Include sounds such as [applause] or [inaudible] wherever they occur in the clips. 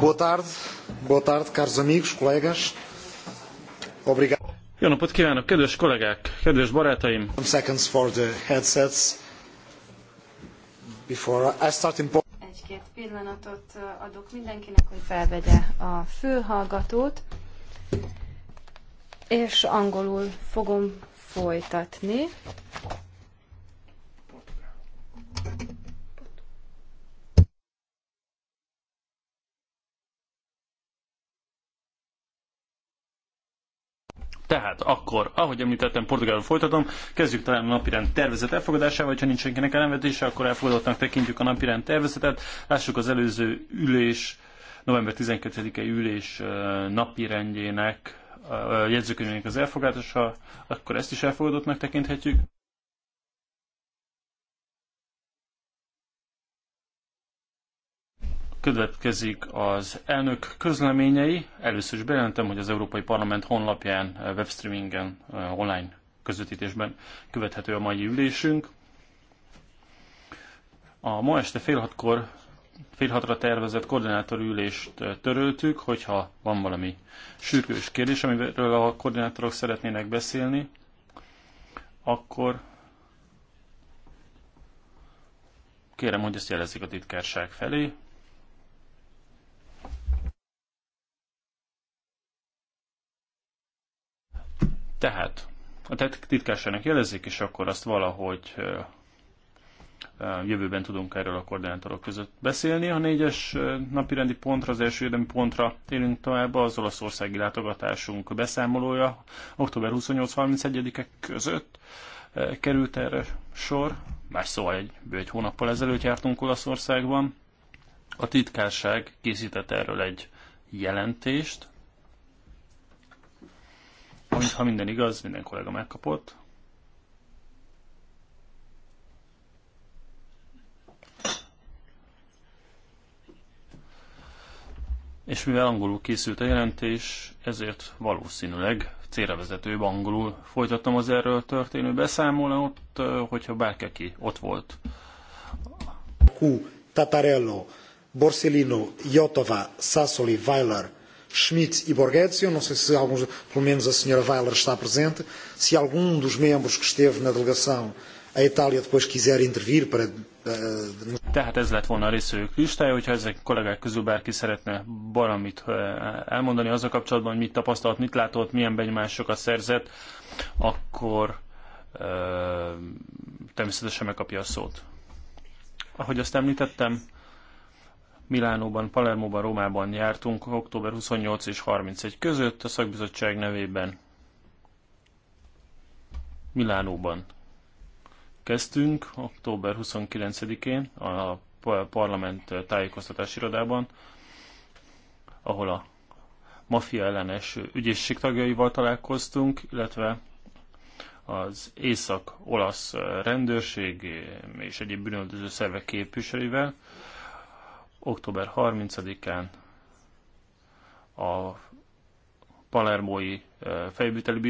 Boa tarde, boa tarde, caros amigos, colegas. Obrigado. Jó napot kívánok, kedves kollégák, kedves barátaim! Seconds for the headsets before I start in Egy-két pillanatot uh, adok mindenkinek, hogy felvegye a fülhallgatót, és angolul fogom folytatni. Tehát akkor, ahogy említettem, Portugálon folytatom, kezdjük talán a napirend tervezet elfogadásával, ha nincs senkinek elemvetése, akkor elfogadottnak tekintjük a napirend tervezetet. Lássuk az előző ülés, november 12-e ülés napirendjének, jegyzőkönyvének az elfogadása, akkor ezt is elfogadottnak tekinthetjük. Következik az elnök közleményei. Először is bejelentem, hogy az Európai Parlament honlapján, eh, webstreamingen, eh, online közvetítésben követhető a mai ülésünk. A ma este fél hatkor, fél hatra tervezett koordinátor ülést eh, töröltük, hogyha van valami sürgős kérdés, amiről a koordinátorok szeretnének beszélni, akkor kérem, hogy ezt jelezzék a titkárság felé. Tehát a titkárságnak jelezzék, és akkor azt valahogy jövőben tudunk erről a koordinátorok között beszélni. A négyes napirendi pontra, az első érdemi pontra élünk tovább, az olaszországi látogatásunk beszámolója október 28-31-e között került erre sor. Más szóval egy, egy hónappal ezelőtt jártunk Olaszországban. A titkárság készített erről egy jelentést, PowerPoint, ha minden igaz, minden kollega megkapott. És mivel angolul készült a jelentés, ezért valószínűleg célra vezetőbb angolul folytattam az erről történő beszámolót, hogyha bárki ott volt. Q, Tatarello, Borsellino, Jotova, Sassoli, Weiler, Schmidt e Borghezio, não sei se alguns, pelo menos a senhora Weiler está presente, se algum dos membros que esteve na delegação a Itália depois quiser intervir para... Eh, Tehát ez lett volna a részvevők listája, hogyha ezek a kollégák közül bárki szeretne valamit eh, elmondani azzal kapcsolatban, hogy mit tapasztalt, mit látott, milyen benyomásokat szerzett, akkor e, természetesen megkapja a szót. Ahogy azt említettem, Milánóban, Palermóban, Rómában jártunk október 28 és 31 között a szakbizottság nevében. Milánóban kezdtünk október 29-én a parlament tájékoztatási irodában, ahol a mafia ellenes ügyészség tagjaival találkoztunk, illetve az észak-olasz rendőrség és egyéb bűnöldöző szervek képviselőivel, október 30-án a Palermói Fejbüteli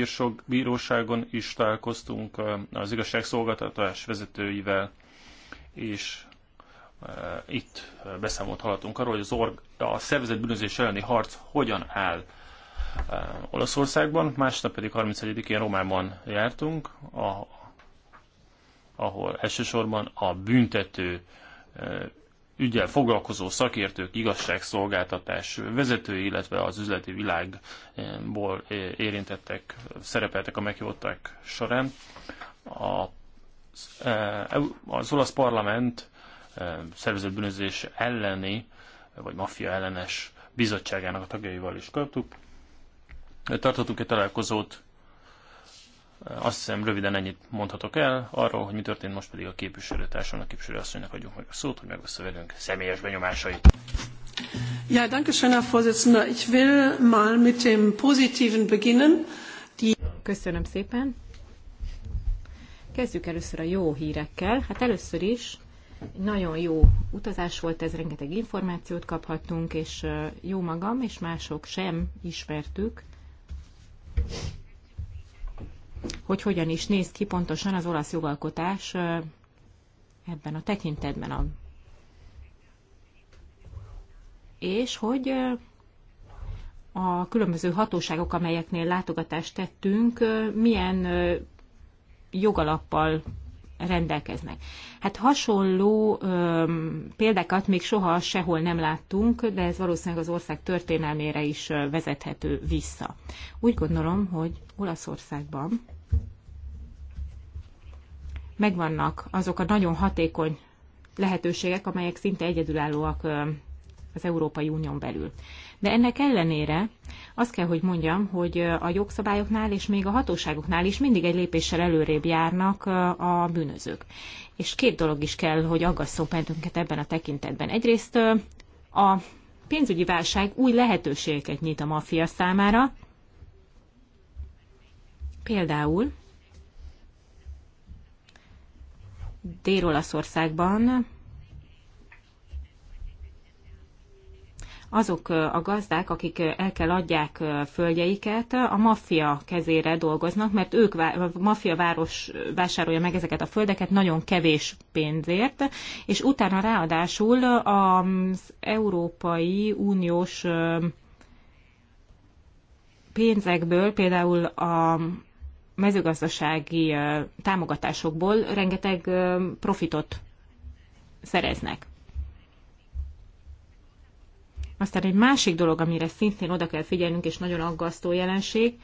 Bíróságon is találkoztunk az igazságszolgáltatás vezetőivel, és itt beszámolt hallottunk arról, hogy az org, a szervezet bűnözés elleni harc hogyan áll Olaszországban, másnap pedig 31-én Romában jártunk, ahol elsősorban a büntető ügyel foglalkozó szakértők, igazságszolgáltatás vezetői, illetve az üzleti világból érintettek, szerepeltek a meghívottak során. A, e, az olasz parlament e, szervezett bűnözés elleni, vagy maffia ellenes bizottságának a tagjaival is kaptuk. Tartottunk egy találkozót azt hiszem röviden ennyit mondhatok el arról, hogy mi történt, most pedig a képviselőtársamnak, képviselőasszonynak adjuk meg a szót, hogy megoszta velünk személyes benyomásait. Ja, danke schön, Herr Vorsitzender. Ich will mal mit dem Positiven beginnen. Die Köszönöm szépen. Kezdjük először a jó hírekkel. Hát először is nagyon jó utazás volt ez, rengeteg információt kaphattunk, és jó magam és mások sem ismertük hogy hogyan is néz ki pontosan az olasz jogalkotás ebben a tekintetben. A... És hogy a különböző hatóságok, amelyeknél látogatást tettünk, milyen jogalappal rendelkeznek. Hát hasonló ö, példákat még soha sehol nem láttunk, de ez valószínűleg az ország történelmére is vezethető vissza. Úgy gondolom, hogy Olaszországban megvannak azok a nagyon hatékony lehetőségek, amelyek szinte egyedülállóak az Európai Unión belül. De ennek ellenére azt kell, hogy mondjam, hogy a jogszabályoknál és még a hatóságoknál is mindig egy lépéssel előrébb járnak a bűnözők. És két dolog is kell, hogy aggasszon bennünket ebben a tekintetben. Egyrészt a pénzügyi válság új lehetőségeket nyit a maffia számára. Például Dél-Olaszországban azok a gazdák, akik el kell adják földjeiket, a maffia kezére dolgoznak, mert ők, a maffia város vásárolja meg ezeket a földeket nagyon kevés pénzért, és utána ráadásul az Európai Uniós pénzekből, például a mezőgazdasági támogatásokból rengeteg profitot szereznek. Aztán egy másik dolog, amire szintén oda kell figyelnünk, és nagyon aggasztó jelenség,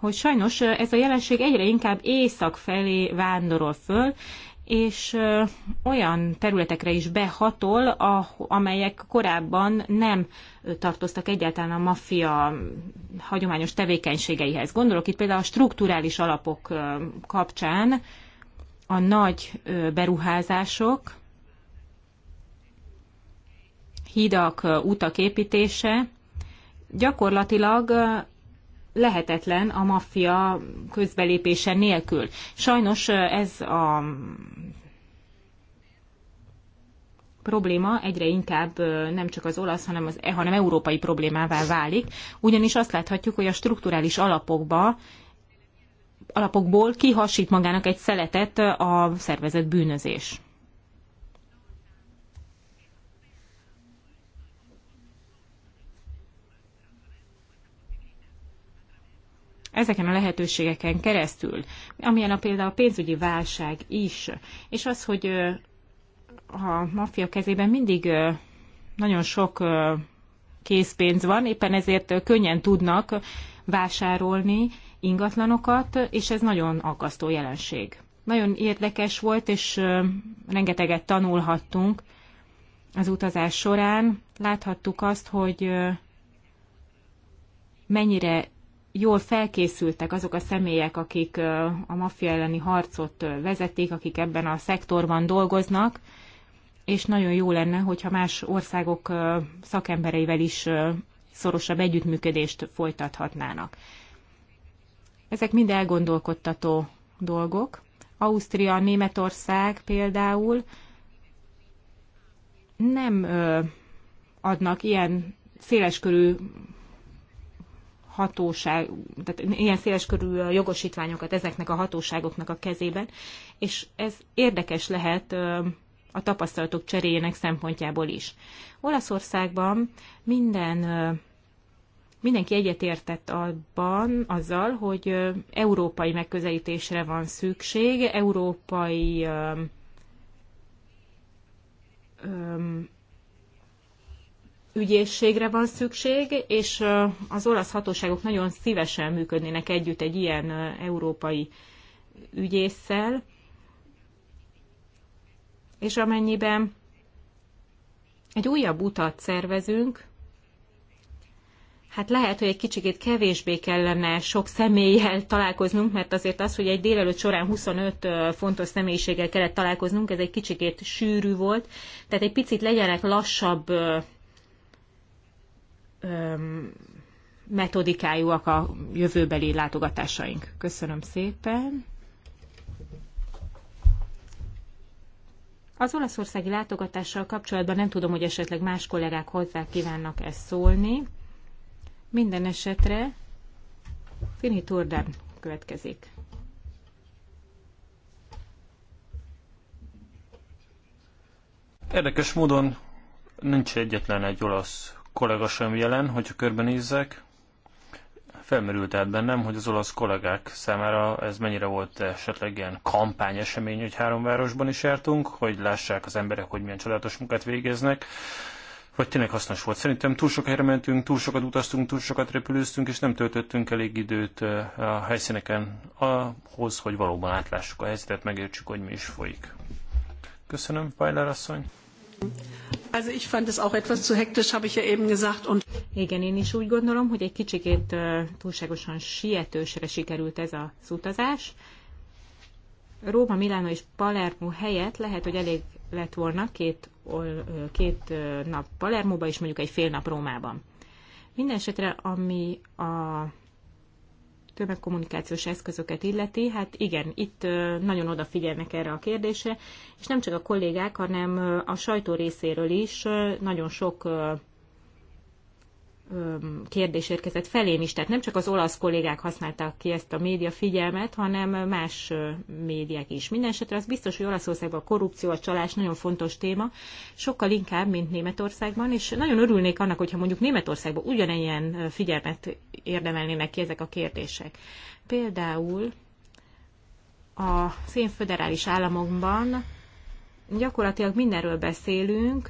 hogy sajnos ez a jelenség egyre inkább észak felé vándorol föl, és olyan területekre is behatol, ah, amelyek korábban nem tartoztak egyáltalán a maffia hagyományos tevékenységeihez. Gondolok itt például a strukturális alapok kapcsán a nagy beruházások, hidak, utak építése gyakorlatilag lehetetlen a maffia közbelépése nélkül. Sajnos ez a mm, probléma egyre inkább nem csak az olasz, hanem, az, e, hanem európai problémává válik, ugyanis azt láthatjuk, hogy a strukturális alapokba alapokból kihasít magának egy szeletet a szervezett bűnözés. ezeken a lehetőségeken keresztül, amilyen a például a pénzügyi válság is, és az, hogy a maffia kezében mindig nagyon sok készpénz van, éppen ezért könnyen tudnak vásárolni ingatlanokat, és ez nagyon aggasztó jelenség. Nagyon érdekes volt, és rengeteget tanulhattunk az utazás során. Láthattuk azt, hogy mennyire jól felkészültek azok a személyek, akik a maffia elleni harcot vezetik, akik ebben a szektorban dolgoznak, és nagyon jó lenne, hogyha más országok szakembereivel is szorosabb együttműködést folytathatnának. Ezek mind elgondolkodtató dolgok. Ausztria, Németország például nem adnak ilyen széleskörű hatóság, tehát ilyen széleskörű jogosítványokat ezeknek a hatóságoknak a kezében, és ez érdekes lehet a tapasztalatok cseréjének szempontjából is. Olaszországban minden mindenki egyetértett abban azzal, hogy európai megközelítésre van szükség, európai ügyészségre van szükség, és az olasz hatóságok nagyon szívesen működnének együtt egy ilyen európai ügyésszel, és amennyiben egy újabb utat szervezünk, hát lehet, hogy egy kicsikét kevésbé kellene sok személlyel [laughs] találkoznunk, mert azért az, hogy egy délelőtt során 25 fontos személyiséggel kellett találkoznunk, ez egy kicsikét sűrű volt, tehát egy picit legyenek lassabb metodikájúak a jövőbeli látogatásaink. Köszönöm szépen. Az olaszországi látogatással kapcsolatban nem tudom, hogy esetleg más kollégák hozzá kívánnak ezt szólni. Minden esetre Fini Turden következik. Érdekes módon nincs egyetlen egy olasz kollega sem jelen, hogyha körbenézzek. Felmerült tehát bennem, hogy az olasz kollégák számára ez mennyire volt esetleg ilyen kampányesemény, hogy három városban is jártunk, hogy lássák az emberek, hogy milyen csodálatos munkát végeznek vagy tényleg hasznos volt. Szerintem túl sok helyre mentünk, túl sokat utaztunk, túl sokat repülőztünk, és nem töltöttünk elég időt a helyszíneken ahhoz, hogy valóban átlássuk a helyzetet, megértsük, hogy mi is folyik. Köszönöm, Pajlár asszony. Also ich fand es auch etwas zu hektisch, habe ich ja eben gesagt. Und Igen, én is úgy gondolom, hogy egy kicsikét túlságosan sietősre sikerült ez az utazás. Róma, Milánó és Palermo helyett lehet, hogy elég lett volna két, két nap Palermóba, és mondjuk egy fél nap Rómában. Mindenesetre, ami a tömegkommunikációs eszközöket illeti, hát igen, itt nagyon odafigyelnek erre a kérdésre, és nem csak a kollégák, hanem a sajtó részéről is nagyon sok kérdés érkezett felém is, tehát nem csak az olasz kollégák használtak ki ezt a média figyelmet, hanem más médiák is. Mindenesetre az biztos, hogy Olaszországban a korrupció, a csalás nagyon fontos téma, sokkal inkább, mint Németországban, és nagyon örülnék annak, hogyha mondjuk Németországban ugyanilyen figyelmet érdemelnének ki ezek a kérdések. Például a én föderális államokban gyakorlatilag mindenről beszélünk,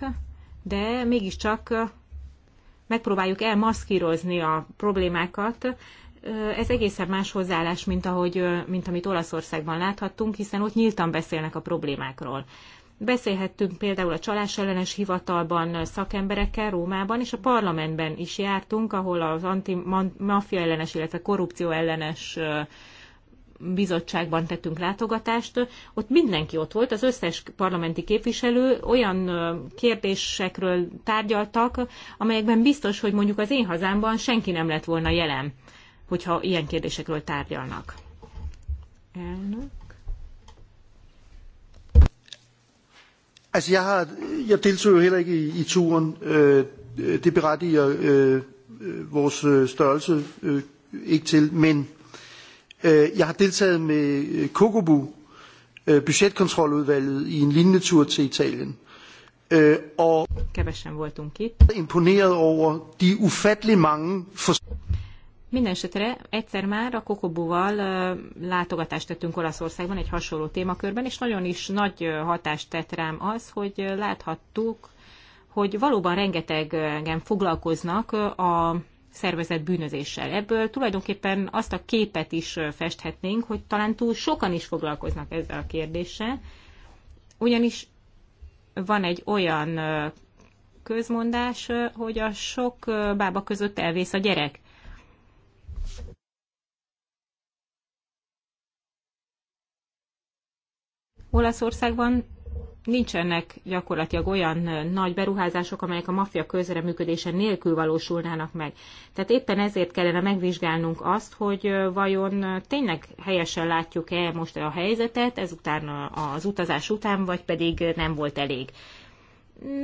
de mégiscsak megpróbáljuk elmaszkírozni a problémákat, ez egészen más hozzáállás, mint, ahogy, mint amit Olaszországban láthattunk, hiszen ott nyíltan beszélnek a problémákról. Beszélhettünk például a csalás ellenes hivatalban szakemberekkel Rómában, és a parlamentben is jártunk, ahol az anti-maffia ellenes, illetve korrupció ellenes bizottságban tettünk látogatást, ott mindenki ott volt, az összes parlamenti képviselő olyan kérdésekről tárgyaltak, amelyekben biztos, hogy mondjuk az én hazámban senki nem lett volna jelen, hogyha ilyen kérdésekről tárgyalnak. Elnök. Altså, jeg, har, jeg deltog jo heller ikke i, i turen. Øh, det berettiger øh, øh vores øh, størrelse øh, ikke til, men Øh, jeg har deltaget med øh, Kokobu, øh, budgetkontroludvalget, i en lignende tur til Italien. Og Kevesen voltunk itt. imponeret over de ufattelig mange Mindenesetre egyszer már a Kokobuval látogatást tettünk Olaszországban egy hasonló témakörben, és nagyon is nagy hatást tett rám az, hogy láthattuk, hogy valóban rengetegen foglalkoznak a szervezett bűnözéssel. Ebből tulajdonképpen azt a képet is festhetnénk, hogy talán túl sokan is foglalkoznak ezzel a kérdéssel, ugyanis van egy olyan közmondás, hogy a sok bába között elvész a gyerek. Olaszországban nincsenek gyakorlatilag olyan nagy beruházások, amelyek a maffia közreműködése nélkül valósulnának meg. Tehát éppen ezért kellene megvizsgálnunk azt, hogy vajon tényleg helyesen látjuk-e most a helyzetet, ezután az utazás után, vagy pedig nem volt elég.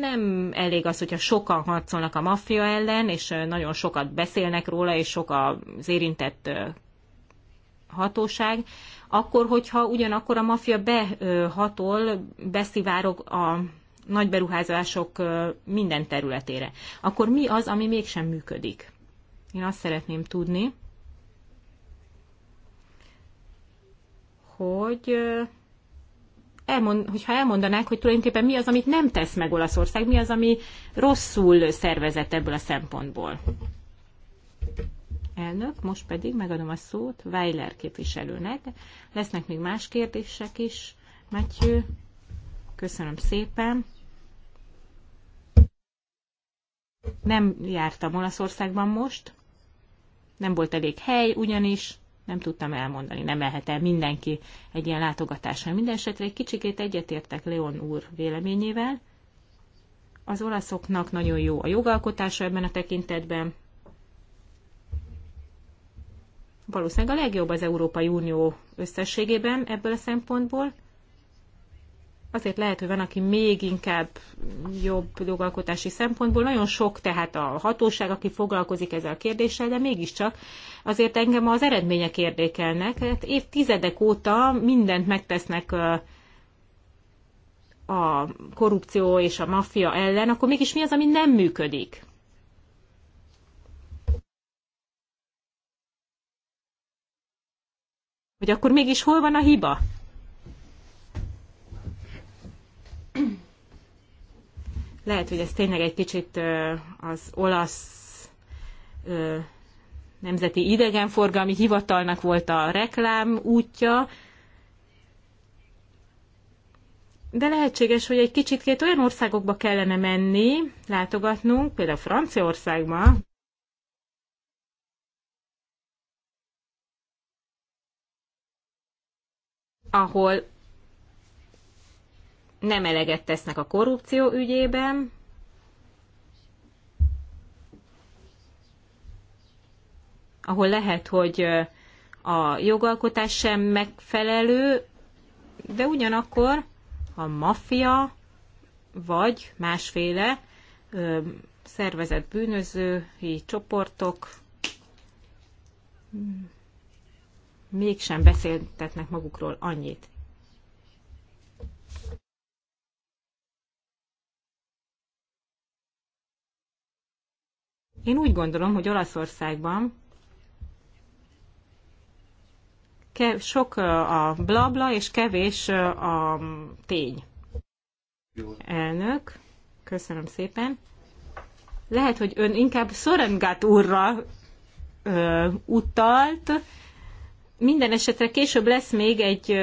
Nem elég az, hogyha sokan harcolnak a maffia ellen, és nagyon sokat beszélnek róla, és sok az érintett hatóság, akkor, hogyha ugyanakkor a mafia behatol, beszivárog a nagy beruházások minden területére, akkor mi az, ami mégsem működik? Én azt szeretném tudni, hogy elmond, hogyha elmondanák, hogy tulajdonképpen mi az, amit nem tesz meg Olaszország, mi az, ami rosszul szervezett ebből a szempontból elnök, most pedig megadom a szót Weiler képviselőnek. Lesznek még más kérdések is. Matthew, köszönöm szépen. Nem jártam Olaszországban most, nem volt elég hely, ugyanis nem tudtam elmondani, nem lehet el mindenki egy ilyen látogatásra. Mindenesetre egy kicsikét egyetértek Leon úr véleményével. Az olaszoknak nagyon jó a jogalkotása ebben a tekintetben, valószínűleg a legjobb az Európai Unió összességében ebből a szempontból. Azért lehet, hogy van, aki még inkább jobb jogalkotási szempontból. Nagyon sok tehát a hatóság, aki foglalkozik ezzel a kérdéssel, de mégiscsak azért engem az eredmények érdekelnek. Hát évtizedek óta mindent megtesznek a korrupció és a maffia ellen, akkor mégis mi az, ami nem működik? hogy akkor mégis hol van a hiba? Lehet, hogy ez tényleg egy kicsit az olasz nemzeti idegenforgalmi hivatalnak volt a reklám útja, de lehetséges, hogy egy kicsit két olyan országokba kellene menni, látogatnunk, például Franciaországba, ahol nem eleget tesznek a korrupció ügyében, ahol lehet, hogy a jogalkotás sem megfelelő, de ugyanakkor a maffia vagy másféle ö, szervezett bűnözői csoportok mégsem beszéltetnek magukról annyit. Én úgy gondolom, hogy Olaszországban sok a blabla és kevés a tény. Elnök, köszönöm szépen. Lehet, hogy ön inkább Szorengát úrra ö, utalt, minden esetre később lesz még egy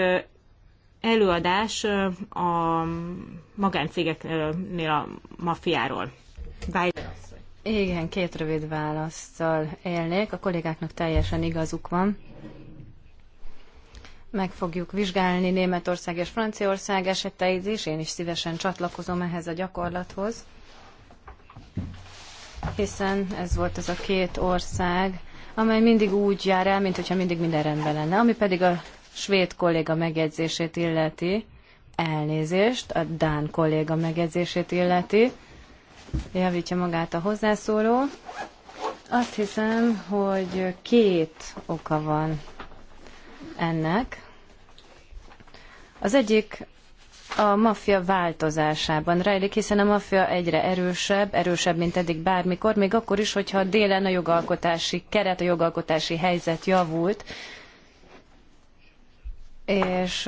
előadás a magáncégeknél a maffiáról. Bye. Igen, két rövid választal élnék. A kollégáknak teljesen igazuk van. Meg fogjuk vizsgálni Németország és Franciaország eseteit is. Én is szívesen csatlakozom ehhez a gyakorlathoz, hiszen ez volt az a két ország, amely mindig úgy jár el, mint hogyha mindig minden rendben lenne. Ami pedig a svéd kolléga megjegyzését illeti, elnézést, a dán kolléga megjegyzését illeti, javítja magát a hozzászóló. Azt hiszem, hogy két oka van ennek. Az egyik a maffia változásában rejlik, hiszen a maffia egyre erősebb, erősebb, mint eddig bármikor, még akkor is, hogyha délen a jogalkotási keret, a jogalkotási helyzet javult, és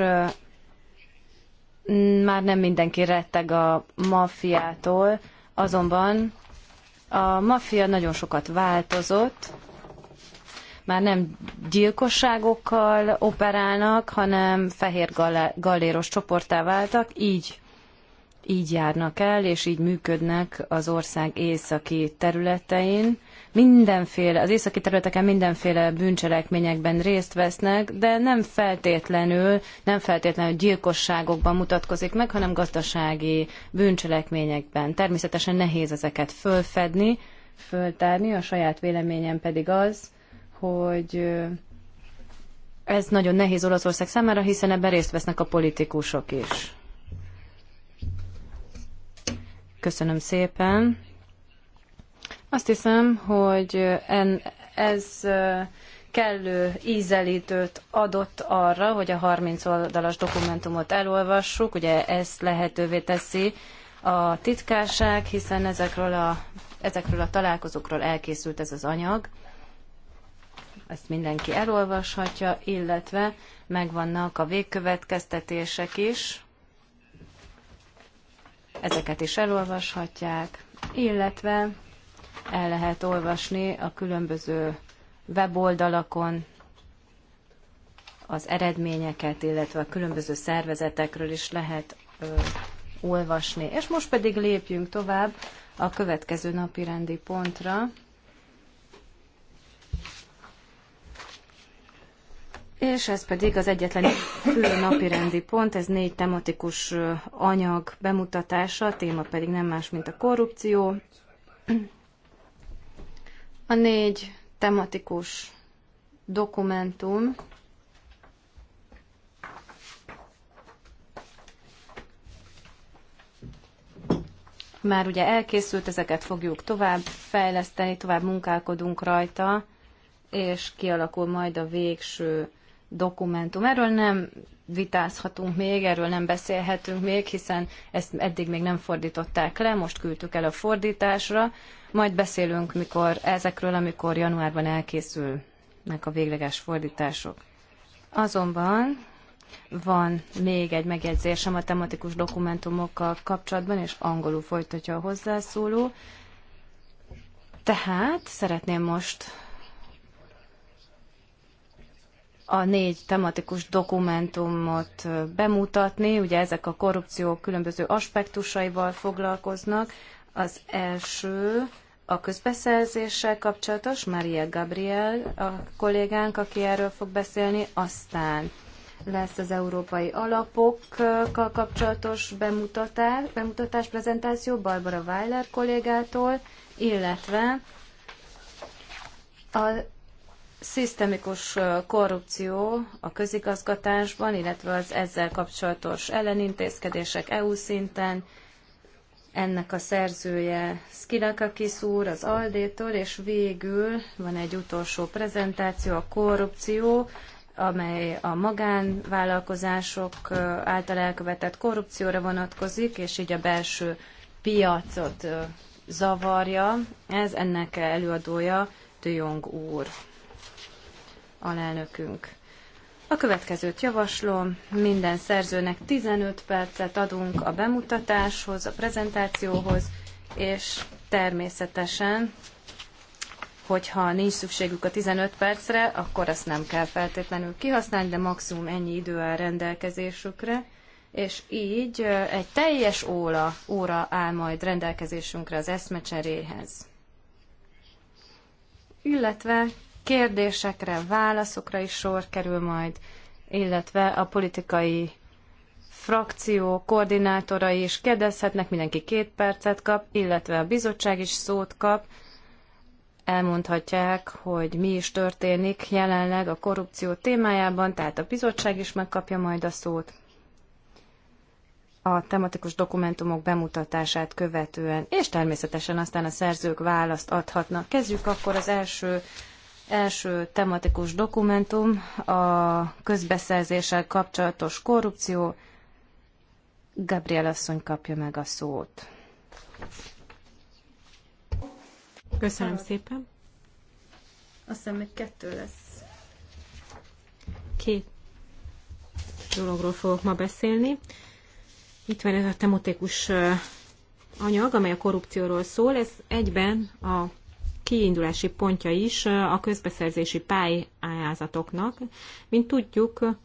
már nem mindenki retteg a maffiától, azonban a maffia nagyon sokat változott, már nem gyilkosságokkal operálnak, hanem fehér galéros csoportá váltak, így így járnak el, és így működnek az ország északi területein. Mindenféle, az északi területeken mindenféle bűncselekményekben részt vesznek, de nem feltétlenül, nem feltétlenül gyilkosságokban mutatkozik meg, hanem gazdasági bűncselekményekben. Természetesen nehéz ezeket fölfedni, föltárni, a saját véleményem pedig az, hogy ez nagyon nehéz Olaszország számára, hiszen ebben részt vesznek a politikusok is. Köszönöm szépen. Azt hiszem, hogy en, ez kellő ízelítőt adott arra, hogy a 30 oldalas dokumentumot elolvassuk. Ugye ezt lehetővé teszi a titkárság, hiszen ezekről a, ezekről a találkozókról elkészült ez az anyag ezt mindenki elolvashatja, illetve megvannak a végkövetkeztetések is, ezeket is elolvashatják, illetve el lehet olvasni a különböző weboldalakon az eredményeket, illetve a különböző szervezetekről is lehet ö, olvasni. És most pedig lépjünk tovább a következő napi rendi pontra. És ez pedig az egyetlen fő napirendi pont, ez négy tematikus anyag bemutatása, a téma pedig nem más, mint a korrupció. A négy tematikus dokumentum már ugye elkészült, ezeket fogjuk tovább fejleszteni, tovább munkálkodunk rajta, és kialakul majd a végső dokumentum. Erről nem vitázhatunk még, erről nem beszélhetünk még, hiszen ezt eddig még nem fordították le, most küldtük el a fordításra, majd beszélünk mikor ezekről, amikor januárban elkészülnek a végleges fordítások. Azonban van még egy megjegyzés a matematikus dokumentumokkal kapcsolatban, és angolul folytatja a hozzászóló. Tehát szeretném most a négy tematikus dokumentumot bemutatni. Ugye ezek a korrupció különböző aspektusaival foglalkoznak. Az első a közbeszerzéssel kapcsolatos, Maria Gabriel a kollégánk, aki erről fog beszélni, aztán lesz az európai alapokkal kapcsolatos bemutatás, bemutatás prezentáció Barbara Weiler kollégától, illetve a szisztemikus korrupció a közigazgatásban, illetve az ezzel kapcsolatos ellenintézkedések EU szinten. Ennek a szerzője Skilakakis úr az Aldétól, és végül van egy utolsó prezentáció, a korrupció, amely a magánvállalkozások által elkövetett korrupcióra vonatkozik, és így a belső piacot zavarja. Ez ennek előadója Dujong úr alelnökünk. A következőt javaslom, minden szerzőnek 15 percet adunk a bemutatáshoz, a prezentációhoz, és természetesen, hogyha nincs szükségük a 15 percre, akkor azt nem kell feltétlenül kihasználni, de maximum ennyi idő áll rendelkezésükre, és így egy teljes óra, óra áll majd rendelkezésünkre az eszmecseréhez illetve kérdésekre, válaszokra is sor kerül majd, illetve a politikai frakció koordinátorai is kérdezhetnek, mindenki két percet kap, illetve a bizottság is szót kap. Elmondhatják, hogy mi is történik jelenleg a korrupció témájában, tehát a bizottság is megkapja majd a szót a tematikus dokumentumok bemutatását követően, és természetesen aztán a szerzők választ adhatnak. Kezdjük akkor az első első tematikus dokumentum a közbeszerzéssel kapcsolatos korrupció. Gabriel asszony kapja meg a szót. Köszönöm szépen. Azt hiszem, még kettő lesz. Két dologról fogok ma beszélni. Itt van ez a tematikus anyag, amely a korrupcióról szól. Ez egyben a kiindulási pontja is a közbeszerzési pályázatoknak. Mint tudjuk,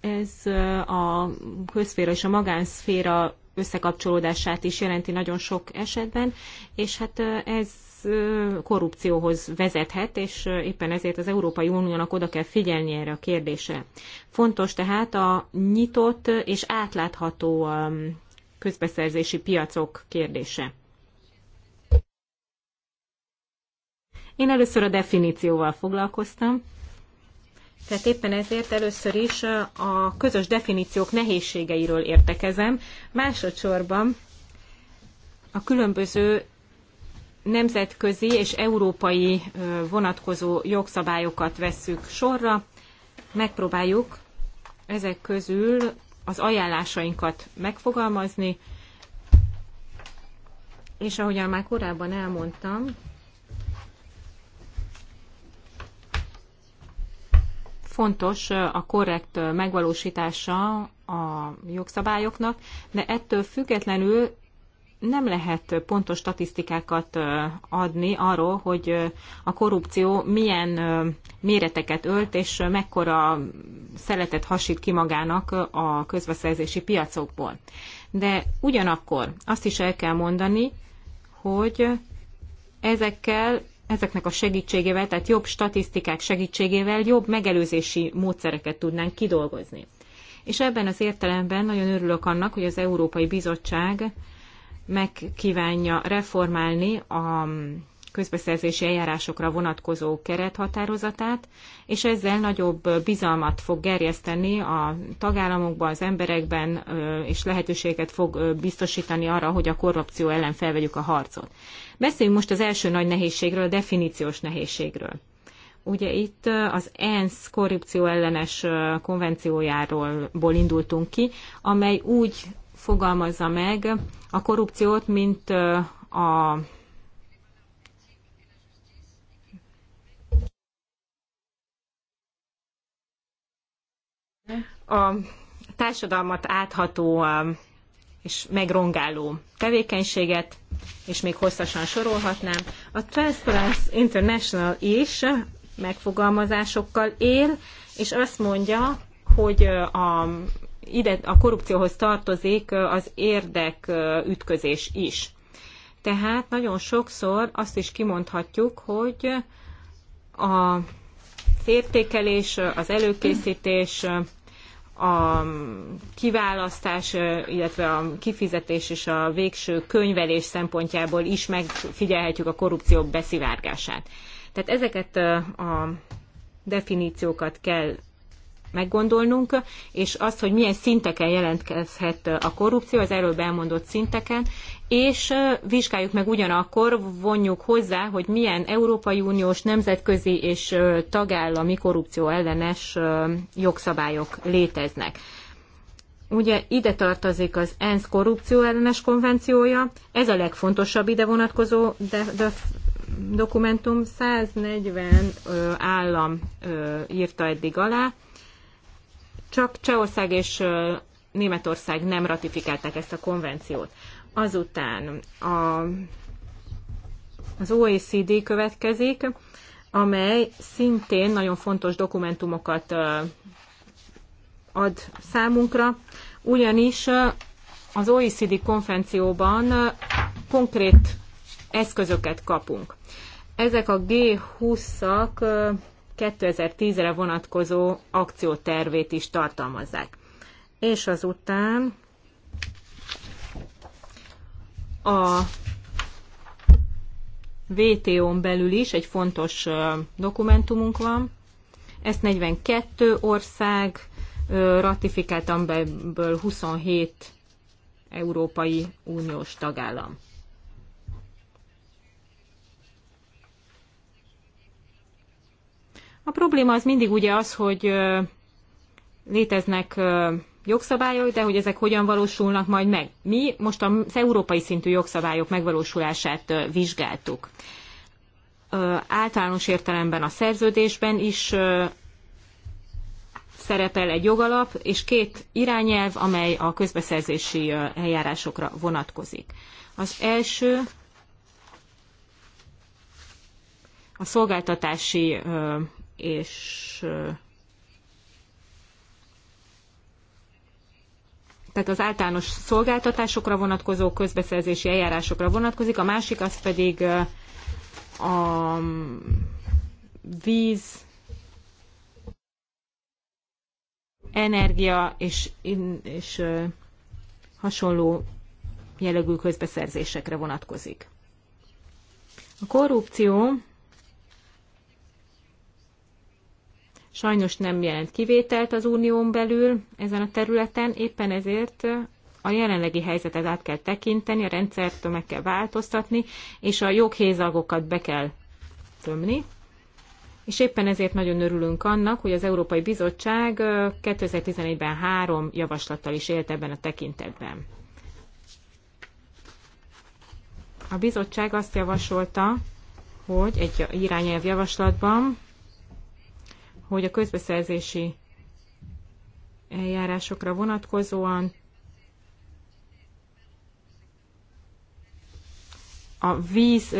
ez a közszféra és a magánszféra összekapcsolódását is jelenti nagyon sok esetben, és hát ez korrupcióhoz vezethet, és éppen ezért az Európai Uniónak oda kell figyelni erre a kérdésre. Fontos tehát a nyitott és átlátható közbeszerzési piacok kérdése. Én először a definícióval foglalkoztam, tehát éppen ezért először is a közös definíciók nehézségeiről értekezem, másodszorban a különböző nemzetközi és európai vonatkozó jogszabályokat vesszük sorra, megpróbáljuk ezek közül az ajánlásainkat megfogalmazni, és ahogyan már korábban elmondtam, fontos a korrekt megvalósítása a jogszabályoknak, de ettől függetlenül nem lehet pontos statisztikákat adni arról, hogy a korrupció milyen méreteket ölt, és mekkora szeletet hasít ki magának a közbeszerzési piacokból. De ugyanakkor azt is el kell mondani, hogy ezekkel ezeknek a segítségével, tehát jobb statisztikák segítségével jobb megelőzési módszereket tudnánk kidolgozni. És ebben az értelemben nagyon örülök annak, hogy az Európai Bizottság megkívánja reformálni a közbeszerzési eljárásokra vonatkozó kerethatározatát, és ezzel nagyobb bizalmat fog gerjeszteni a tagállamokban, az emberekben, és lehetőséget fog biztosítani arra, hogy a korrupció ellen felvegyük a harcot. Beszéljünk most az első nagy nehézségről, a definíciós nehézségről. Ugye itt az ENSZ korrupció ellenes konvenciójáról indultunk ki, amely úgy fogalmazza meg a korrupciót, mint a a társadalmat átható és megrongáló tevékenységet, és még hosszasan sorolhatnám. A Transparency International is megfogalmazásokkal él, és azt mondja, hogy a, ide a korrupcióhoz tartozik az érdekütközés is. Tehát nagyon sokszor azt is kimondhatjuk, hogy a értékelés, az előkészítés, a kiválasztás, illetve a kifizetés és a végső könyvelés szempontjából is megfigyelhetjük a korrupció beszivárgását. Tehát ezeket a definíciókat kell meggondolnunk, és azt, hogy milyen szinteken jelentkezhet a korrupció, az előbb elmondott szinteken, és vizsgáljuk meg ugyanakkor, vonjuk hozzá, hogy milyen Európai Uniós, nemzetközi és tagállami korrupció ellenes jogszabályok léteznek. Ugye ide tartozik az ENSZ korrupció ellenes konvenciója, ez a legfontosabb ide vonatkozó de, de dokumentum, 140 állam írta eddig alá, csak Csehország és Németország nem ratifikálták ezt a konvenciót. Azután a, az OECD következik, amely szintén nagyon fontos dokumentumokat ad számunkra, ugyanis az OECD konvencióban konkrét eszközöket kapunk. Ezek a G20-ak 2010-re vonatkozó akciótervét is tartalmazzák. És azután a VTO-n belül is egy fontos dokumentumunk van. Ezt 42 ország ratifikáltam amiből 27 Európai Uniós tagállam. A probléma az mindig ugye az, hogy léteznek jogszabályok, de hogy ezek hogyan valósulnak majd meg. Mi most az európai szintű jogszabályok megvalósulását vizsgáltuk. Általános értelemben a szerződésben is szerepel egy jogalap és két irányelv, amely a közbeszerzési eljárásokra vonatkozik. Az első a szolgáltatási és tehát az általános szolgáltatásokra vonatkozó közbeszerzési eljárásokra vonatkozik, a másik az pedig a víz, energia és, és hasonló jellegű közbeszerzésekre vonatkozik. A korrupció sajnos nem jelent kivételt az unión belül ezen a területen, éppen ezért a jelenlegi helyzetet át kell tekinteni, a rendszert meg kell változtatni, és a joghézagokat be kell tömni. És éppen ezért nagyon örülünk annak, hogy az Európai Bizottság 2014 ben három javaslattal is élt ebben a tekintetben. A bizottság azt javasolta, hogy egy irányelv javaslatban hogy a közbeszerzési eljárásokra vonatkozóan a víz,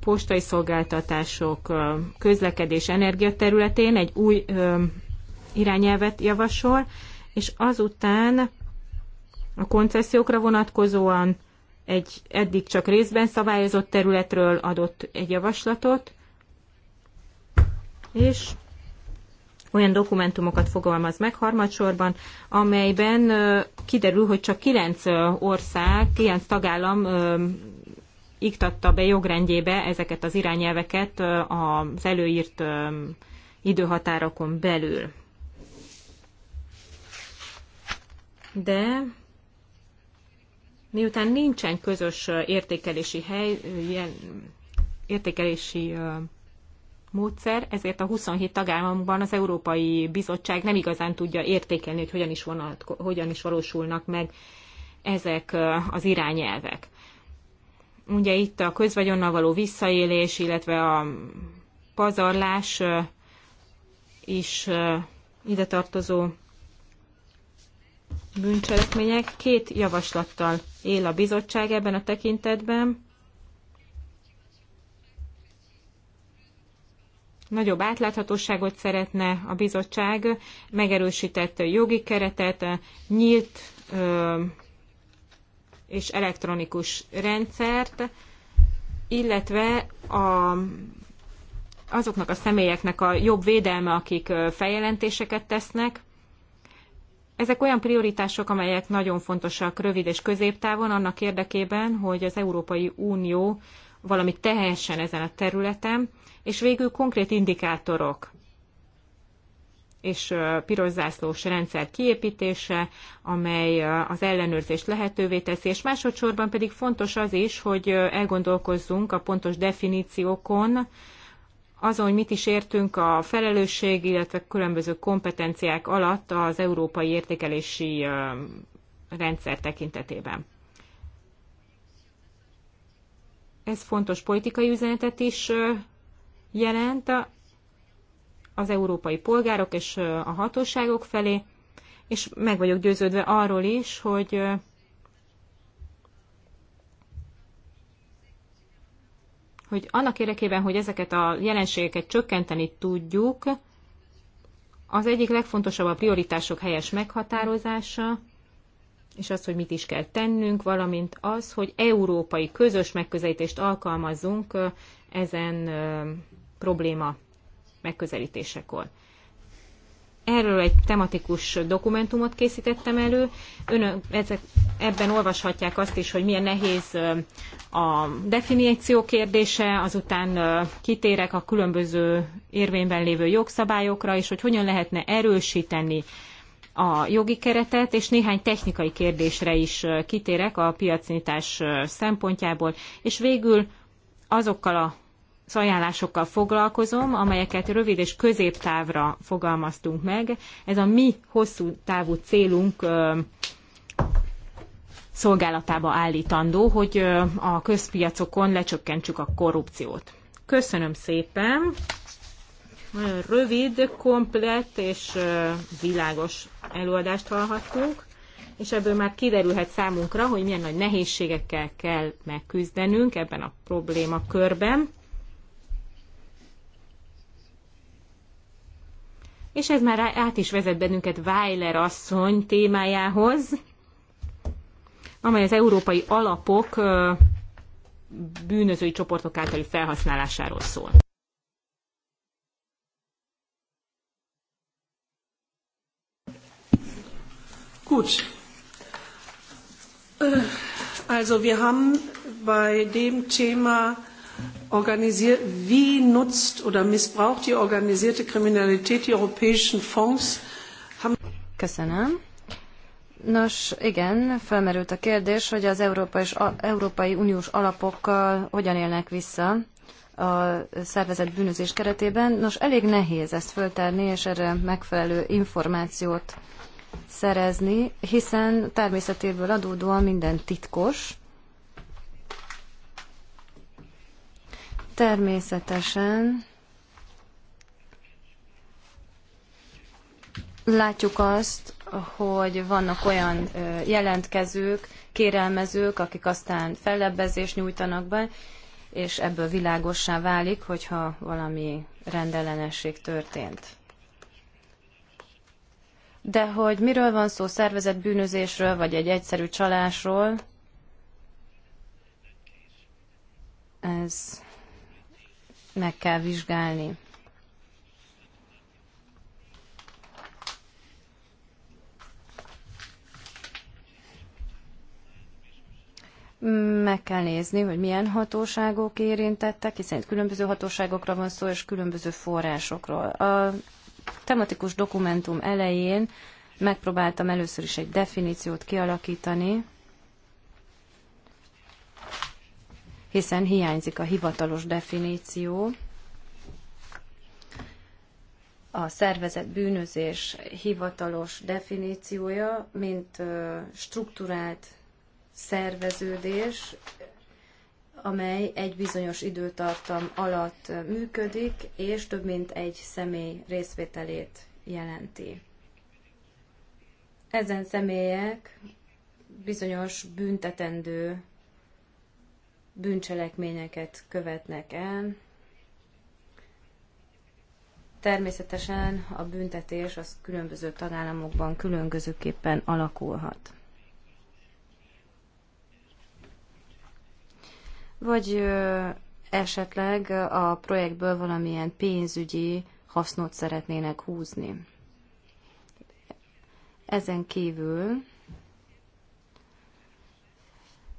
postai szolgáltatások, közlekedés, energia területén egy új irányelvet javasol, és azután a koncesziókra vonatkozóan egy eddig csak részben szabályozott területről adott egy javaslatot, és olyan dokumentumokat fogalmaz meg harmadsorban, amelyben kiderül, hogy csak kilenc ország, kilenc tagállam iktatta be jogrendjébe ezeket az irányelveket az előírt időhatárokon belül. De miután nincsen közös értékelési hely, értékelési módszer, ezért a 27 tagállamban az Európai Bizottság nem igazán tudja értékelni, hogy hogyan is, vonalt, hogyan is valósulnak meg ezek az irányelvek. Ugye itt a közvagyonnal való visszaélés, illetve a pazarlás is ide tartozó bűncselekmények. Két javaslattal él a bizottság ebben a tekintetben. Nagyobb átláthatóságot szeretne a bizottság, megerősített jogi keretet, nyílt és elektronikus rendszert, illetve a, azoknak a személyeknek a jobb védelme, akik feljelentéseket tesznek. Ezek olyan prioritások, amelyek nagyon fontosak rövid és középtávon annak érdekében, hogy az Európai Unió valamit tehessen ezen a területen, és végül konkrét indikátorok és piros zászlós rendszer kiépítése, amely az ellenőrzést lehetővé teszi, és másodszorban pedig fontos az is, hogy elgondolkozzunk a pontos definíciókon, azon, hogy mit is értünk a felelősség, illetve különböző kompetenciák alatt az európai értékelési rendszer tekintetében. Ez fontos politikai üzenetet is jelent az európai polgárok és a hatóságok felé, és meg vagyok győződve arról is, hogy hogy annak érdekében, hogy ezeket a jelenségeket csökkenteni tudjuk, az egyik legfontosabb a prioritások helyes meghatározása, és az, hogy mit is kell tennünk, valamint az, hogy európai közös megközelítést alkalmazzunk ezen probléma megközelítésekor. Erről egy tematikus dokumentumot készítettem elő. Önök ezek, ebben olvashatják azt is, hogy milyen nehéz a definíció kérdése, azután kitérek a különböző érvényben lévő jogszabályokra, és hogy hogyan lehetne erősíteni a jogi keretet, és néhány technikai kérdésre is kitérek a piacnyitás szempontjából, és végül azokkal a ajánlásokkal foglalkozom, amelyeket rövid és középtávra fogalmaztunk meg. Ez a mi hosszú távú célunk szolgálatába állítandó, hogy a közpiacokon lecsökkentsük a korrupciót. Köszönöm szépen! Rövid, komplett és világos előadást hallhattunk, és ebből már kiderülhet számunkra, hogy milyen nagy nehézségekkel kell megküzdenünk ebben a problémakörben. és ez már át is vezet bennünket Weiler asszony témájához, amely az európai alapok bűnözői csoportok általi felhasználásáról szól. Gut. Äh, also wir haben bei dem Thema Organisier wie nutzt oder missbraucht die organisierte Kriminalität die europäischen Fonds? Köszönöm. Nos, igen, felmerült a kérdés, hogy az Európa és a, Európai Uniós alapokkal hogyan élnek vissza a szervezett bűnözés keretében. Nos, elég nehéz ezt föltárni, és erre megfelelő információt szerezni, hiszen természetéből adódóan minden titkos, Természetesen látjuk azt, hogy vannak olyan jelentkezők, kérelmezők, akik aztán fellebbezést nyújtanak be, és ebből világossá válik, hogyha valami rendellenesség történt. De hogy miről van szó, szervezett bűnözésről, vagy egy egyszerű csalásról, ez meg kell vizsgálni. meg kell nézni, hogy milyen hatóságok érintettek, hiszen itt különböző hatóságokra van szó, és különböző forrásokról. A tematikus dokumentum elején megpróbáltam először is egy definíciót kialakítani, hiszen hiányzik a hivatalos definíció. A szervezet bűnözés hivatalos definíciója, mint strukturált szerveződés, amely egy bizonyos időtartam alatt működik, és több mint egy személy részvételét jelenti. Ezen személyek bizonyos büntetendő bűncselekményeket követnek el. Természetesen a büntetés az különböző tagállamokban különbözőképpen alakulhat. Vagy esetleg a projektből valamilyen pénzügyi hasznot szeretnének húzni. Ezen kívül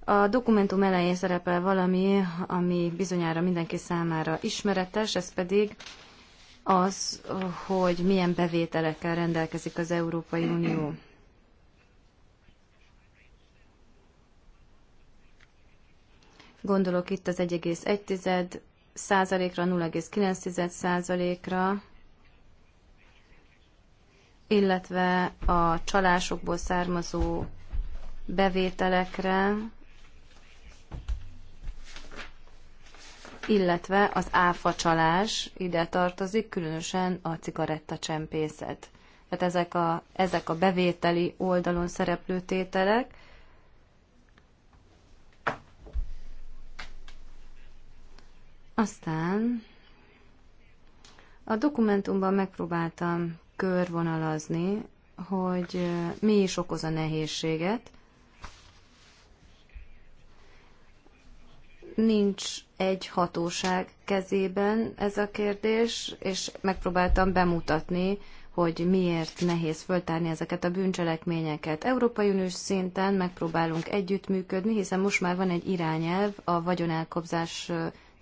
a dokumentum elején szerepel valami, ami bizonyára mindenki számára ismeretes, ez pedig az, hogy milyen bevételekkel rendelkezik az Európai Unió. Gondolok itt az 1,1 százalékra, 0,9 százalékra, illetve a csalásokból származó bevételekre, illetve az csalás ide tartozik, különösen a cigarettacsempészet. Tehát ezek a, ezek a bevételi oldalon szereplő tételek. Aztán a dokumentumban megpróbáltam körvonalazni, hogy mi is okoz a nehézséget, nincs egy hatóság kezében ez a kérdés, és megpróbáltam bemutatni, hogy miért nehéz föltárni ezeket a bűncselekményeket. Európai Uniós szinten megpróbálunk együttműködni, hiszen most már van egy irányelv a vagyonelkobzás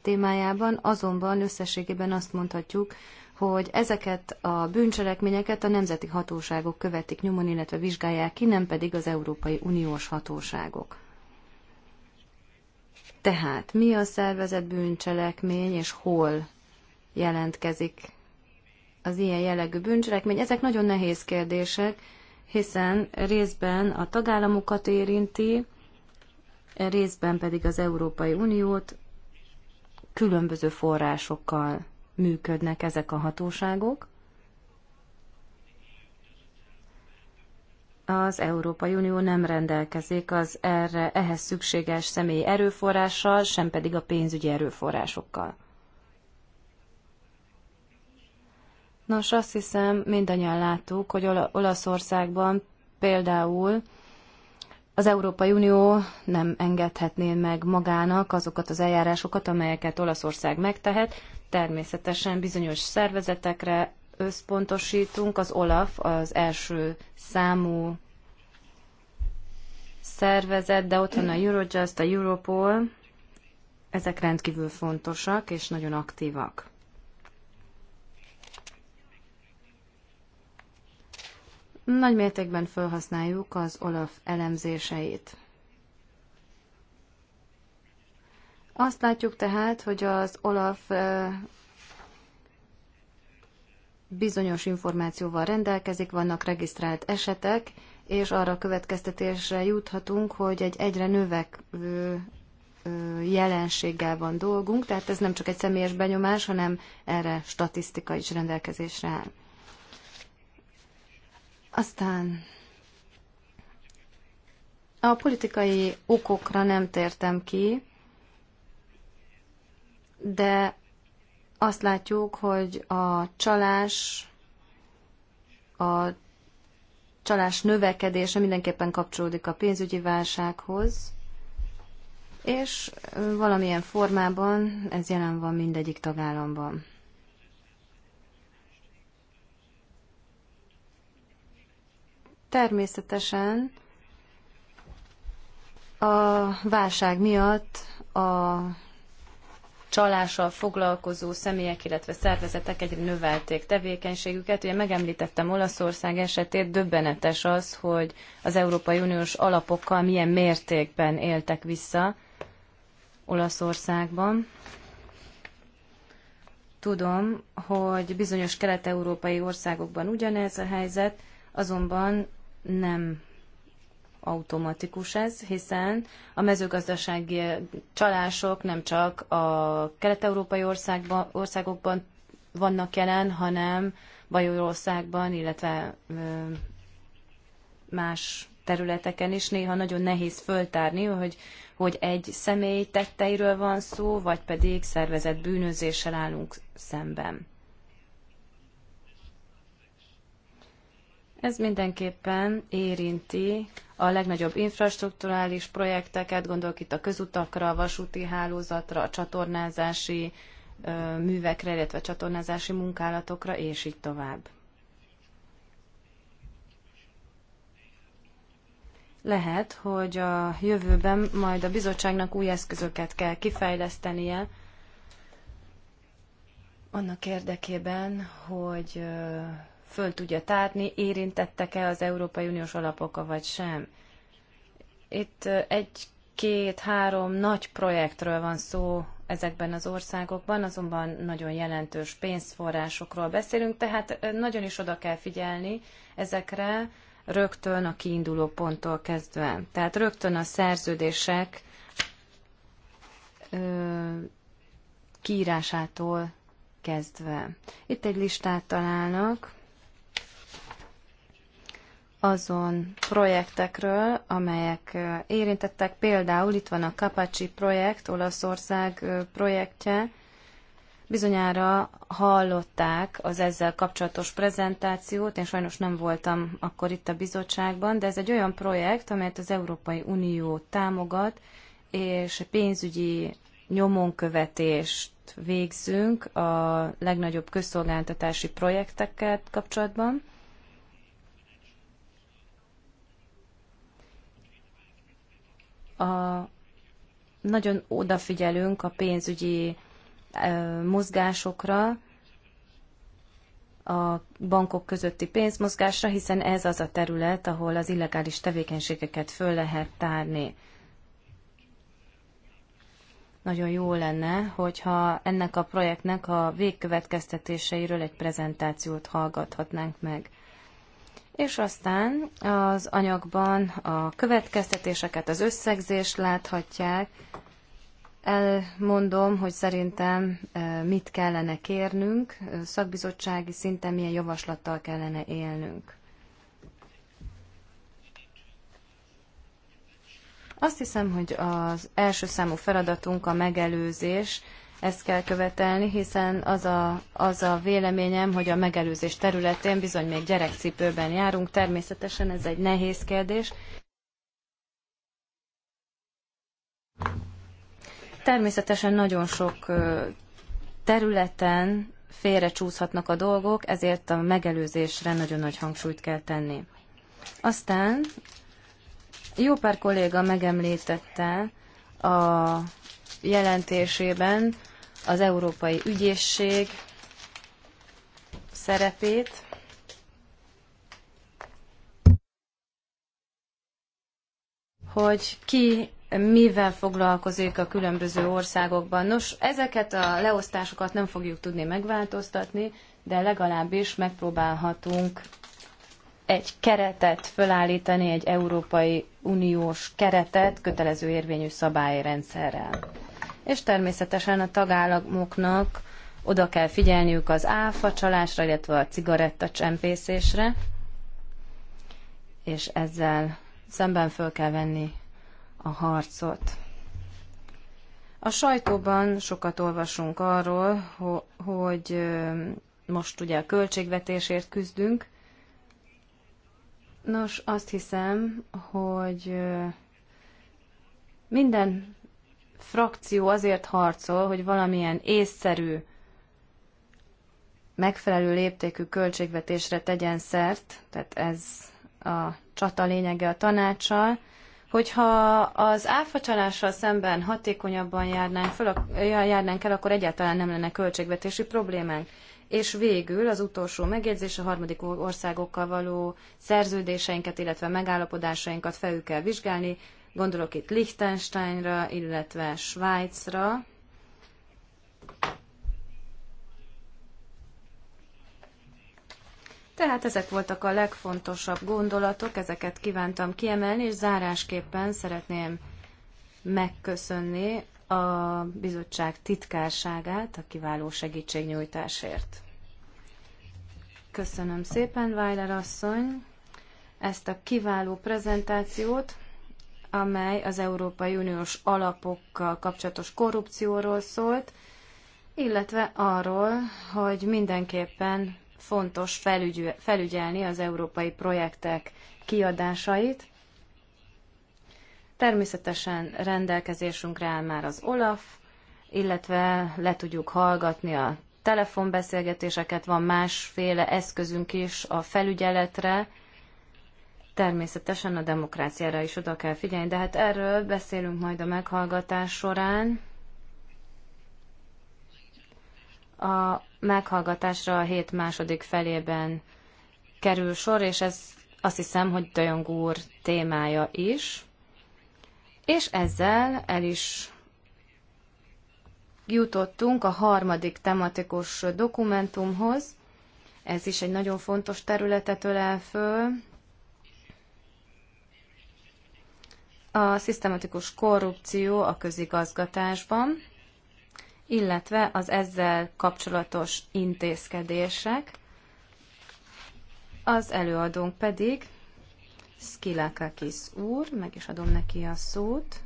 témájában, azonban összességében azt mondhatjuk, hogy ezeket a bűncselekményeket a nemzeti hatóságok követik nyomon, illetve vizsgálják ki, nem pedig az Európai Uniós hatóságok. Tehát mi a szervezet bűncselekmény, és hol jelentkezik az ilyen jellegű bűncselekmény? Ezek nagyon nehéz kérdések, hiszen részben a tagállamokat érinti, részben pedig az Európai Uniót különböző forrásokkal működnek ezek a hatóságok. az Európai Unió nem rendelkezik az erre, ehhez szükséges személyi erőforrással, sem pedig a pénzügyi erőforrásokkal. Nos, azt hiszem, mindannyian láttuk, hogy Olaszországban például az Európai Unió nem engedhetné meg magának azokat az eljárásokat, amelyeket Olaszország megtehet. Természetesen bizonyos szervezetekre, összpontosítunk, az OLAF az első számú szervezet, de ott van a Eurojust, a Europol, ezek rendkívül fontosak és nagyon aktívak. Nagy mértékben felhasználjuk az OLAF elemzéseit. Azt látjuk tehát, hogy az OLAF eh, bizonyos információval rendelkezik, vannak regisztrált esetek, és arra következtetésre juthatunk, hogy egy egyre növekvő jelenséggel van dolgunk, tehát ez nem csak egy személyes benyomás, hanem erre statisztika is rendelkezésre áll. Aztán a politikai okokra nem tértem ki, de azt látjuk, hogy a csalás, a csalás növekedése mindenképpen kapcsolódik a pénzügyi válsághoz, és valamilyen formában ez jelen van mindegyik tagállamban. Természetesen a válság miatt a csalással foglalkozó személyek, illetve szervezetek egyre növelték tevékenységüket. Ugye megemlítettem Olaszország esetét, döbbenetes az, hogy az Európai Uniós alapokkal milyen mértékben éltek vissza Olaszországban. Tudom, hogy bizonyos kelet-európai országokban ugyanez a helyzet, azonban nem automatikus ez, hiszen a mezőgazdasági csalások nem csak a kelet-európai országokban vannak jelen, hanem Bajorországban, illetve más területeken is néha nagyon nehéz föltárni, hogy, hogy egy személy tetteiről van szó, vagy pedig szervezett bűnözéssel állunk szemben. Ez mindenképpen érinti a legnagyobb infrastruktúrális projekteket, gondolok itt a közutakra, a vasúti hálózatra, a csatornázási művekre, illetve csatornázási munkálatokra, és így tovább. Lehet, hogy a jövőben majd a bizottságnak új eszközöket kell kifejlesztenie, annak érdekében, hogy föl tudja tárni, érintettek-e az Európai Uniós alapok, vagy sem. Itt egy-két-három nagy projektről van szó ezekben az országokban, azonban nagyon jelentős pénzforrásokról beszélünk, tehát nagyon is oda kell figyelni ezekre rögtön a kiinduló ponttól kezdve. Tehát rögtön a szerződések kiírásától kezdve. Itt egy listát találnak azon projektekről, amelyek érintettek. Például itt van a Kapacsi projekt, Olaszország projektje. Bizonyára hallották az ezzel kapcsolatos prezentációt, én sajnos nem voltam akkor itt a bizottságban, de ez egy olyan projekt, amelyet az Európai Unió támogat, és pénzügyi nyomonkövetést végzünk a legnagyobb közszolgáltatási projektekkel kapcsolatban a, nagyon odafigyelünk a pénzügyi mozgásokra, a bankok közötti pénzmozgásra, hiszen ez az a terület, ahol az illegális tevékenységeket föl lehet tárni. Nagyon jó lenne, hogyha ennek a projektnek a végkövetkeztetéseiről egy prezentációt hallgathatnánk meg. És aztán az anyagban a következtetéseket, az összegzést láthatják. Elmondom, hogy szerintem e, mit kellene kérnünk, szakbizottsági szinten milyen javaslattal kellene élnünk. Azt hiszem, hogy az első számú feladatunk a megelőzés, ezt kell követelni, hiszen az a, az a véleményem, hogy a megelőzés területén bizony még gyerekcipőben járunk, természetesen ez egy nehéz kérdés. Természetesen nagyon sok területen félre csúszhatnak a dolgok, ezért a megelőzésre nagyon nagy hangsúlyt kell tenni. Aztán jó pár kolléga megemlítette a jelentésében, az Európai Ügyészség szerepét. hogy ki mivel foglalkozik a különböző országokban. Nos, ezeket a leosztásokat nem fogjuk tudni megváltoztatni, de legalábbis megpróbálhatunk egy keretet felállítani, egy Európai Uniós keretet kötelező érvényű szabályrendszerrel és természetesen a tagállamoknak oda kell figyelniük az áfa csalásra, illetve a cigaretta csempészésre, és ezzel szemben föl kell venni a harcot. A sajtóban sokat olvasunk arról, hogy most ugye a költségvetésért küzdünk. Nos, azt hiszem, hogy minden frakció azért harcol, hogy valamilyen észszerű, megfelelő léptékű költségvetésre tegyen szert, tehát ez a csata lényege a tanácssal, hogyha az áfacsalással szemben hatékonyabban járnánk, föl, járnánk el, akkor egyáltalán nem lenne költségvetési problémánk. És végül az utolsó megjegyzés, a harmadik országokkal való szerződéseinket, illetve megállapodásainkat felül kell vizsgálni, Gondolok itt Liechtensteinra, illetve Svájcra. Tehát ezek voltak a legfontosabb gondolatok, ezeket kívántam kiemelni, és zárásképpen szeretném megköszönni a bizottság titkárságát a kiváló segítségnyújtásért. Köszönöm szépen, Weiler asszony, ezt a kiváló prezentációt amely az Európai Uniós alapokkal kapcsolatos korrupcióról szólt, illetve arról, hogy mindenképpen fontos felügyelni az európai projektek kiadásait. Természetesen rendelkezésünkre áll már az OLAF, illetve le tudjuk hallgatni a telefonbeszélgetéseket, van másféle eszközünk is a felügyeletre, Természetesen a demokráciára is oda kell figyelni, de hát erről beszélünk majd a meghallgatás során. A meghallgatásra a hét második felében kerül sor, és ez azt hiszem, hogy Dajong úr témája is. És ezzel el is jutottunk a harmadik tematikus dokumentumhoz. Ez is egy nagyon fontos területet ölel föl, a szisztematikus korrupció a közigazgatásban, illetve az ezzel kapcsolatos intézkedések. Az előadónk pedig Skilakakis úr, meg is adom neki a szót.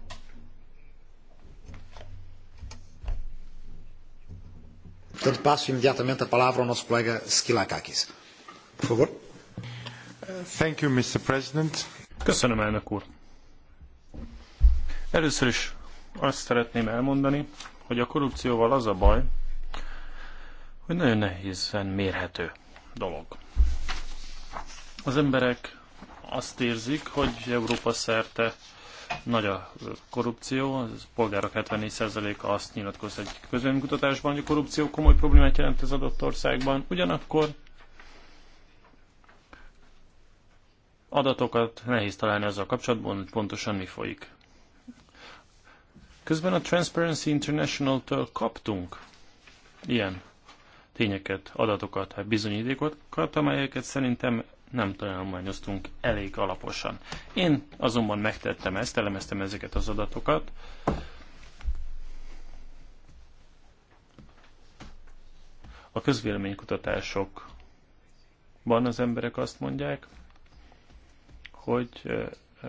Portanto, passo imediatamente a palavra ao nosso colega Skilakakis. Por favor. Thank you, Mr. President. Köszönöm, elnök úr. Először is azt szeretném elmondani, hogy a korrupcióval az a baj, hogy nagyon nehézen mérhető dolog. Az emberek azt érzik, hogy Európa szerte nagy a korrupció, a polgárok 74%-a azt nyilatkozta egy közönkutatásban, hogy a korrupció komoly problémát jelent az adott országban. Ugyanakkor adatokat nehéz találni azzal kapcsolatban, hogy pontosan mi folyik. Közben a Transparency International-től kaptunk ilyen tényeket, adatokat, hát bizonyítékokat, amelyeket szerintem nem tanulmányoztunk elég alaposan. Én azonban megtettem ezt, elemeztem ezeket az adatokat. A közvéleménykutatásokban az emberek azt mondják, hogy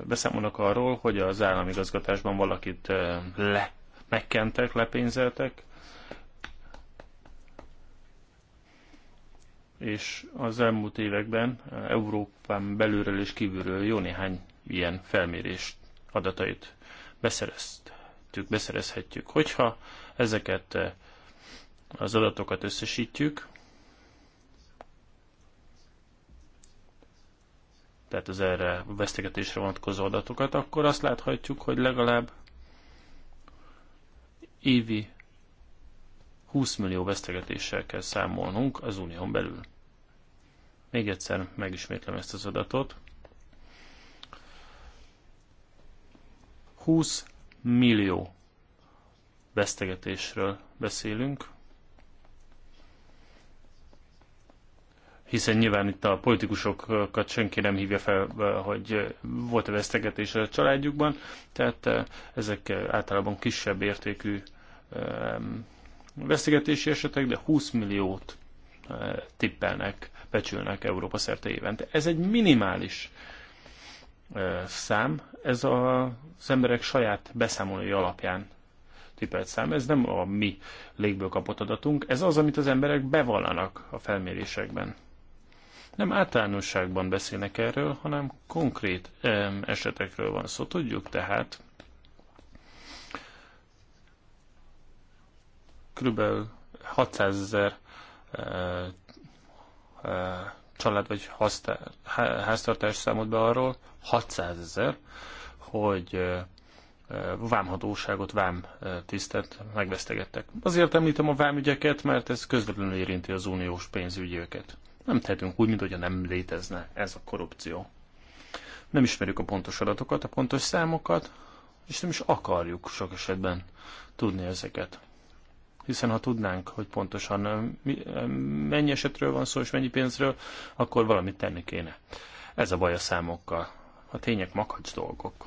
beszámolnak arról, hogy az államigazgatásban valakit le megkentek, lepénzeltek, és az elmúlt években Európán belülről és kívülről jó néhány ilyen felmérés adatait beszereztük, beszerezhetjük. Hogyha ezeket az adatokat összesítjük, tehát az erre vesztegetésre vonatkozó adatokat, akkor azt láthatjuk, hogy legalább évi 20 millió vesztegetéssel kell számolnunk az unión belül. Még egyszer megismétlem ezt az adatot. 20 millió vesztegetésről beszélünk hiszen nyilván itt a politikusokat senki nem hívja fel, eh, hogy eh, volt-e vesztegetés a családjukban, tehát eh, ezek általában kisebb értékű vesztegetési esetek, de 20 milliót tippelnek, becsülnek Európa szerte évente. Ez egy minimális szám, ez a, az emberek saját beszámolói alapján tippelt szám, ez nem a mi légből kapott adatunk, ez az, amit az emberek bevallanak a felmérésekben nem általánosságban beszélnek erről, hanem konkrét esetekről van szó. Tudjuk tehát, kb. 600 ezer család vagy háztartás számolt be arról, 600 ezer, hogy eh, eh, vámhatóságot, vám eh, tisztet megvesztegettek. Azért említem a vámügyeket, mert ez közvetlenül érinti az uniós pénzügyőket. Nem tehetünk úgy, mintha nem létezne ez a korrupció. Nem ismerjük a pontos adatokat, a pontos számokat, és nem is akarjuk sok esetben tudni ezeket. Hiszen ha tudnánk, hogy pontosan mennyi esetről van szó és mennyi pénzről, akkor valamit tenni kéne. Ez a baj a számokkal. A tények makacs dolgok.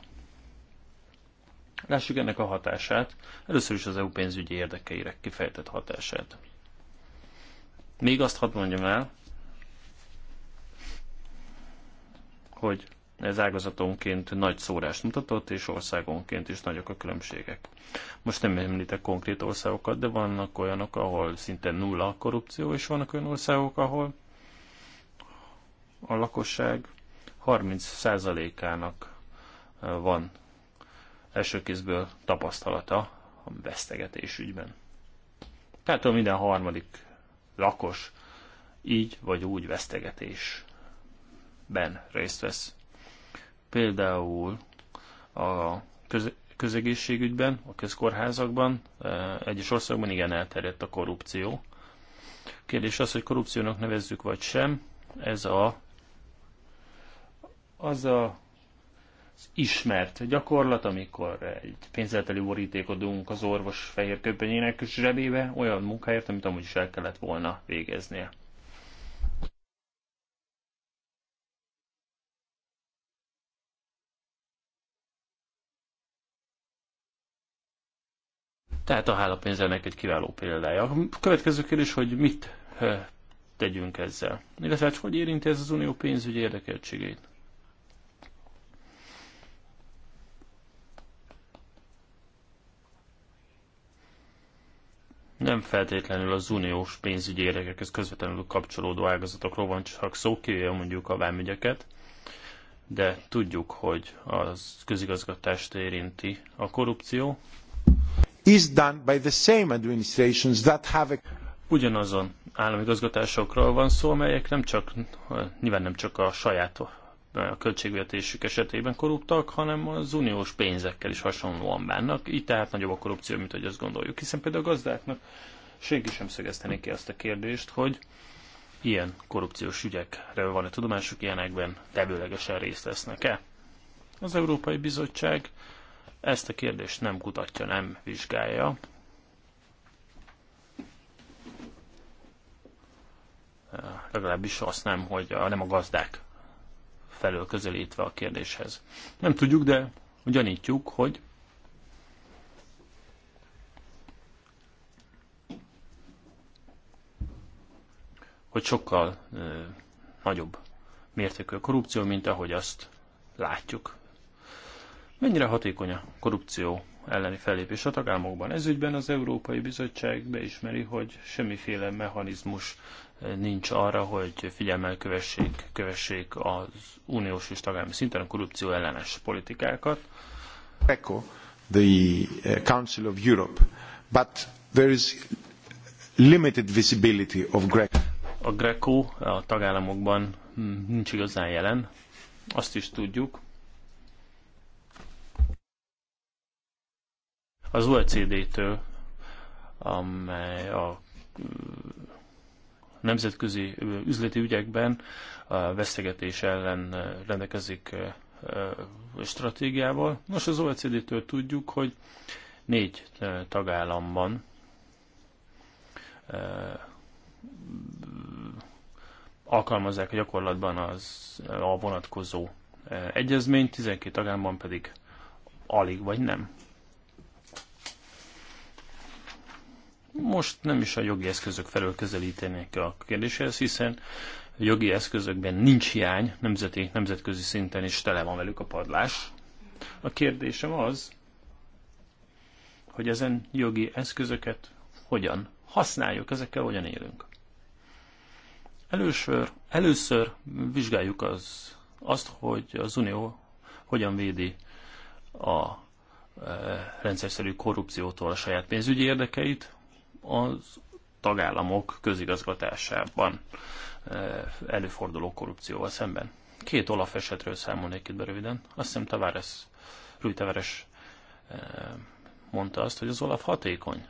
Lássuk ennek a hatását, először is az EU pénzügyi érdekeire kifejtett hatását. Még azt hadd mondjam el, hogy ez ágazatonként nagy szórást mutatott, és országonként is nagyok a különbségek. Most nem említek konkrét országokat, de vannak olyanok, ahol szinte nulla a korrupció, és vannak olyan országok, ahol a lakosság 30%-ának van elsőkézből tapasztalata a vesztegetés ügyben. Tehát minden harmadik lakos így vagy úgy vesztegetés ben részt vesz. Például a köz- közegészségügyben, a közkórházakban, e, egyes országban igen elterjedt a korrupció. Kérdés az, hogy korrupciónak nevezzük vagy sem, ez a az a az ismert gyakorlat, amikor egy pénzelteli borítékot adunk az orvos fehér köpenyének zsebébe olyan munkáért, amit amúgy is el kellett volna végeznie. Tehát a hálapénz ennek egy kiváló példája. A következő kérdés, hogy mit tegyünk ezzel, illetve hát hogy érinti ez az unió pénzügyi érdekeltségét? nem feltétlenül az uniós pénzügyi érdekekhez közvetlenül kapcsolódó ágazatokról van csak szó, kivéve mondjuk a vámügyeket, de tudjuk, hogy az közigazgatást érinti a korrupció, is done by the same administrations that have a Ugyanazon gazgatásokról van szó, amelyek nem csak, nyilván nem csak a saját a költségvetésük esetében korruptak, hanem az uniós pénzekkel is hasonlóan bánnak, így tehát nagyobb a korrupció, mint hogy azt gondoljuk. Hiszen például a gazdáknak senki sem szögezteni ki azt a kérdést, hogy ilyen korrupciós ügyekre van-e tudomásuk, ilyenekben tevőlegesen részt vesznek-e. Az Európai Bizottság ezt a kérdést nem kutatja, nem vizsgálja. Legalábbis azt nem, hogy a, nem a gazdák felől közelítve a kérdéshez. Nem tudjuk, de gyanítjuk, hogy hogy sokkal ö, nagyobb mértékű a korrupció, mint ahogy azt látjuk Mennyire hatékony a korrupció elleni fellépés a tagállamokban? Ez ügyben az Európai Bizottság beismeri, hogy semmiféle mechanizmus eh, nincs arra, hogy figyelmel kövessék, kövessék az uniós és tagállami szinten a korrupció ellenes politikákat. ECO, the eh, Council of Europe, but there is limited visibility of GRECO. A GRECO a tagállamokban hm, nincs igazán jelen. Azt is tudjuk, az OECD-től, amely a nemzetközi üzleti ügyekben a vesztegetés ellen rendelkezik stratégiával. Nos, az OECD-től tudjuk, hogy négy tagállamban alkalmazzák a gyakorlatban az, a vonatkozó egyezményt, 12 tagállamban pedig alig vagy nem Most nem is a jogi eszközök felől közelítenek a kérdéshez, hiszen a jogi eszközökben nincs hiány, nemzeti, nemzetközi szinten is tele van velük a padlás. A kérdésem az, hogy ezen jogi eszközöket hogyan használjuk, ezekkel hogyan élünk. Először, először vizsgáljuk az, azt, hogy az Unió hogyan védi a eh, rendszerszerű korrupciótól a saját pénzügyi érdekeit, az tagállamok közigazgatásában eh, előforduló korrupcióval szemben. Két Olaf esetről számolnék itt be röviden. Azt hiszem Tavares, Rui Tavares eh, mondta azt, hogy az Olaf hatékony.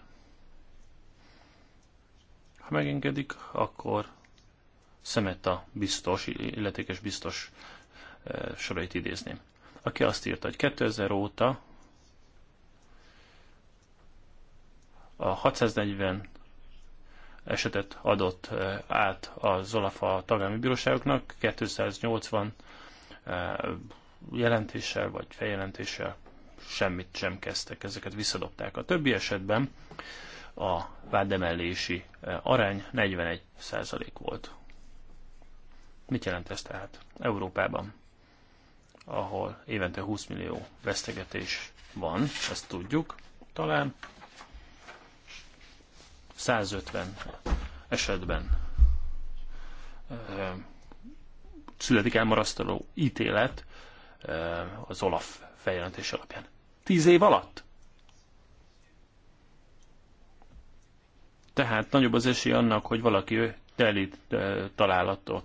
Ha megengedik, akkor Szemetta biztos, illetékes biztos eh, sorait idézném, aki azt írta, hogy 2000 óta a 640 esetet adott eh, át az OLAF a tagállami bíróságoknak, 280 eh, jelentéssel vagy feljelentéssel semmit sem kezdtek, ezeket visszadobták. A többi esetben a vádemelési eh, arány 41% volt. Mit jelent ez tehát Európában, ahol évente 20 millió vesztegetés van, ezt tudjuk talán, 150 esetben születik elmarasztaló ítélet az Olaf feljelentés alapján. Tíz év alatt? Tehát nagyobb az esély annak, hogy valaki teli találatot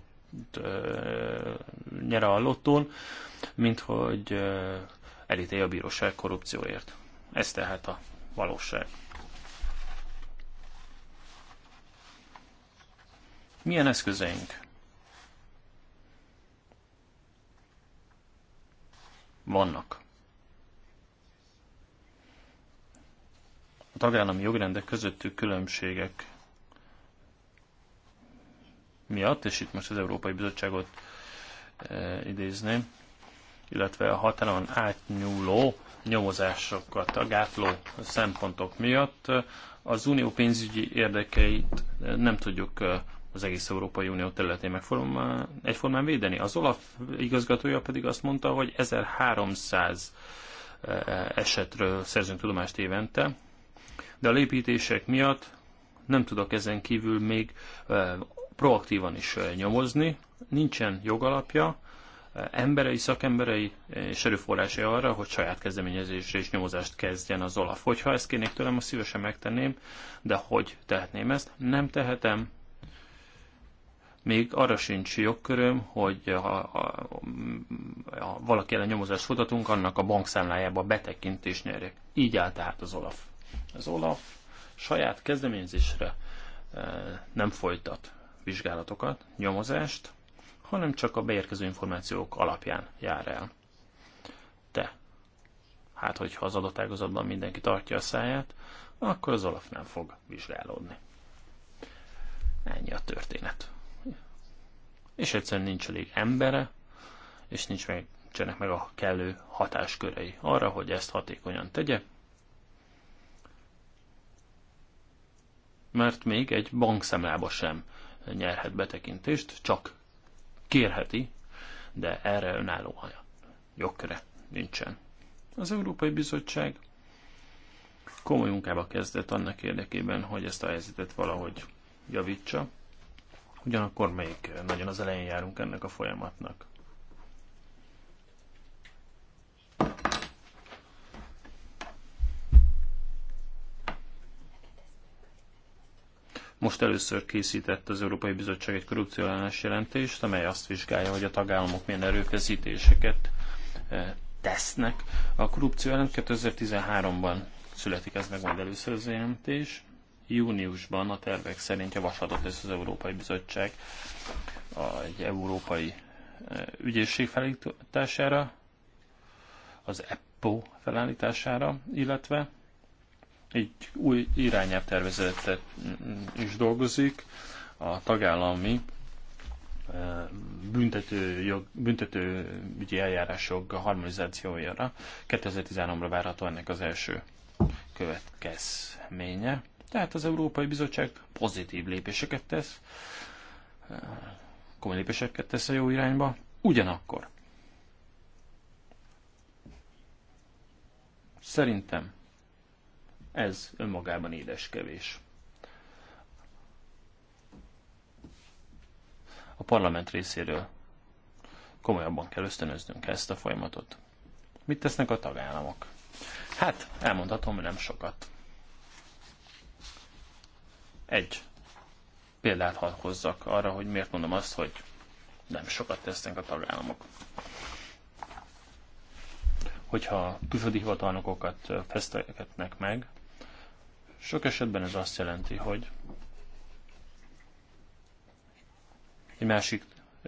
nyer a lottón, mint hogy elítélje a bíróság korrupcióért. Ez tehát a valóság. Milyen eszközeink vannak? A tagállami jogrendek közöttük különbségek miatt, és itt most az Európai Bizottságot e, idézném, illetve a határon átnyúló nyomozásokat, a gátló szempontok miatt e, az unió pénzügyi érdekeit e, nem tudjuk e, az egész Európai Unió területén fogom egyformán védeni. Az Olaf igazgatója pedig azt mondta, hogy 1300 e, esetről szerzünk tudomást évente, de a lépítések miatt nem tudok ezen kívül még e, proaktívan is e, nyomozni, nincsen jogalapja, emberei, szakemberei és erőforrásai arra, hogy saját kezdeményezésre és nyomozást kezdjen az Olaf. Hogyha ezt kérnék tőlem, azt szívesen megtenném, de hogy tehetném ezt? Nem tehetem, még arra sincs jogköröm, hogy ha, ha, ha valaki ellen nyomozást folytatunk, annak a bankszámlájába betekintést nyerjek. Így áll tehát az Olaf. Az Olaf saját kezdeményezésre e, nem folytat vizsgálatokat, nyomozást, hanem csak a beérkező információk alapján jár el. De, hát hogyha az adott ágazatban mindenki tartja a száját, akkor az Olaf nem fog vizsgálódni. Ennyi a történet és egyszerűen nincs elég embere, és nincs meg, csenek meg a kellő hatáskörei arra, hogy ezt hatékonyan tegye. Mert még egy bankszemlába sem nyerhet betekintést, csak kérheti, de erre önálló jogköre nincsen. Az Európai Bizottság komoly munkába kezdett annak érdekében, hogy ezt a helyzetet valahogy javítsa. Ugyanakkor még nagyon az elején járunk ennek a folyamatnak. Most először készített az Európai Bizottság egy korrupcióellenes jelentést, amely azt vizsgálja, hogy a tagállamok milyen erőfeszítéseket eh, tesznek. A korrupció ellen 2013-ban születik ez meg majd először az jelentés júniusban a tervek szerint javaslatot tesz az Európai Bizottság egy európai e, ügyészség felállítására, az EPPO felállítására, illetve egy új tervezetet mm, is dolgozik, a tagállami e, büntető, jog, büntető ügyi eljárások harmonizációjára. 2013-ra várható ennek az első következménye. Tehát az Európai Bizottság pozitív lépéseket tesz, komoly lépéseket tesz a jó irányba, ugyanakkor szerintem ez önmagában édes kevés. A parlament részéről komolyabban kell ösztönöznünk ezt a folyamatot. Mit tesznek a tagállamok? Hát, elmondhatom, hogy nem sokat. Egy példát hozzak arra, hogy miért mondom azt, hogy nem sokat tesznek a tagállamok. Hogyha külföldi hivatalnokokat fesztegetnek meg, sok esetben ez azt jelenti, hogy egy másik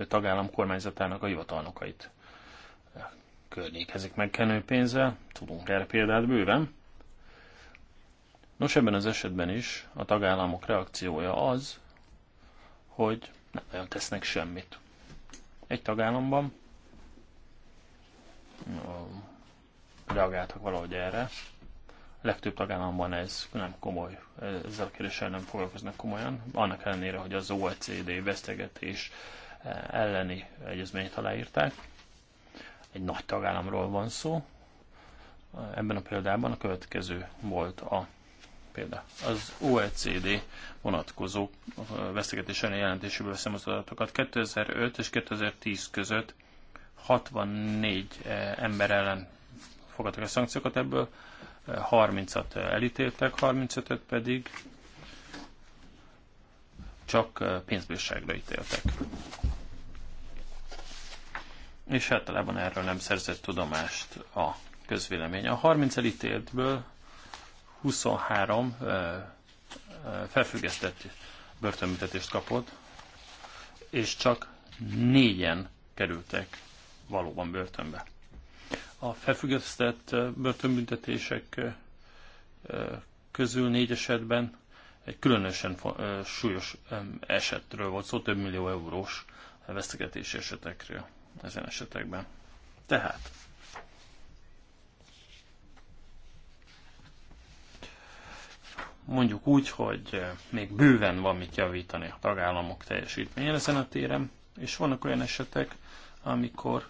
tagállam kormányzatának a hivatalnokait környékezik megkenő pénzzel, tudunk erre példát bőven. Nos, ebben az esetben is a tagállamok reakciója az, hogy nem nagyon tesznek semmit. Egy tagállamban reagáltak valahogy erre. A legtöbb tagállamban ez nem komoly, ezzel a kérdéssel nem foglalkoznak komolyan, annak ellenére, hogy az OECD vesztegetés e, elleni egyezményt aláírták. Egy nagy tagállamról van szó. Ebben a példában a következő volt a például Az OECD vonatkozó vesztegetés elleni jelentéséből veszem az adatokat. 2005 és 2010 között 64 ember ellen fogadtak a szankciókat, ebből 30-at elítéltek, 35-öt pedig csak pénzbírságra ítéltek. És általában erről nem szerzett tudomást a közvélemény. A 30 elítéltből 23 felfüggesztett börtönbüntetést kapott, és csak négyen kerültek valóban börtönbe. A felfüggesztett börtönbüntetések közül négy esetben egy különösen súlyos esetről volt szó, több millió eurós vesztegetési esetekről ezen esetekben. Tehát mondjuk úgy, hogy eh, még bőven van mit javítani a tagállamok teljesítményén ezen a téren, és vannak olyan esetek, amikor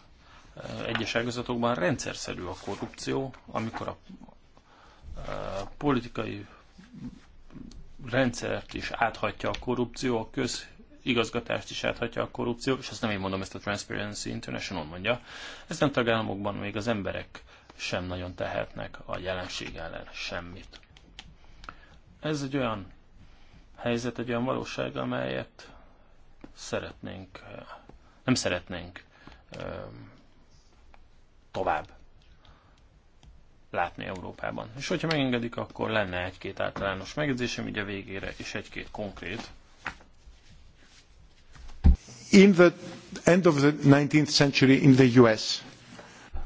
eh, egyes ágazatokban rendszerszerű a korrupció, amikor a, a eh, politikai rendszert is áthatja a korrupció, a közigazgatást is áthatja a korrupció, és ezt nem én mondom, ezt a Transparency International mondja. Ezen a tagállamokban még az emberek sem nagyon tehetnek a jelenség ellen semmit. Ez egy olyan helyzet, egy olyan valóság, amelyet szeretnénk, nem szeretnénk tovább látni Európában. És hogyha megengedik, akkor lenne egy-két általános megjegyzésem így a végére, és egy-két konkrét. In the end of the 19th century in the US.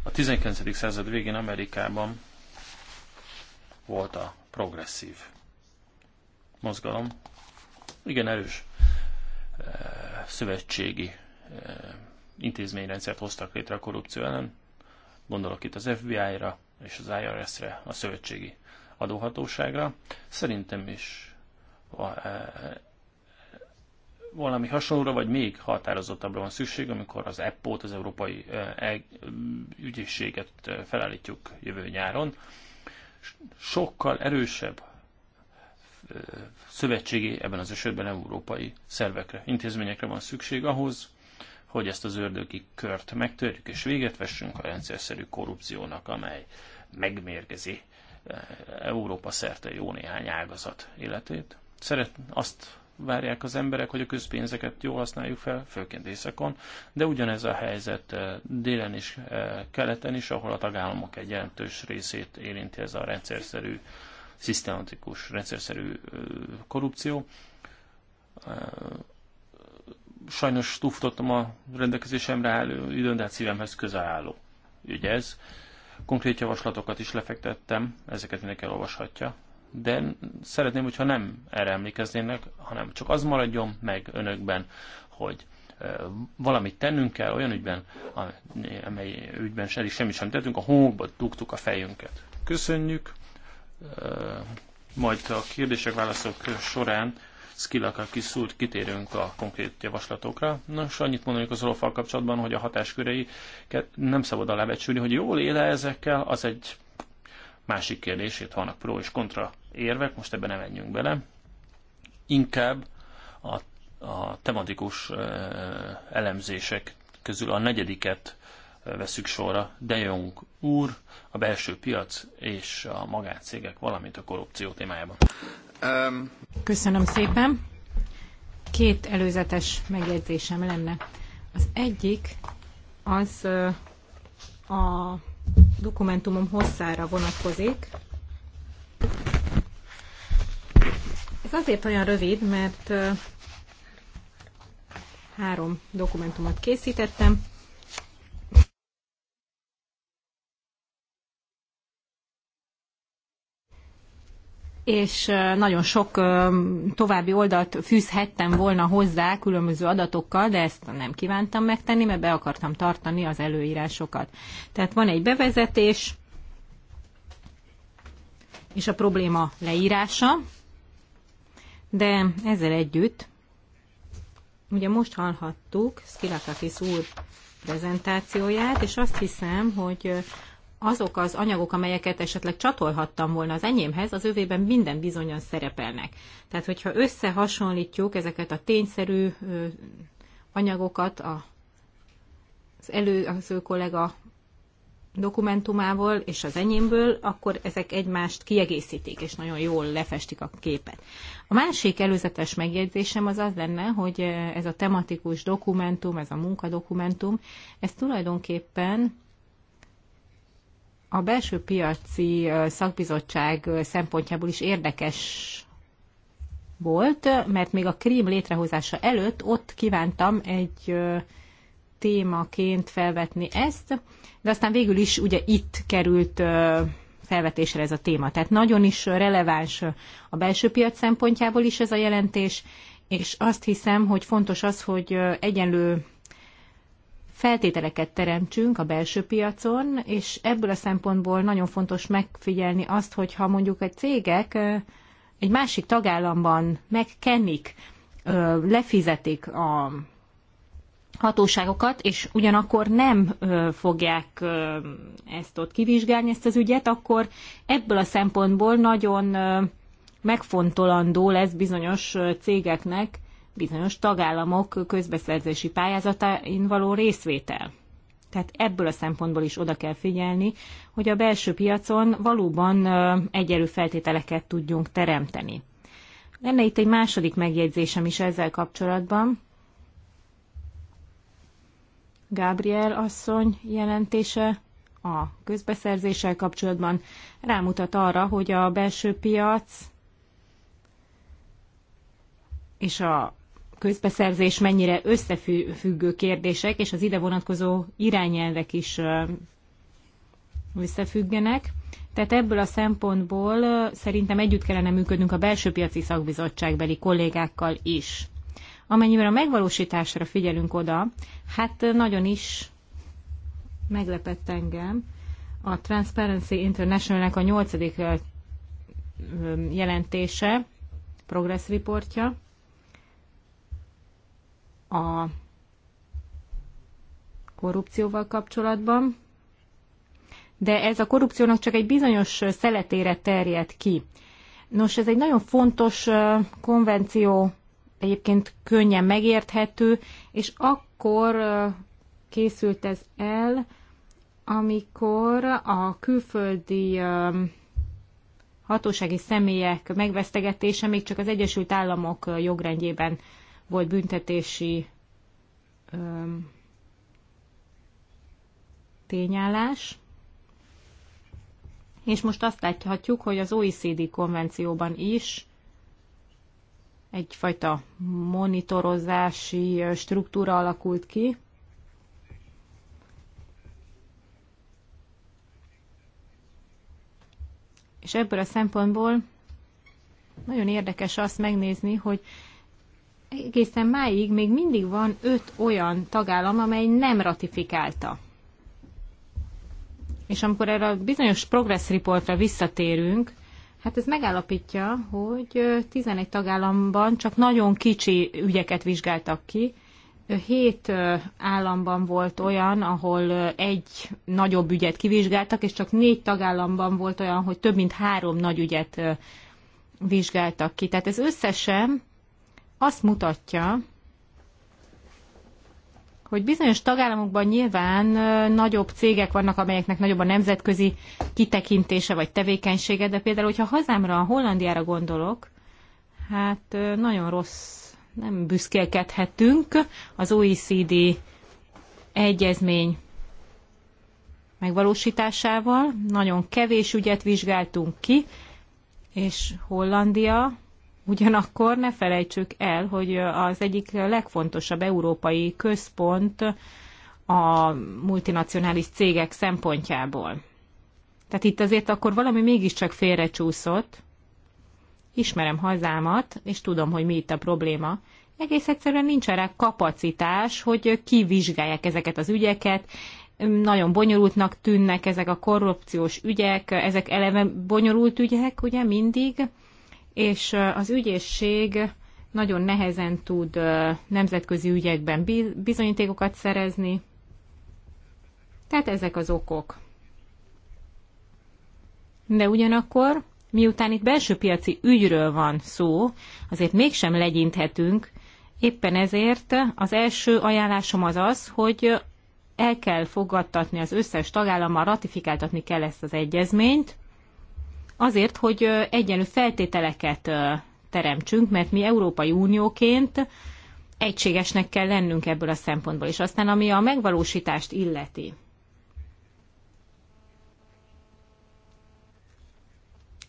A 19. század végén Amerikában volt a progresszív mozgalom igen erős eh, szövetségi eh, intézményrendszert hoztak létre a korrupció ellen. Gondolok itt az FBI-ra és az IRS-re, a szövetségi adóhatóságra. Szerintem is eh, valami hasonlóra, vagy még határozottabbra van szükség, amikor az EPPO-t, az Európai Ügyészséget felállítjuk jövő nyáron. Sokkal erősebb szövetségi, ebben az esetben európai szervekre, intézményekre van szükség ahhoz, hogy ezt az ördögi kört megtörjük és véget vessünk a rendszerszerű korrupciónak, amely megmérgezi eh, Európa szerte jó néhány ágazat életét. Szeret, azt várják az emberek, hogy a közpénzeket jól használjuk fel, főként északon, de ugyanez a helyzet eh, délen és eh, keleten is, ahol a tagállamok egy jelentős részét érinti ez a rendszerszerű szisztematikus, rendszerszerű korrupció. Sajnos túlfutottam a rendelkezésemre álló időn, de hát szívemhez közel álló ügy ez. Konkrét javaslatokat is lefektettem, ezeket mindenki olvashatja, de szeretném, hogyha nem erre emlékeznének, hanem csak az maradjon meg önökben, hogy valamit tennünk kell olyan ügyben, amely ügyben semmi sem tettünk, a homokba dugtuk a fejünket. Köszönjük! majd a kérdések, válaszok során szkillakkal kiszúrt kitérünk a konkrét javaslatokra. Nos, annyit mondanék az olofal kapcsolatban, hogy a hatásköréi nem szabad alábecsülni, hogy jól éle ezekkel, az egy másik kérdés, itt vannak pro és kontra érvek, most ebben nem menjünk bele. Inkább a, a tematikus elemzések közül a negyediket veszük sorra. De Jong úr, a belső piac és a magáncégek, valamint a korrupció témájában. Um... Köszönöm szépen. Két előzetes megjegyzésem lenne. Az egyik az a dokumentumom hosszára vonatkozik. Ez azért olyan rövid, mert három dokumentumot készítettem, és nagyon sok további oldalt fűzhettem volna hozzá különböző adatokkal, de ezt nem kívántam megtenni, mert be akartam tartani az előírásokat. Tehát van egy bevezetés, és a probléma leírása, de ezzel együtt, ugye most hallhattuk Skilakakis úr prezentációját, és azt hiszem, hogy azok az anyagok, amelyeket esetleg csatolhattam volna az enyémhez, az övében minden bizonyan szerepelnek. Tehát, hogyha összehasonlítjuk ezeket a tényszerű anyagokat a, az előző kollega dokumentumával és az enyémből, akkor ezek egymást kiegészítik, és nagyon jól lefestik a képet. A másik előzetes megjegyzésem az az lenne, hogy ez a tematikus dokumentum, ez a munkadokumentum, ez tulajdonképpen a belső piaci szakbizottság szempontjából is érdekes volt, mert még a krím létrehozása előtt ott kívántam egy témaként felvetni ezt, de aztán végül is ugye itt került felvetésre ez a téma. Tehát nagyon is releváns a belső piac szempontjából is ez a jelentés, és azt hiszem, hogy fontos az, hogy egyenlő feltételeket teremtsünk a belső piacon, és ebből a szempontból nagyon fontos megfigyelni azt, hogy ha mondjuk egy cégek egy másik tagállamban megkenik, lefizetik a hatóságokat, és ugyanakkor nem fogják ezt ott kivizsgálni, ezt az ügyet, akkor ebből a szempontból nagyon megfontolandó lesz bizonyos cégeknek bizonyos tagállamok közbeszerzési pályázatain való részvétel. Tehát ebből a szempontból is oda kell figyelni, hogy a belső piacon valóban egyelő feltételeket tudjunk teremteni. Lenne itt egy második megjegyzésem is ezzel kapcsolatban. Gabriel asszony jelentése a közbeszerzéssel kapcsolatban rámutat arra, hogy a belső piac és a közbeszerzés mennyire összefüggő kérdések, és az ide vonatkozó irányelvek is összefüggenek. Tehát ebből a szempontból szerintem együtt kellene működnünk a belső piaci szakbizottságbeli kollégákkal is. Amennyiben a megvalósításra figyelünk oda, hát nagyon is meglepett engem a Transparency nek a nyolcadik jelentése, progress reportja, a korrupcióval kapcsolatban, de ez a korrupciónak csak egy bizonyos szeletére terjed ki. Nos, ez egy nagyon fontos konvenció, egyébként könnyen megérthető, és akkor készült ez el, amikor a külföldi hatósági személyek megvesztegetése még csak az Egyesült Államok jogrendjében volt büntetési öm, tényállás, és most azt láthatjuk, hogy az OECD konvencióban is egyfajta monitorozási struktúra alakult ki, És ebből a szempontból nagyon érdekes azt megnézni, hogy egészen máig még mindig van öt olyan tagállam, amely nem ratifikálta. És amikor erre a bizonyos progress reportra visszatérünk, hát ez megállapítja, hogy 11 tagállamban csak nagyon kicsi ügyeket vizsgáltak ki. Hét államban volt olyan, ahol egy nagyobb ügyet kivizsgáltak, és csak négy tagállamban volt olyan, hogy több mint három nagy ügyet vizsgáltak ki. Tehát ez összesen azt mutatja, hogy bizonyos tagállamokban nyilván nagyobb cégek vannak, amelyeknek nagyobb a nemzetközi kitekintése vagy tevékenysége, de például, hogyha hazámra, a Hollandiára gondolok, hát nagyon rossz, nem büszkélkedhetünk az OECD egyezmény megvalósításával. Nagyon kevés ügyet vizsgáltunk ki, és Hollandia Ugyanakkor ne felejtsük el, hogy az egyik legfontosabb európai központ a multinacionális cégek szempontjából. Tehát itt azért akkor valami mégiscsak félrecsúszott. Ismerem hazámat, és tudom, hogy mi itt a probléma. Egész egyszerűen nincs erre kapacitás, hogy kivizsgálják ezeket az ügyeket, nagyon bonyolultnak tűnnek ezek a korrupciós ügyek, ezek eleve bonyolult ügyek, ugye mindig, és az ügyészség nagyon nehezen tud nemzetközi ügyekben bizonyítékokat szerezni. Tehát ezek az okok. De ugyanakkor, miután itt belső piaci ügyről van szó, azért mégsem legyinthetünk, éppen ezért az első ajánlásom az az, hogy el kell fogadtatni az összes tagállammal, ratifikáltatni kell ezt az egyezményt, azért, hogy egyenlő feltételeket teremtsünk, mert mi Európai Unióként egységesnek kell lennünk ebből a szempontból. És aztán, ami a megvalósítást illeti,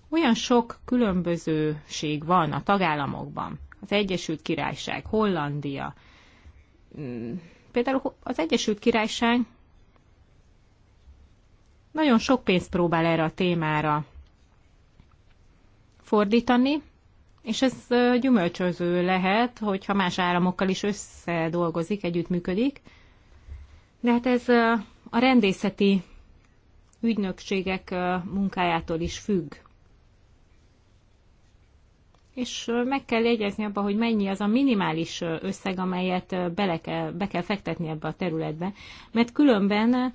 olyan sok különbözőség van a tagállamokban. Az Egyesült Királyság, Hollandia. Mm, például az Egyesült Királyság nagyon sok pénzt próbál erre a témára fordítani, és ez gyümölcsöző lehet, hogyha más államokkal is összedolgozik, együttműködik. De hát ez a rendészeti ügynökségek munkájától is függ. És meg kell jegyezni abba, hogy mennyi az a minimális összeg, amelyet bele kell, be kell fektetni ebbe a területbe. Mert különben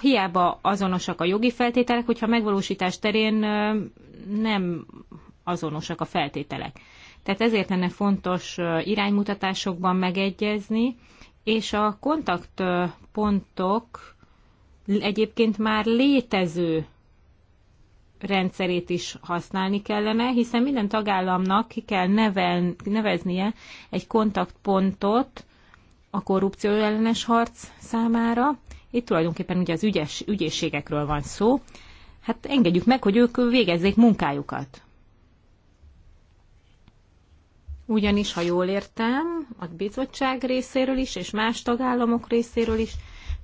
hiába azonosak a jogi feltételek, hogyha megvalósítás terén nem azonosak a feltételek. Tehát ezért lenne fontos iránymutatásokban megegyezni, és a kontaktpontok egyébként már létező rendszerét is használni kellene, hiszen minden tagállamnak ki kell nevel, neveznie egy kontaktpontot a korrupció ellenes harc számára. Itt tulajdonképpen ugye az ügyes, ügyészségekről van szó. Hát engedjük meg, hogy ők végezzék munkájukat. Ugyanis, ha jól értem, a bizottság részéről is, és más tagállamok részéről is,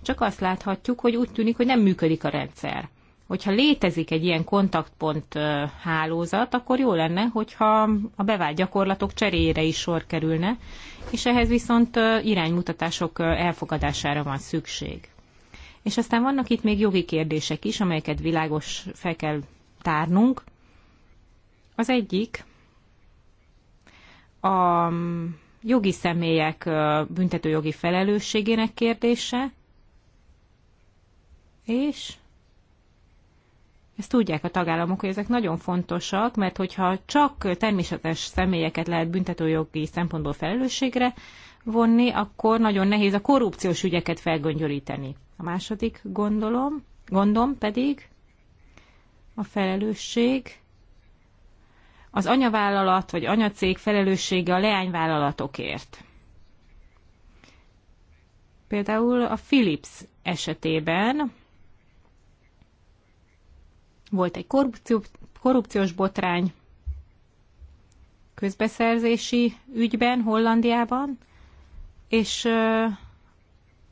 csak azt láthatjuk, hogy úgy tűnik, hogy nem működik a rendszer. Hogyha létezik egy ilyen kontaktpont hálózat, akkor jó lenne, hogyha a bevált gyakorlatok cseréjére is sor kerülne, és ehhez viszont iránymutatások elfogadására van szükség. És aztán vannak itt még jogi kérdések is, amelyeket világos fel kell tárnunk. Az egyik a jogi személyek büntetőjogi felelősségének kérdése, és ezt tudják a tagállamok, hogy ezek nagyon fontosak, mert hogyha csak természetes személyeket lehet büntetőjogi szempontból felelősségre vonni, akkor nagyon nehéz a korrupciós ügyeket felgöngyölíteni. A második gondolom, gondom pedig a felelősség az anyavállalat vagy anyacég felelőssége a leányvállalatokért. Például a Philips esetében volt egy korrupció, korrupciós botrány közbeszerzési ügyben Hollandiában, és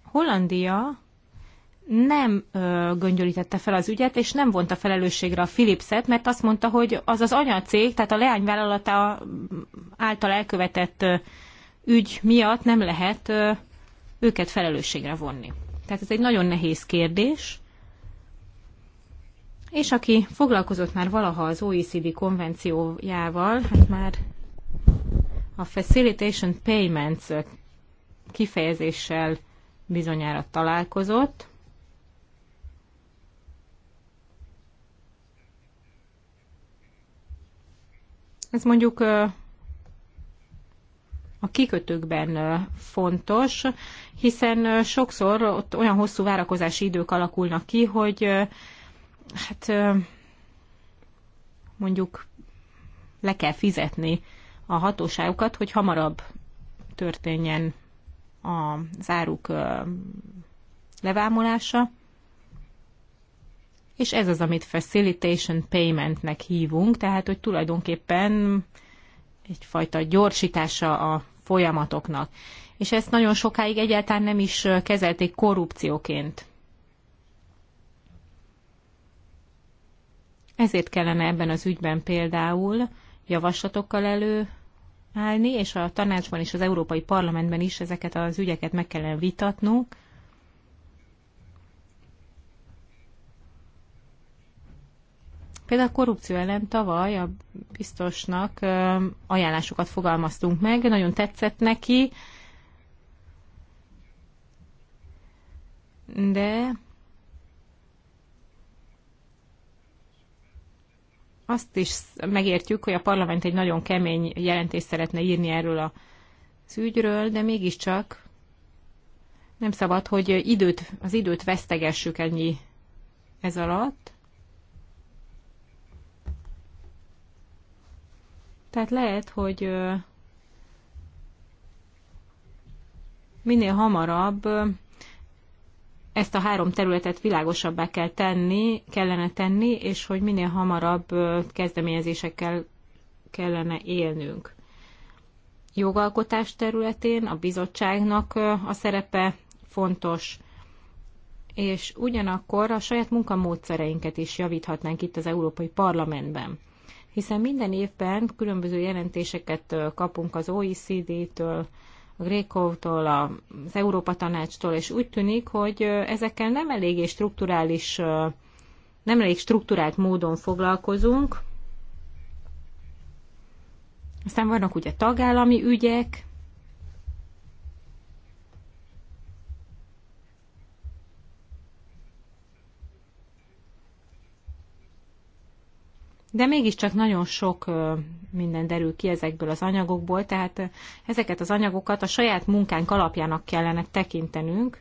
Hollandia nem ö, göngyölítette fel az ügyet, és nem vonta felelősségre a Philipset, mert azt mondta, hogy az az anyacég, tehát a leányvállalata által elkövetett ö, ügy miatt nem lehet ö, őket felelősségre vonni. Tehát ez egy nagyon nehéz kérdés. És aki foglalkozott már valaha az OECD konvenciójával, hát már a Facilitation Payments kifejezéssel bizonyára találkozott, Ez mondjuk a kikötőkben fontos, hiszen sokszor ott olyan hosszú várakozási idők alakulnak ki, hogy hát mondjuk le kell fizetni a hatóságokat, hogy hamarabb történjen a záruk levámolása és ez az, amit facilitation paymentnek hívunk, tehát hogy tulajdonképpen egyfajta gyorsítása a folyamatoknak. És ezt nagyon sokáig egyáltalán nem is kezelték korrupcióként. Ezért kellene ebben az ügyben például javaslatokkal előállni, és a tanácsban és az Európai Parlamentben is ezeket az ügyeket meg kellene vitatnunk, Például a korrupció ellen tavaly a biztosnak ajánlásokat fogalmaztunk meg, nagyon tetszett neki, de azt is megértjük, hogy a parlament egy nagyon kemény jelentést szeretne írni erről a ügyről, de mégiscsak nem szabad, hogy időt, az időt vesztegessük ennyi ez alatt. Tehát lehet, hogy minél hamarabb ezt a három területet világosabbá kell tenni, kellene tenni, és hogy minél hamarabb kezdeményezésekkel kellene élnünk. Jogalkotás területén a bizottságnak a szerepe fontos, és ugyanakkor a saját munkamódszereinket is javíthatnánk itt az Európai Parlamentben hiszen minden évben különböző jelentéseket kapunk az OECD-től, a Grékov-tól, az Európa Tanácstól, és úgy tűnik, hogy ezekkel nem eléggé strukturális, nem elég strukturált módon foglalkozunk. Aztán vannak ugye tagállami ügyek, de mégiscsak nagyon sok minden derül ki ezekből az anyagokból, tehát ezeket az anyagokat a saját munkánk alapjának kellene tekintenünk,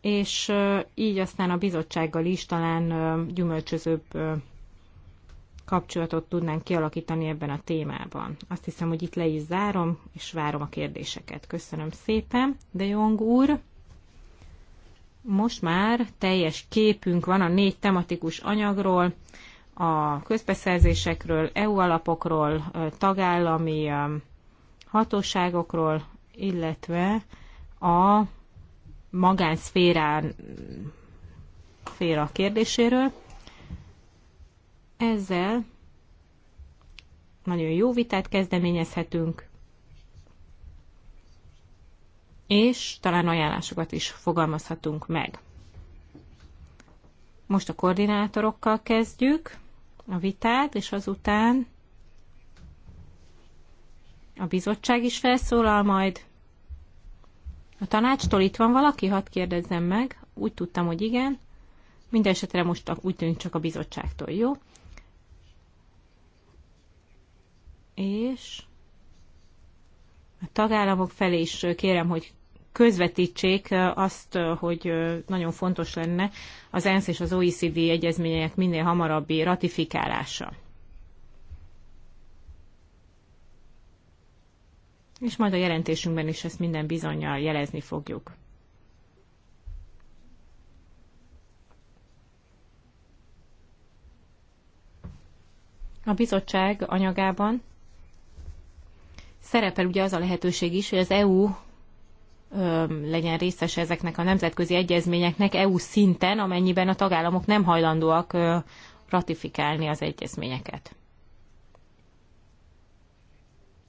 és így aztán a bizottsággal is talán gyümölcsözőbb kapcsolatot tudnánk kialakítani ebben a témában. Azt hiszem, hogy itt le is zárom, és várom a kérdéseket. Köszönöm szépen, de Jong úr! Most már teljes képünk van a négy tematikus anyagról, a közbeszerzésekről, EU alapokról, tagállami hatóságokról, illetve a magánszférán féra kérdéséről. Ezzel nagyon jó vitát kezdeményezhetünk, és talán ajánlásokat is fogalmazhatunk meg. Most a koordinátorokkal kezdjük a vitát, és azután a bizottság is felszólal majd. A tanácstól itt van valaki? Hadd kérdezzem meg. Úgy tudtam, hogy igen. mindenesetre most úgy tűnik csak a bizottságtól, jó? És a tagállamok felé is kérem, hogy közvetítsék azt, hogy nagyon fontos lenne az ENSZ és az OECD egyezmények minél hamarabbi ratifikálása. És majd a jelentésünkben is ezt minden bizonyal jelezni fogjuk. A bizottság anyagában szerepel ugye az a lehetőség is, hogy az EU legyen részese ezeknek a nemzetközi egyezményeknek EU szinten, amennyiben a tagállamok nem hajlandóak ratifikálni az egyezményeket.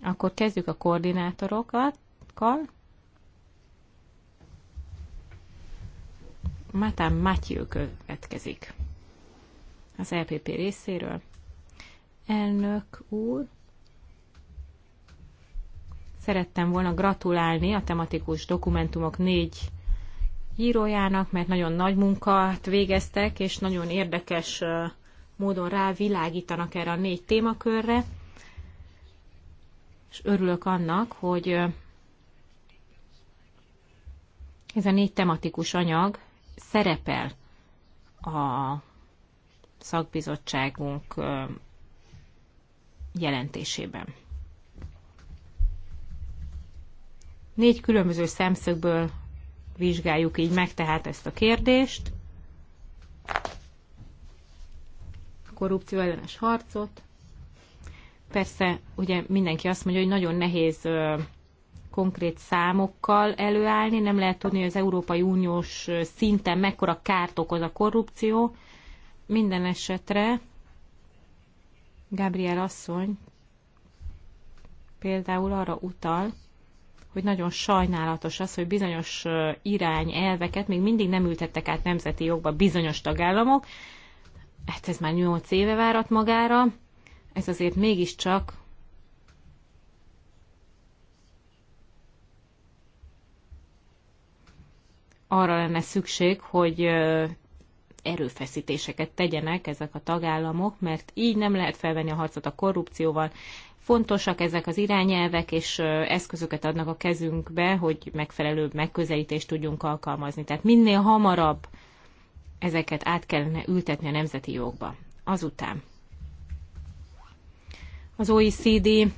Akkor kezdjük a koordinátorokkal. Mátán Matyő következik az LPP e részéről. Elnök úr, Szerettem volna gratulálni a tematikus dokumentumok négy írójának, mert nagyon nagy munkát végeztek, és nagyon érdekes módon rávilágítanak erre a négy témakörre. És örülök annak, hogy ez a négy tematikus anyag szerepel a szakbizottságunk jelentésében. Négy különböző szemszögből vizsgáljuk így meg tehát ezt a kérdést. A korrupció ellenes harcot. Persze, ugye mindenki azt mondja, hogy nagyon nehéz konkrét számokkal előállni, nem lehet tudni, hogy az Európai Uniós szinten mekkora kárt okoz a korrupció. Minden esetre Gabriel asszony például arra utal, hogy nagyon sajnálatos az, hogy bizonyos irány elveket még mindig nem ültettek át nemzeti jogba bizonyos tagállamok. Hát ez már 8 éve várat magára. Ez azért mégiscsak arra lenne szükség, hogy erőfeszítéseket tegyenek ezek a tagállamok, mert így nem lehet felvenni a harcot a korrupcióval, fontosak ezek az irányelvek, és eszközöket adnak a kezünkbe, hogy megfelelő megközelítést tudjunk alkalmazni. Tehát minél hamarabb ezeket át kellene ültetni a nemzeti jogba. Azután az OECD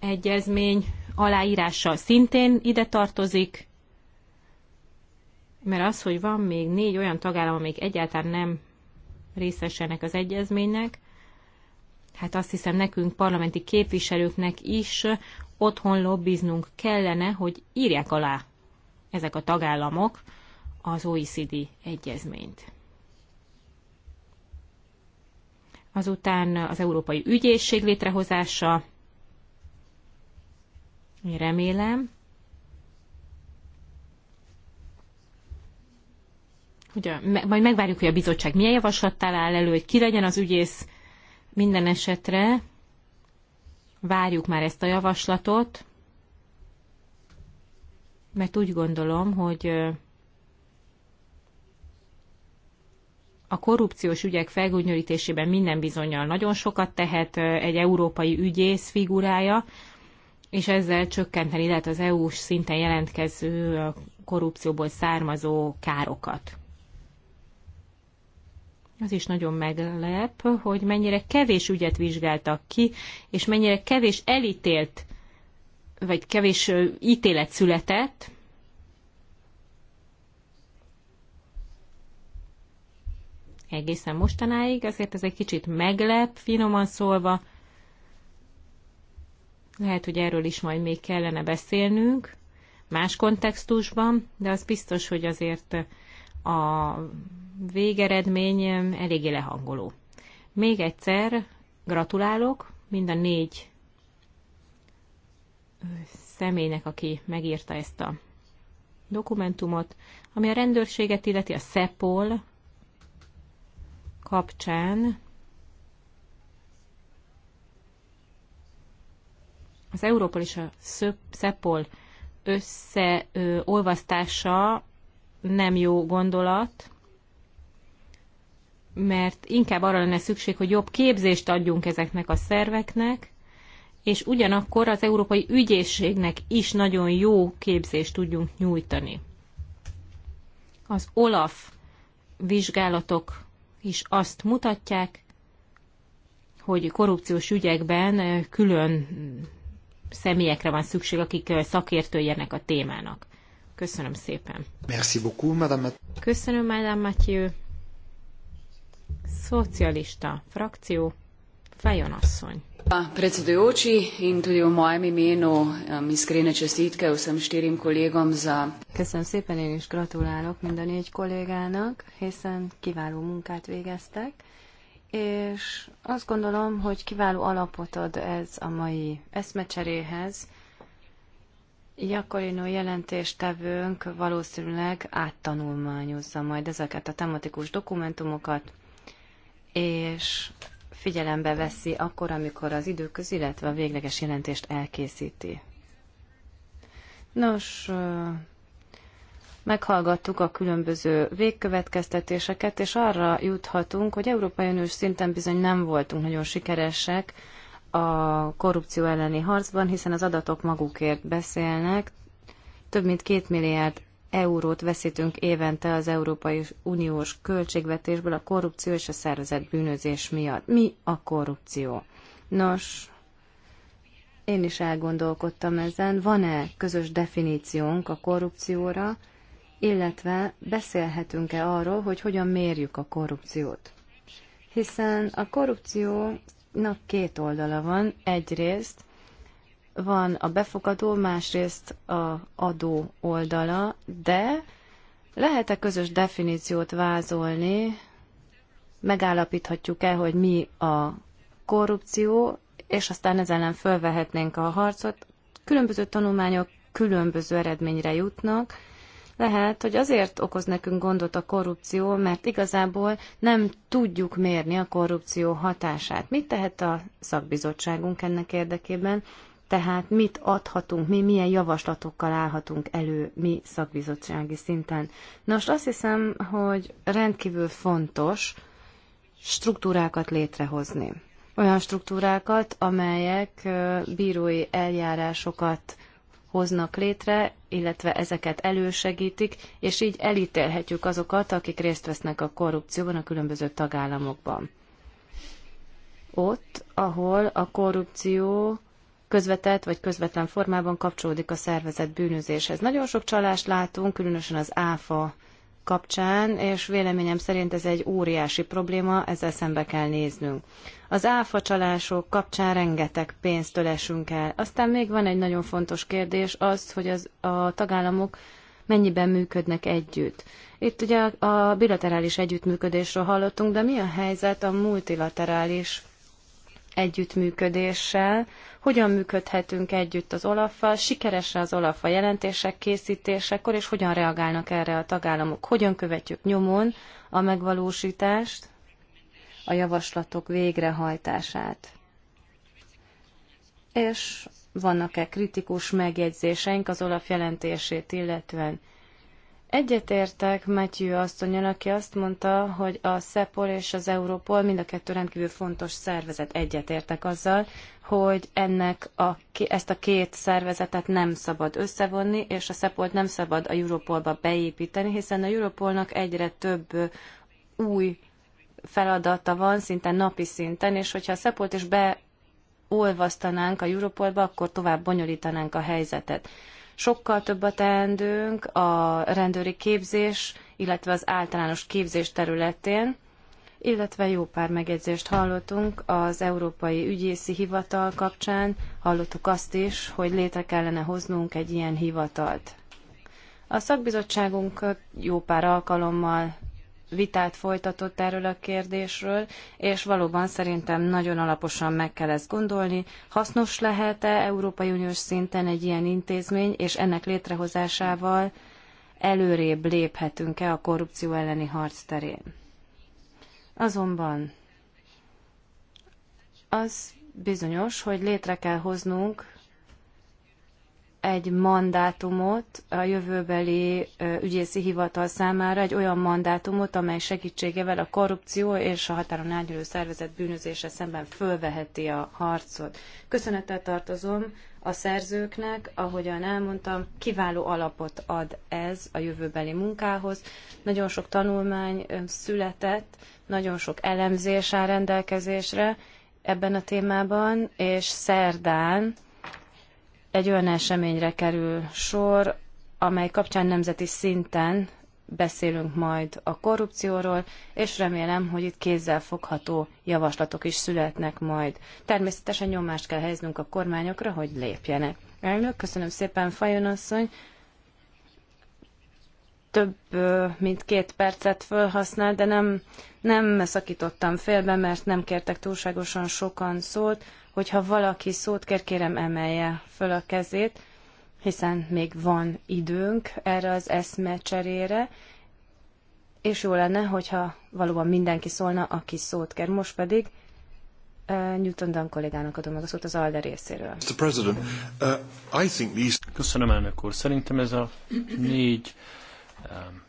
egyezmény aláírása szintén ide tartozik, mert az, hogy van még négy olyan tagállam, amik egyáltalán nem részesenek az egyezménynek, hát azt hiszem nekünk, parlamenti képviselőknek is otthon lobbiznunk kellene, hogy írják alá ezek a tagállamok az OECD egyezményt. Azután az Európai Ügyészség létrehozása, én remélem, hogy a, majd megvárjuk, hogy a bizottság milyen javaslattal áll elő, hogy ki legyen az ügyész, minden esetre várjuk már ezt a javaslatot, mert úgy gondolom, hogy a korrupciós ügyek felgúnyolítésében minden bizonyal nagyon sokat tehet egy európai ügyész figurája, és ezzel csökkenteni lehet az EU-s szinten jelentkező korrupcióból származó károkat. Az is nagyon meglep, hogy mennyire kevés ügyet vizsgáltak ki, és mennyire kevés elítélt, vagy kevés ítélet született, egészen mostanáig, ezért ez egy kicsit meglep, finoman szólva. Lehet, hogy erről is majd még kellene beszélnünk más kontextusban, de az biztos, hogy azért a végeredmény eléggé lehangoló. Még egyszer gratulálok mind a négy személynek, aki megírta ezt a dokumentumot, ami a rendőrséget illeti a SEPOL kapcsán. Az Európol és a SEPOL összeolvasztása nem jó gondolat, mert inkább arra lenne szükség, hogy jobb képzést adjunk ezeknek a szerveknek, és ugyanakkor az Európai Ügyészségnek is nagyon jó képzést tudjunk nyújtani. Az OLAF vizsgálatok is azt mutatják, hogy korrupciós ügyekben külön személyekre van szükség, akik szakértőjenek a témának. Köszönöm szépen. Merci beaucoup, madame. Köszönöm, madame Mathieu. Szocialista frakció, Fajon asszony. Predsedujoči in tudi v mojem imenu um, iskrene čestitke vsem štyrim kolegom za... Köszönöm szépen, én is gratulálok mind a négy kollégának, hiszen kiváló munkát végeztek, és azt gondolom, hogy kiváló alapot ad ez a mai eszmecseréhez, Jakolino jelentéstevőnk valószínűleg áttanulmányozza majd ezeket a tematikus dokumentumokat, és figyelembe veszi akkor, amikor az időköz, illetve a végleges jelentést elkészíti. Nos, meghallgattuk a különböző végkövetkeztetéseket, és arra juthatunk, hogy Európai Uniós szinten bizony nem voltunk nagyon sikeresek a korrupció elleni harcban, hiszen az adatok magukért beszélnek. Több mint két milliárd eurót veszítünk évente az Európai Uniós költségvetésből a korrupció és a szervezett bűnözés miatt. Mi a korrupció? Nos, én is elgondolkodtam ezen, van-e közös definíciónk a korrupcióra, illetve beszélhetünk-e arról, hogy hogyan mérjük a korrupciót. Hiszen a korrupció Na, két oldala van. Egyrészt van a befogadó, másrészt a adó oldala, de lehet-e közös definíciót vázolni, megállapíthatjuk-e, hogy mi a korrupció, és aztán ezzel nem fölvehetnénk a harcot. Különböző tanulmányok különböző eredményre jutnak, lehet, hogy azért okoz nekünk gondot a korrupció, mert igazából nem tudjuk mérni a korrupció hatását. Mit tehet a szakbizottságunk ennek érdekében? Tehát mit adhatunk, mi milyen javaslatokkal állhatunk elő mi szakbizottsági szinten. Nos, azt hiszem, hogy rendkívül fontos struktúrákat létrehozni. Olyan struktúrákat, amelyek bírói eljárásokat hoznak létre, illetve ezeket elősegítik, és így elítélhetjük azokat, akik részt vesznek a korrupcióban a különböző tagállamokban. Ott, ahol a korrupció közvetett vagy közvetlen formában kapcsolódik a szervezet bűnözéshez. Nagyon sok csalást látunk, különösen az áfa kapcsán, és véleményem szerint ez egy óriási probléma, ezzel szembe kell néznünk. Az áfacsalások kapcsán rengeteg pénzt esünk el. Aztán még van egy nagyon fontos kérdés, az, hogy az, a tagállamok mennyiben működnek együtt. Itt ugye a bilaterális együttműködésről hallottunk, de mi a helyzet a multilaterális együttműködéssel, hogyan működhetünk együtt az olaffal, sikeresen az olaf a jelentések készítésekor, és hogyan reagálnak erre a tagállamok, hogyan követjük nyomon a megvalósítást, a javaslatok végrehajtását. És vannak-e kritikus megjegyzéseink az Olaf jelentését illetően. Egyetértek Matthew asszonyon, aki azt mondta, hogy a SZEPOL és az európol mind a kettő rendkívül fontos szervezet. Egyetértek azzal, hogy ennek a, ezt a két szervezetet nem szabad összevonni, és a szepolt nem szabad a Europolba beépíteni, hiszen a Europolnak egyre több új feladata van, szinte napi szinten, és hogyha a szepolt is beolvasztanánk a Europolba, akkor tovább bonyolítanánk a helyzetet. Sokkal több a teendőnk a rendőri képzés, illetve az általános képzés területén, illetve jó pár megjegyzést hallottunk az Európai Ügyészi Hivatal kapcsán, hallottuk azt is, hogy létre kellene hoznunk egy ilyen hivatalt. A szakbizottságunk jó pár alkalommal vitát folytatott erről a kérdésről, és valóban szerintem nagyon alaposan meg kell ezt gondolni. Hasznos lehet-e Európai Uniós szinten egy ilyen intézmény, és ennek létrehozásával előrébb léphetünk-e a korrupció elleni harc terén? Azonban az bizonyos, hogy létre kell hoznunk egy mandátumot a jövőbeli ügyészi hivatal számára, egy olyan mandátumot, amely segítségevel a korrupció és a határon átnyúló szervezet bűnözése szemben fölveheti a harcot. Köszönettel tartozom a szerzőknek, ahogyan elmondtam, kiváló alapot ad ez a jövőbeli munkához. Nagyon sok tanulmány született, nagyon sok elemzés áll rendelkezésre ebben a témában, és szerdán egy olyan eseményre kerül sor, amely kapcsán nemzeti szinten beszélünk majd a korrupcióról, és remélem, hogy itt kézzel fogható javaslatok is születnek majd. Természetesen nyomást kell helyeznünk a kormányokra, hogy lépjenek. Elnök, köszönöm szépen, Fajon asszony. Több mint két percet felhasznál, de nem, nem szakítottam félbe, mert nem kértek túlságosan sokan szót. Hogyha valaki szót kér, kérem emelje föl a kezét hiszen még van időnk erre az cserére, és jó lenne, hogyha valóban mindenki szólna, aki szót kér. Most pedig uh, Newton Dan kollégának adom meg a szót az ALDE részéről. Mr. President, uh, I think these... Köszönöm, elnök úr. Szerintem ez a négy um,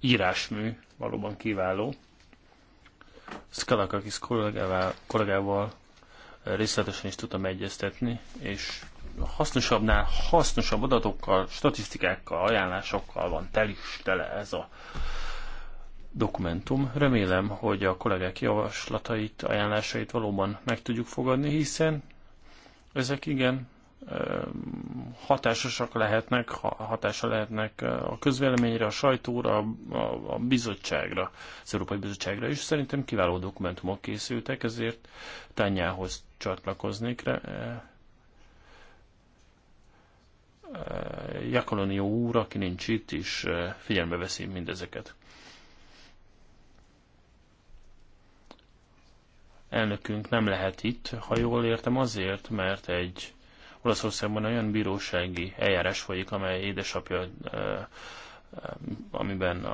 írásmű valóban kiváló. Skalakakis kollégával, kollégával részletesen is tudtam egyeztetni, és hasznosabbnál hasznosabb adatokkal, statisztikákkal, ajánlásokkal van tel is tele ez a dokumentum. Remélem, hogy a kollégák javaslatait, ajánlásait valóban meg tudjuk fogadni, hiszen ezek igen hatásosak lehetnek, hatása lehetnek a közvéleményre, a sajtóra, a bizottságra, az Európai Bizottságra is. Szerintem kiváló dokumentumok készültek, ezért tányához csatlakoznék. Re- Jakolonió úr, aki nincs itt, is figyelme veszi mindezeket. Elnökünk nem lehet itt, ha jól értem, azért, mert egy Olaszországban olyan bírósági eljárás folyik, amely édesapja Eh, amiben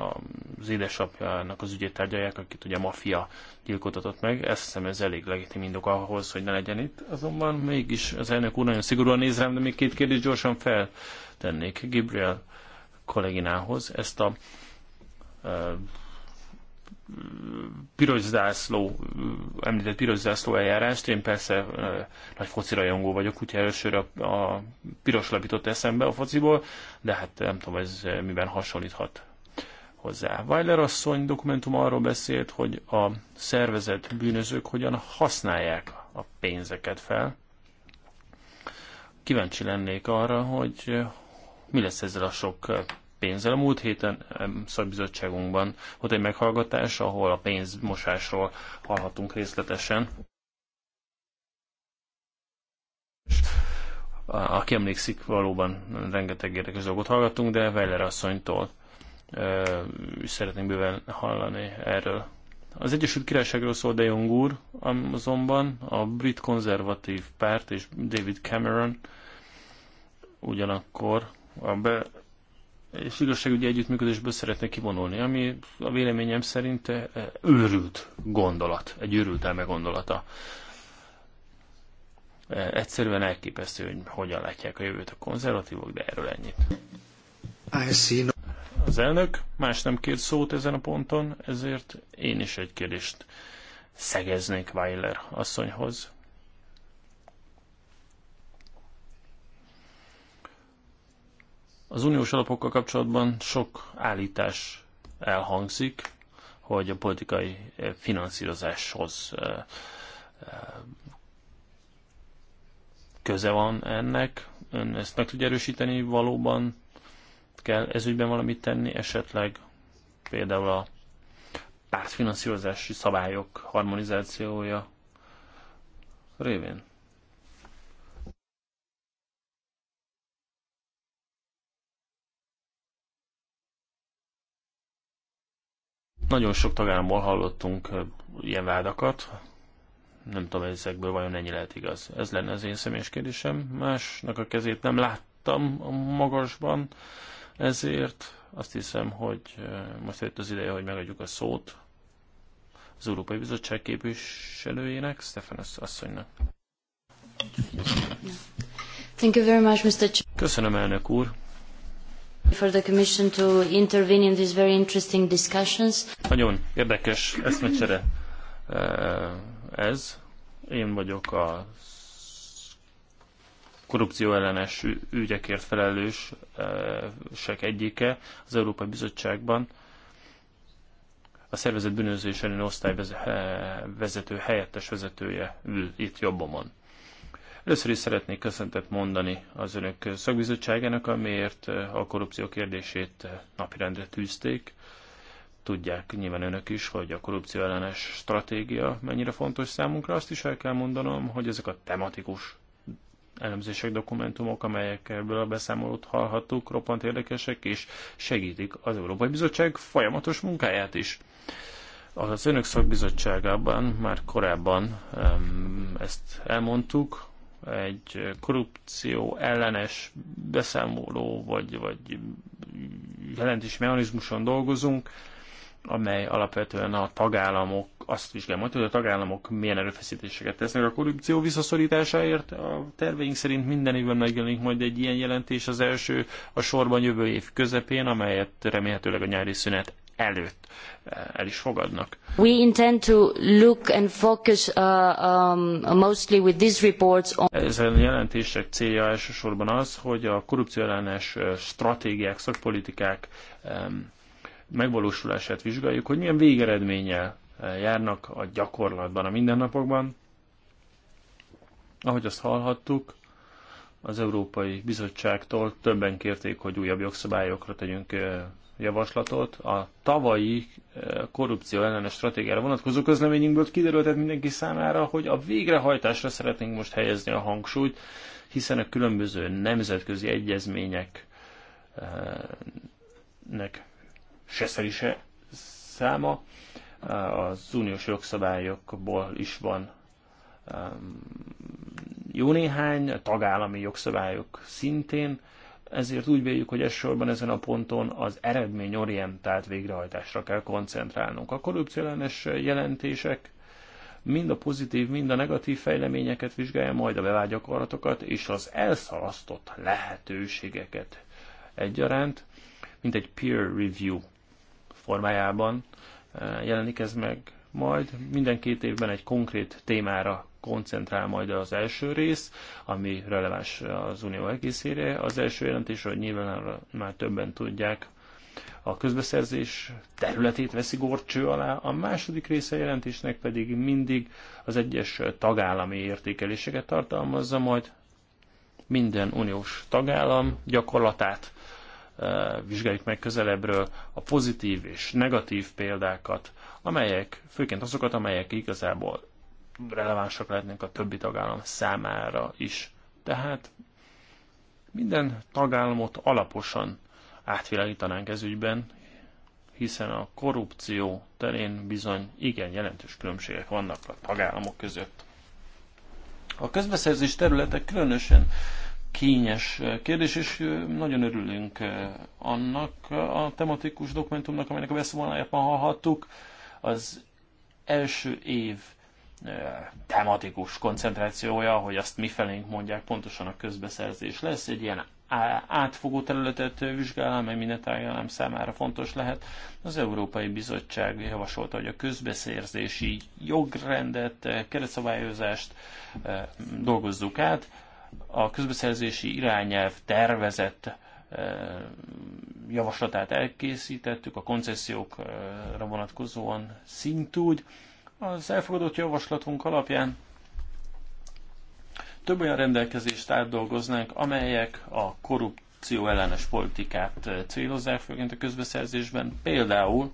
az édesapjának az ügyét tárgyalják, akit ugye a mafia gyilkoltatott meg. Ezt hiszem ez elég legitim indok ahhoz, hogy ne legyen itt. Azonban mégis az elnök úr nagyon szigorúan néz rám, de még két kérdés gyorsan feltennék Gabriel kolléginához. Ezt a eh, piros zászló, említett piros zászló eljárást, én persze nagy foci rajongó vagyok, úgyhogy elsőre a, a piros lapított eszembe a fociból, de hát nem tudom, ez miben hasonlíthat hozzá. Weiler asszony dokumentum arról beszélt, hogy a szervezett bűnözők hogyan használják a pénzeket fel. Kíváncsi lennék arra, hogy mi lesz ezzel a sok pénzzel. A múlt héten szakbizottságunkban volt egy meghallgatás, ahol a pénzmosásról hallhatunk részletesen. Aki emlékszik, valóban rengeteg érdekes dolgot hallgattunk, de Weller asszonytól szeretnénk bőven hallani erről. Az Egyesült Királyságról szól De Jong úr, azonban a brit konzervatív párt és David Cameron ugyanakkor a be, és igazságügyi együttműködésből szeretne kivonulni, ami a véleményem szerint eh, őrült gondolat, egy őrült elme gondolata. Eh, egyszerűen elképesztő, hogy hogyan látják a jövőt a konzervatívok, de erről ennyit. Az elnök más nem kért szót ezen a ponton, ezért én is egy kérdést szegeznék Weiler asszonyhoz. Az uniós alapokkal kapcsolatban sok állítás elhangzik, hogy a politikai eh, finanszírozáshoz eh, eh, köze van ennek. Ön ezt meg tudja erősíteni valóban? Kell ezügyben valamit tenni, esetleg például a pártfinanszírozási szabályok harmonizációja révén? Nagyon sok tagállamból hallottunk ilyen vádakat, nem tudom, ezekből vajon ennyi lehet igaz. Ez lenne az én személyes kérdésem. Másnak a kezét nem láttam a magasban, ezért azt hiszem, hogy most jött az ideje, hogy megadjuk a szót az Európai Bizottság képviselőjének, Stefan asszonynak. Thank you very much, Mr. Köszönöm, elnök úr. Nagyon érdekes eszmecsere eh, ez. Én vagyok a korrupció ellenes ügyekért felelősek egyike az Európai Bizottságban. A szervezet bűnözés elleni osztály eh, vezető helyettes vezetője ül itt jobbomon. Először is szeretnék köszöntet mondani az önök szakbizottságának, amiért eh, a korrupció kérdését eh, napirendre tűzték. Tudják nyilván önök is, hogy a korrupció ellenes stratégia mennyire fontos számunkra. Azt is el kell mondanom, hogy ezek a tematikus elemzések, dokumentumok, amelyekből a beszámolót hallhattuk, roppant érdekesek, és segítik az Európai Bizottság folyamatos munkáját is. Az önök szakbizottságában már korábban ezt elmondtuk, egy korrupció ellenes beszámoló vagy, vagy jelentős mechanizmuson dolgozunk, amely alapvetően a tagállamok, azt vizsgálja majd, hogy a tagállamok milyen erőfeszítéseket tesznek a korrupció visszaszorításáért. A terveink szerint minden évben megjelenik majd egy ilyen jelentés, az első a sorban jövő év közepén, amelyet remélhetőleg a nyári szünet előtt eh, el is fogadnak. We intend to look and focus uh, um, mostly with these reports on... Ezen jelentések célja elsősorban az, hogy a korrupcióellenes eh, stratégiák, szakpolitikák um, megvalósulását vizsgáljuk, hogy milyen végeredménnyel eh, járnak a gyakorlatban, a mindennapokban. Ahogy azt hallhattuk, az Európai Bizottságtól többen kérték, hogy újabb jogszabályokra tegyünk javaslatot a tavalyi eh, korrupció ellenes stratégiára vonatkozó közleményünkből kiderült tehát mindenki számára, hogy a végrehajtásra szeretnénk most helyezni a hangsúlyt, hiszen a különböző nemzetközi egyezményeknek eh, se szerise száma, eh, az uniós jogszabályokból is van jó néhány, tagállami jogszabályok szintén, ezért úgy véljük, hogy elsősorban ezen a ponton az eredményorientált végrehajtásra kell koncentrálnunk. A korrupciólenes jelentések mind a pozitív, mind a negatív fejleményeket vizsgálja, majd a bevágyakorlatokat és az elszalasztott lehetőségeket egyaránt, mint egy peer review formájában eh, jelenik ez meg majd minden két évben egy konkrét témára koncentrál majd az első rész, ami releváns az unió egészére. Az első hogy nyilván már többen tudják, a közbeszerzés területét veszi gorcső alá, a második része jelentésnek pedig mindig az egyes tagállami értékeléseket tartalmazza, majd minden uniós tagállam gyakorlatát eh, vizsgáljuk meg közelebbről, a pozitív és negatív példákat, amelyek, főként azokat, amelyek igazából relevánsak lehetnek a többi tagállam számára is. Tehát minden tagállamot alaposan átvilágítanánk ez ügyben, hiszen a korrupció terén bizony igen jelentős különbségek vannak a tagállamok között. A közbeszerzés területe különösen kényes kérdés, és nagyon örülünk annak a tematikus dokumentumnak, amelynek a beszólájában hallhattuk, az első év tematikus koncentrációja, hogy azt mi felénk mondják, pontosan a közbeszerzés lesz, egy ilyen átfogó területet vizsgál, amely minden tárgyalám számára fontos lehet. Az Európai Bizottság javasolta, hogy a közbeszerzési jogrendet, keretszabályozást dolgozzuk át. A közbeszerzési irányelv tervezett javaslatát elkészítettük, a koncesziókra vonatkozóan szintúgy. Az elfogadott javaslatunk alapján több olyan rendelkezést átdolgoznánk, amelyek a korrupció ellenes politikát célozzák, főként a közbeszerzésben. Például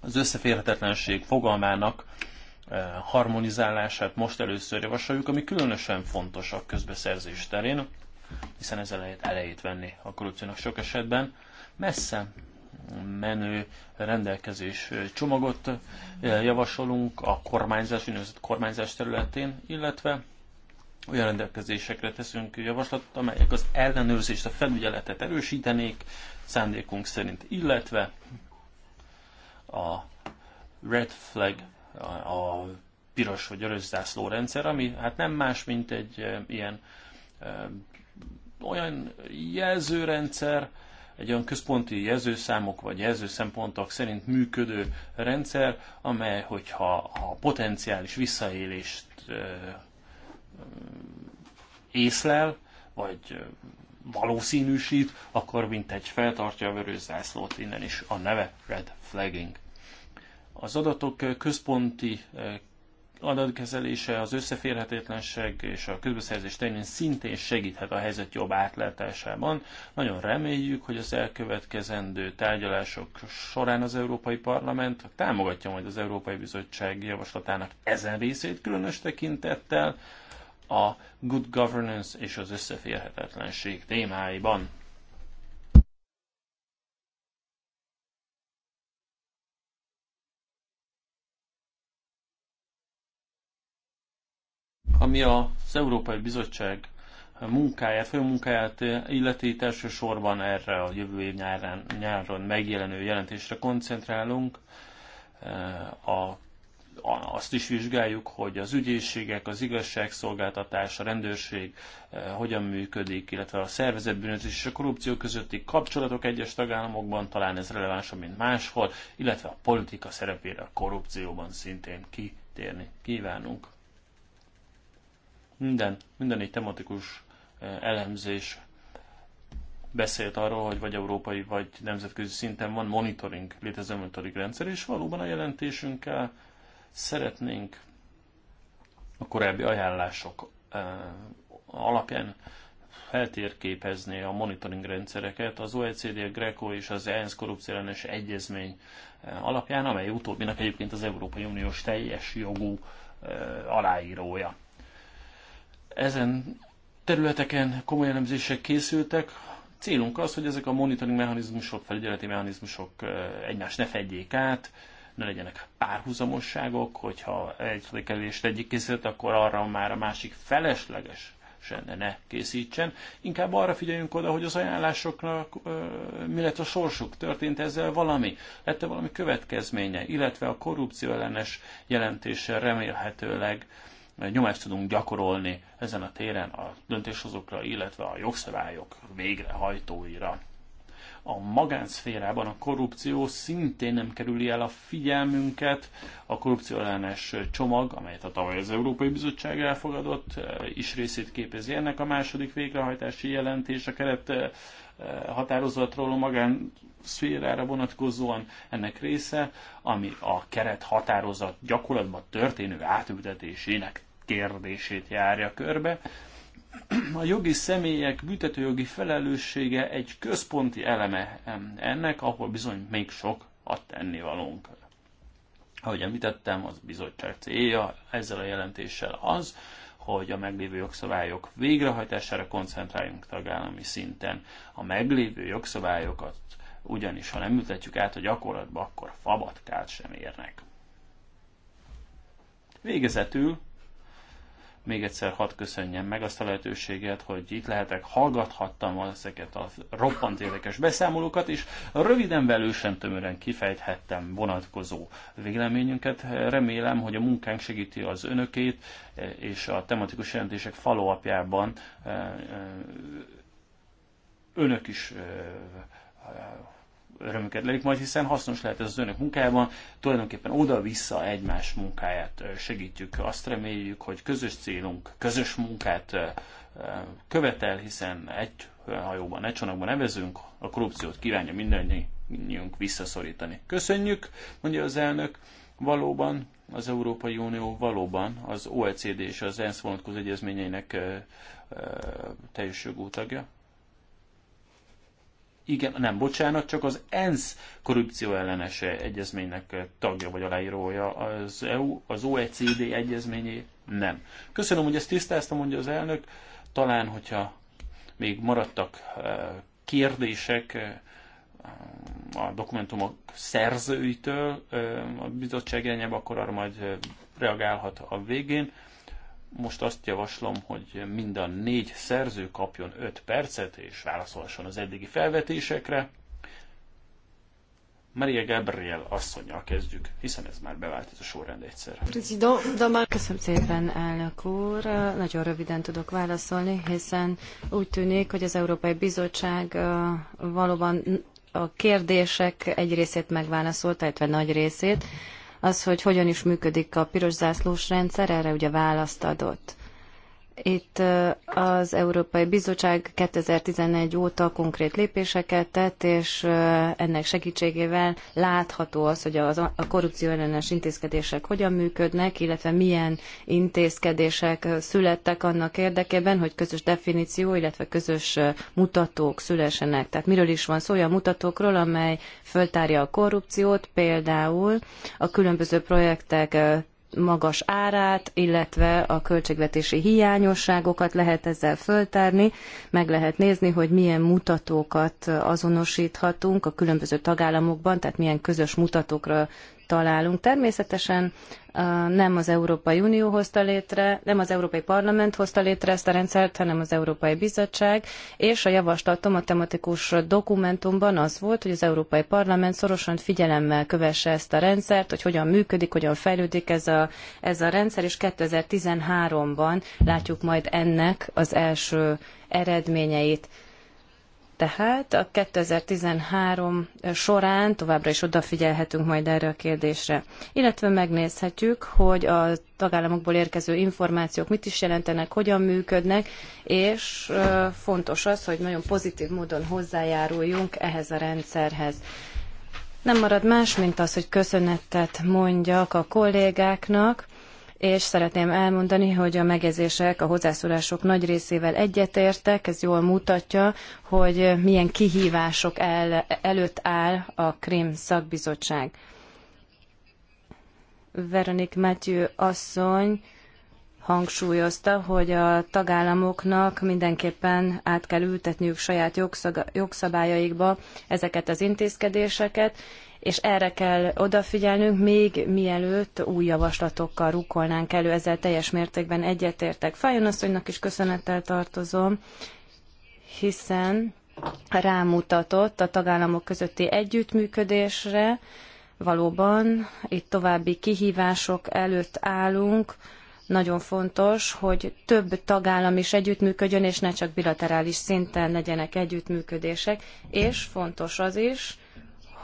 az összeférhetetlenség fogalmának harmonizálását most először javasoljuk, ami különösen fontos a közbeszerzés terén, hiszen ezzel lehet elejét venni a korrupciónak sok esetben. Messze menő rendelkezés csomagot javasolunk a kormányzás, úgynevezett kormányzás területén, illetve olyan rendelkezésekre teszünk javaslatot, amelyek az ellenőrzést, a felügyeletet erősítenék szándékunk szerint, illetve a red flag a piros vagy vörös zászló rendszer, ami hát nem más, mint egy ilyen olyan jelzőrendszer, egy olyan központi jelzőszámok vagy jelzőszempontok szerint működő rendszer, amely, hogyha a potenciális visszaélést észlel, vagy valószínűsít, akkor mint egy feltartja a vörös zászlót, innen is a neve Red Flagging. Az adatok eh, központi eh, adatkezelése, az összeférhetetlenség és a közbeszerzés terén szintén segíthet a helyzet jobb átlátásában. Nagyon reméljük, hogy az elkövetkezendő tárgyalások során az Európai Parlament támogatja majd az Európai Bizottság javaslatának ezen részét, különös tekintettel a good governance és az összeférhetetlenség témáiban. Ami az Európai Bizottság munkáját, fő munkáját illeti, elsősorban erre a jövő év nyáron, nyáron megjelenő jelentésre koncentrálunk. A azt is vizsgáljuk, hogy az ügyészségek, az igazságszolgáltatás, a rendőrség eh, hogyan működik, illetve a szervezetbűnözés és a korrupció közötti kapcsolatok egyes tagállamokban, talán ez relevánsabb, mint máshol, illetve a politika szerepére a korrupcióban szintén kitérni kívánunk. Minden, minden egy tematikus elemzés beszélt arról, hogy vagy európai, vagy nemzetközi szinten van monitoring, létező monitoring rendszer, és valóban a jelentésünkkel szeretnénk a korábbi ajánlások alapján feltérképezni a monitoring rendszereket az OECD, a GRECO és az ENSZ korrupciálenes egyezmény alapján, amely utóbbinak egyébként az Európai Uniós teljes jogú aláírója. Ezen területeken komoly elemzések készültek. Célunk az, hogy ezek a monitoring mechanizmusok, felügyeleti mechanizmusok egymást ne fedjék át, ne legyenek párhuzamosságok, hogyha egy értékelést egyik készült, akkor arra már a másik felesleges ne készítsen. Inkább arra figyeljünk oda, hogy az ajánlásoknak mi lett a sorsuk, történt ezzel valami, lett -e valami következménye, illetve a korrupció ellenes jelentéssel remélhetőleg nyomást tudunk gyakorolni ezen a téren a döntéshozókra, illetve a jogszabályok végrehajtóira. A magánszférában a korrupció szintén nem kerüli el a figyelmünket. A korrupció ellenes csomag, amelyet a tavaly az Európai Bizottság elfogadott, eh, is részét képezi ennek a második végrehajtási jelentés a keret eh, eh, határozatról a magánszférára vonatkozóan ennek része, ami a keret határozat gyakorlatban történő átültetésének kérdését járja körbe. A jogi személyek büntetőjogi felelőssége egy központi eleme ennek, ahol bizony még sok a tennivalónk. Ahogy említettem, az bizottság célja ezzel a jelentéssel az, hogy a meglévő jogszabályok végrehajtására koncentráljunk tagállami szinten. A meglévő jogszabályokat ugyanis, ha nem ültetjük át a gyakorlatba, akkor fabatkát sem érnek. Végezetül még egyszer hadd köszönjem meg azt a lehetőséget, hogy itt lehetek, hallgathattam ezeket a roppant érdekes beszámolókat, és röviden, velősen, tömören kifejthettem vonatkozó véleményünket. Remélem, hogy a munkánk segíti az önökét, és a tematikus jelentések follow eh, eh, önök is eh, örömüket lelik majd, hiszen hasznos lehet ez az önök munkájában. Tulajdonképpen oda-vissza egymás munkáját segítjük. Azt reméljük, hogy közös célunk, közös munkát követel, hiszen egy hajóban, egy csónakban nevezünk, a korrupciót kívánja mindannyiunk visszaszorítani. Köszönjük, mondja az elnök. Valóban az Európai Unió valóban az OECD és az ENSZ vonatkozó egyezményeinek teljes jogú tagja igen, nem, bocsánat, csak az ENSZ korrupció ellenes egyezménynek eh, tagja vagy aláírója az EU, az OECD egyezményé nem. Köszönöm, hogy ezt tisztáztam, mondja az elnök. Talán, hogyha még maradtak eh, kérdések eh, a dokumentumok szerzőitől a bizottság irányába, akkor arra majd reagálhat a végén. Most azt javaslom, hogy mind a négy szerző kapjon 5 percet, és válaszolhasson az eddigi felvetésekre. Maria Gabriel asszonyjal kezdjük, hiszen ez már bevált ez a sorrend egyszer. Köszönöm szépen, elnök úr. Nagyon röviden tudok válaszolni, hiszen úgy tűnik, hogy az Európai Bizottság valóban a kérdések egy részét megválaszolta, illetve nagy részét az, hogy hogyan is működik a piros zászlós rendszer, erre ugye választ adott. Itt az Európai Bizottság 2011 óta konkrét lépéseket tett, és ennek segítségével látható az, hogy az, a korrupció ellenes intézkedések hogyan működnek, illetve milyen intézkedések születtek annak érdekében, hogy közös definíció, illetve közös mutatók szülessenek. Tehát miről is van szó, olyan mutatókról, amely föltárja a korrupciót, például a különböző projektek magas árát, illetve a költségvetési hiányosságokat lehet ezzel föltárni. Meg lehet nézni, hogy milyen mutatókat azonosíthatunk a különböző tagállamokban, tehát milyen közös mutatókra találunk. Természetesen nem az Európai Unió hozta létre, nem az Európai Parlament hozta létre ezt a rendszert, hanem az Európai Bizottság, és a javaslatom a tematikus dokumentumban az volt, hogy az Európai Parlament szorosan figyelemmel kövesse ezt a rendszert, hogy hogyan működik, hogyan fejlődik ez a, ez a rendszer, és 2013-ban látjuk majd ennek az első eredményeit. Tehát a 2013 során továbbra is odafigyelhetünk majd erre a kérdésre. Illetve megnézhetjük, hogy a tagállamokból érkező információk mit is jelentenek, hogyan működnek, és fontos az, hogy nagyon pozitív módon hozzájáruljunk ehhez a rendszerhez. Nem marad más, mint az, hogy köszönetet mondjak a kollégáknak, és szeretném elmondani, hogy a megjegyzések, a hozzászólások nagy részével egyetértek, ez jól mutatja, hogy milyen kihívások el, előtt áll a Krim szakbizottság. Veronik Matthew asszony hangsúlyozta, hogy a tagállamoknak mindenképpen át kell ültetniük saját jogszabályaikba ezeket az intézkedéseket, és erre kell odafigyelnünk, még mielőtt új javaslatokkal rukolnánk elő, ezzel teljes mértékben egyetértek. Fájon asszonynak is köszönettel tartozom, hiszen rámutatott a tagállamok közötti együttműködésre, valóban itt további kihívások előtt állunk, nagyon fontos, hogy több tagállam is együttműködjön, és ne csak bilaterális szinten legyenek együttműködések, és fontos az is,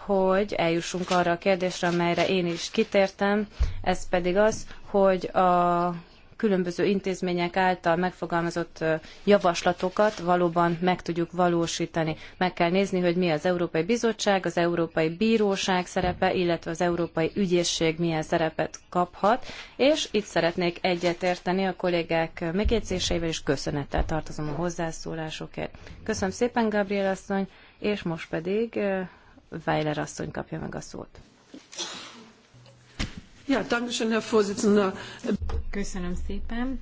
hogy eljussunk arra a kérdésre, amelyre én is kitértem, ez pedig az, hogy a különböző intézmények által megfogalmazott javaslatokat valóban meg tudjuk valósítani. Meg kell nézni, hogy mi az Európai Bizottság, az Európai Bíróság szerepe, illetve az Európai Ügyészség milyen szerepet kaphat, és itt szeretnék egyetérteni a kollégák megjegyzéseivel, és köszönettel tartozom a hozzászólásokért. Köszönöm szépen, Gabriel asszony, és most pedig Weiler asszony kapja meg a szót. Ja, dankeschön, Herr Vorsitzender. Köszönöm szépen.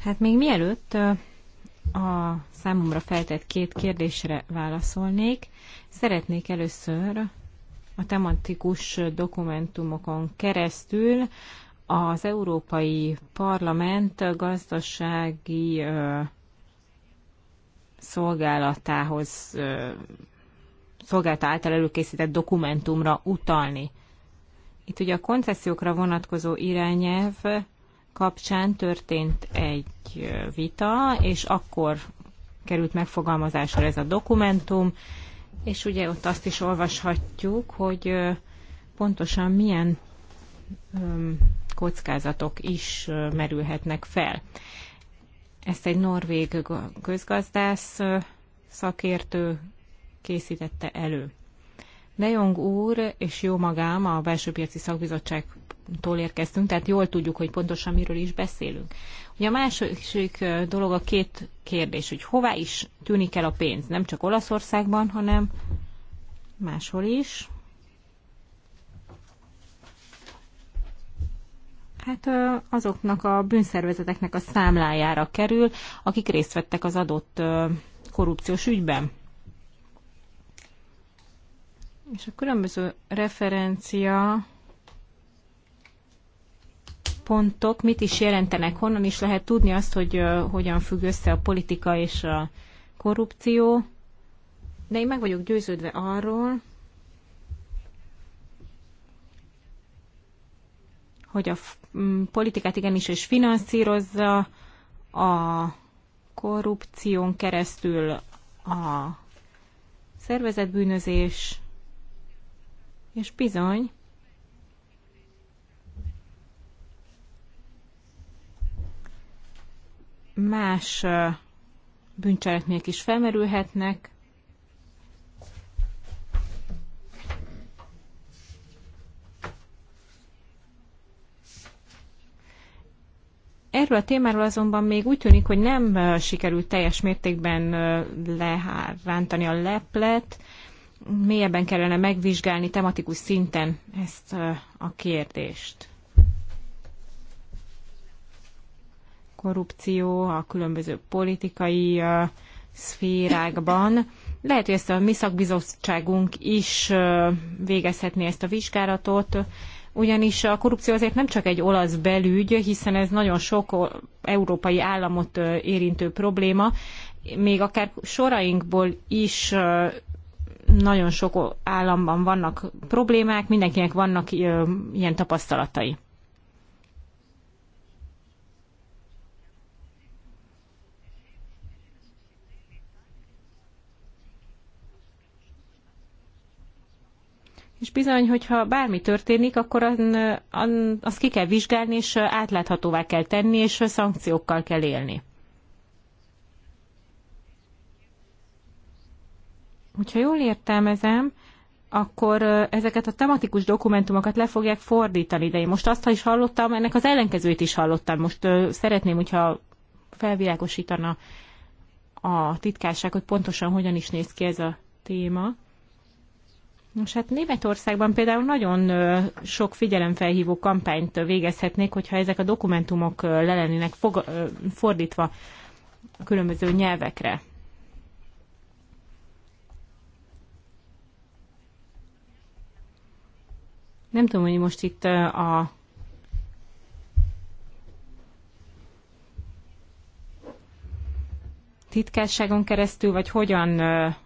Hát még mielőtt a számomra feltett két kérdésre válaszolnék, szeretnék először a tematikus dokumentumokon keresztül az Európai Parlament gazdasági szolgálatához, szolgálata által előkészített dokumentumra utalni. Itt ugye a koncesziókra vonatkozó irányelv kapcsán történt egy vita, és akkor került megfogalmazásra ez a dokumentum, és ugye ott azt is olvashatjuk, hogy pontosan milyen kockázatok is merülhetnek fel. Ezt egy norvég közgazdász szakértő készítette elő. De Jong úr és jó magám a belső piaci szakbizottságtól érkeztünk, tehát jól tudjuk, hogy pontosan miről is beszélünk. Ugye a második dolog a két kérdés, hogy hová is tűnik el a pénz, nem csak Olaszországban, hanem máshol is. Hát azoknak a bűnszervezeteknek a számlájára kerül, akik részt vettek az adott korrupciós ügyben. És a különböző referencia pontok mit is jelentenek, honnan is lehet tudni azt, hogy hogyan függ össze a politika és a korrupció. De én meg vagyok győződve arról, hogy a mm, politikát igenis is finanszírozza a korrupción keresztül a szervezetbűnözés, és bizony, más bűncselekmények is felmerülhetnek, Erről a témáról azonban még úgy tűnik, hogy nem sikerült teljes mértékben lerántani a leplet, mélyebben kellene megvizsgálni tematikus szinten ezt a kérdést. Korrupció a különböző politikai szférákban. Lehet, hogy ezt a mi szakbizottságunk is végezhetné ezt a vizsgálatot, ugyanis a korrupció azért nem csak egy olasz belügy, hiszen ez nagyon sok európai államot érintő probléma, még akár sorainkból is nagyon sok államban vannak problémák, mindenkinek vannak ilyen tapasztalatai. És bizony, hogyha bármi történik, akkor an, an, azt ki kell vizsgálni, és átláthatóvá kell tenni, és szankciókkal kell élni. Hogyha jól értelmezem, akkor ezeket a tematikus dokumentumokat le fogják fordítani, de én most azt is hallottam, ennek az ellenkezőjét is hallottam. Most szeretném, hogyha felvilágosítana a titkárság, hogy pontosan hogyan is néz ki ez a téma. Nos, hát Németországban például nagyon sok figyelemfelhívó kampányt végezhetnék, hogyha ezek a dokumentumok le lennének fordítva a különböző nyelvekre. Nem tudom, hogy most itt a titkásságon keresztül, vagy hogyan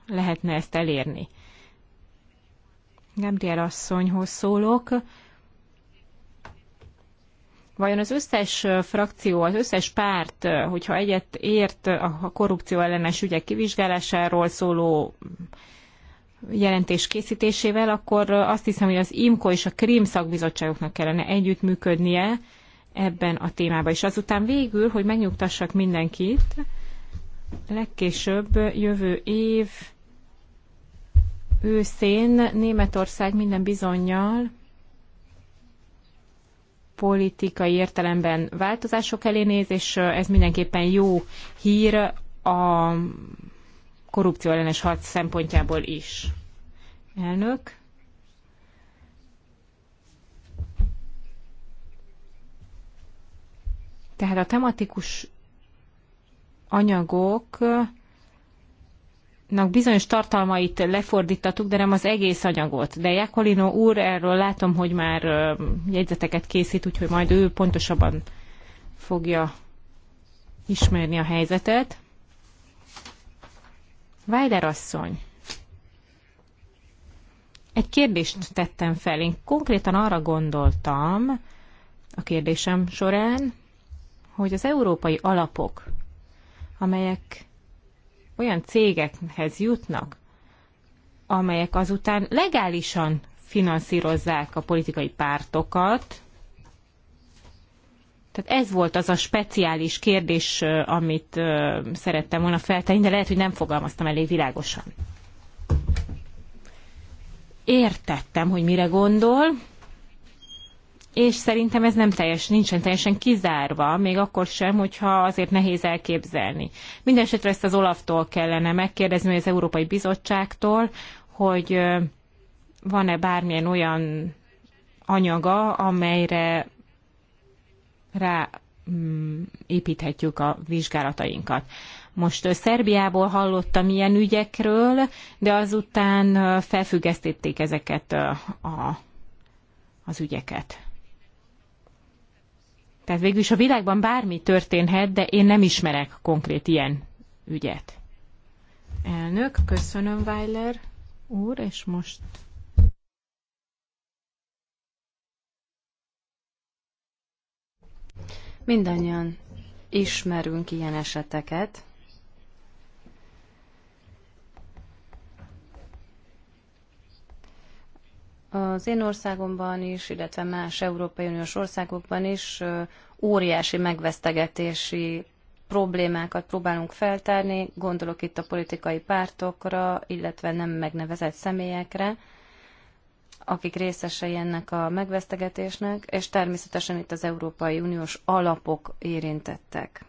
lehetne ezt elérni. Gabriel asszonyhoz szólok. Vajon az összes frakció, az összes párt, hogyha egyet ért a korrupció ellenes ügyek kivizsgálásáról szóló jelentés készítésével, akkor azt hiszem, hogy az IMKO és a KRIM szakbizottságoknak kellene együttműködnie ebben a témában. És azután végül, hogy megnyugtassak mindenkit, legkésőbb jövő év őszén Németország minden bizonyal politikai értelemben változások elé néz, és ez mindenképpen jó hír a korrupció ellenes harc szempontjából is. Elnök. Tehát a tematikus anyagok bizonyos tartalmait lefordítatuk, de nem az egész anyagot. De Jakolino úr, erről látom, hogy már jegyzeteket készít, úgyhogy majd ő pontosabban fogja ismerni a helyzetet. Weiler asszony, egy kérdést tettem fel. Én konkrétan arra gondoltam a kérdésem során, hogy az európai alapok, amelyek olyan cégekhez jutnak, amelyek azután legálisan finanszírozzák a politikai pártokat. Tehát ez volt az a speciális kérdés, amit szerettem volna feltenni, de lehet, hogy nem fogalmaztam elég világosan. Értettem, hogy mire gondol és szerintem ez nem teljes, nincsen teljesen kizárva, még akkor sem, hogyha azért nehéz elképzelni. Mindenesetre ezt az Olaftól kellene megkérdezni, az Európai Bizottságtól, hogy van-e bármilyen olyan anyaga, amelyre rá mm, építhetjük a vizsgálatainkat. Most Szerbiából hallottam ilyen ügyekről, de azután felfüggesztették ezeket a, az ügyeket. Tehát végül is a világban bármi történhet, de én nem ismerek konkrét ilyen ügyet. Elnök, köszönöm Weiler úr, és most... Mindannyian ismerünk ilyen eseteket, Az én országomban is, illetve más Európai Uniós országokban is óriási megvesztegetési problémákat próbálunk feltárni, gondolok itt a politikai pártokra, illetve nem megnevezett személyekre, akik részesei ennek a megvesztegetésnek, és természetesen itt az Európai Uniós alapok érintettek.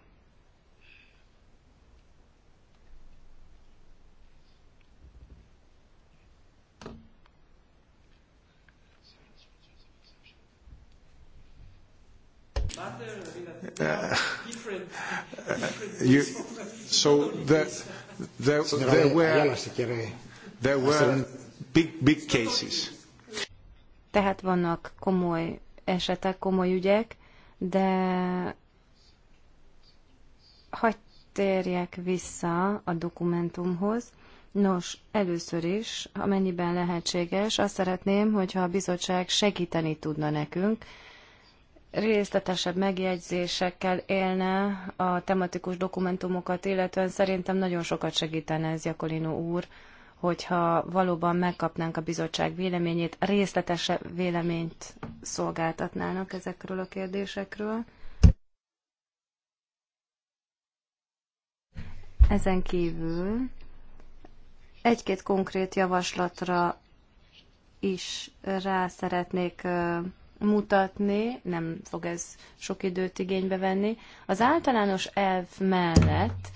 Uh, you, so there, there, there were, there were big, big cases. Tehát vannak komoly esetek, komoly ügyek, de hagy térjek vissza a dokumentumhoz. Nos, először is, amennyiben lehetséges, azt szeretném, hogyha a bizottság segíteni tudna nekünk, részletesebb megjegyzésekkel élne a tematikus dokumentumokat, illetve szerintem nagyon sokat segítene ez Jakolino úr, hogyha valóban megkapnánk a bizottság véleményét, részletesebb véleményt szolgáltatnának ezekről a kérdésekről. Ezen kívül egy-két konkrét javaslatra is rá szeretnék mutatni, nem fog ez sok időt igénybe venni. Az általános elv mellett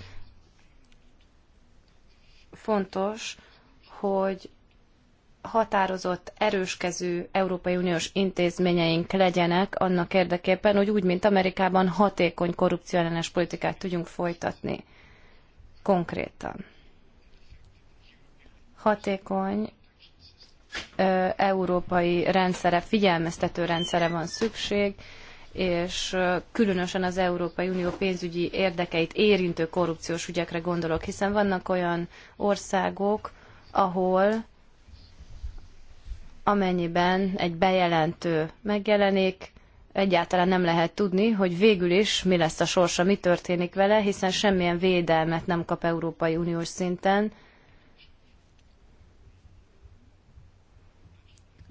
fontos, hogy határozott, erőskező Európai Uniós intézményeink legyenek annak érdekében, hogy úgy, mint Amerikában hatékony korrupcióellenes politikát tudjunk folytatni. Konkrétan. Hatékony európai rendszere, figyelmeztető rendszere van szükség, és különösen az Európai Unió pénzügyi érdekeit érintő korrupciós ügyekre gondolok, hiszen vannak olyan országok, ahol amennyiben egy bejelentő megjelenik, egyáltalán nem lehet tudni, hogy végül is mi lesz a sorsa, mi történik vele, hiszen semmilyen védelmet nem kap Európai Uniós szinten,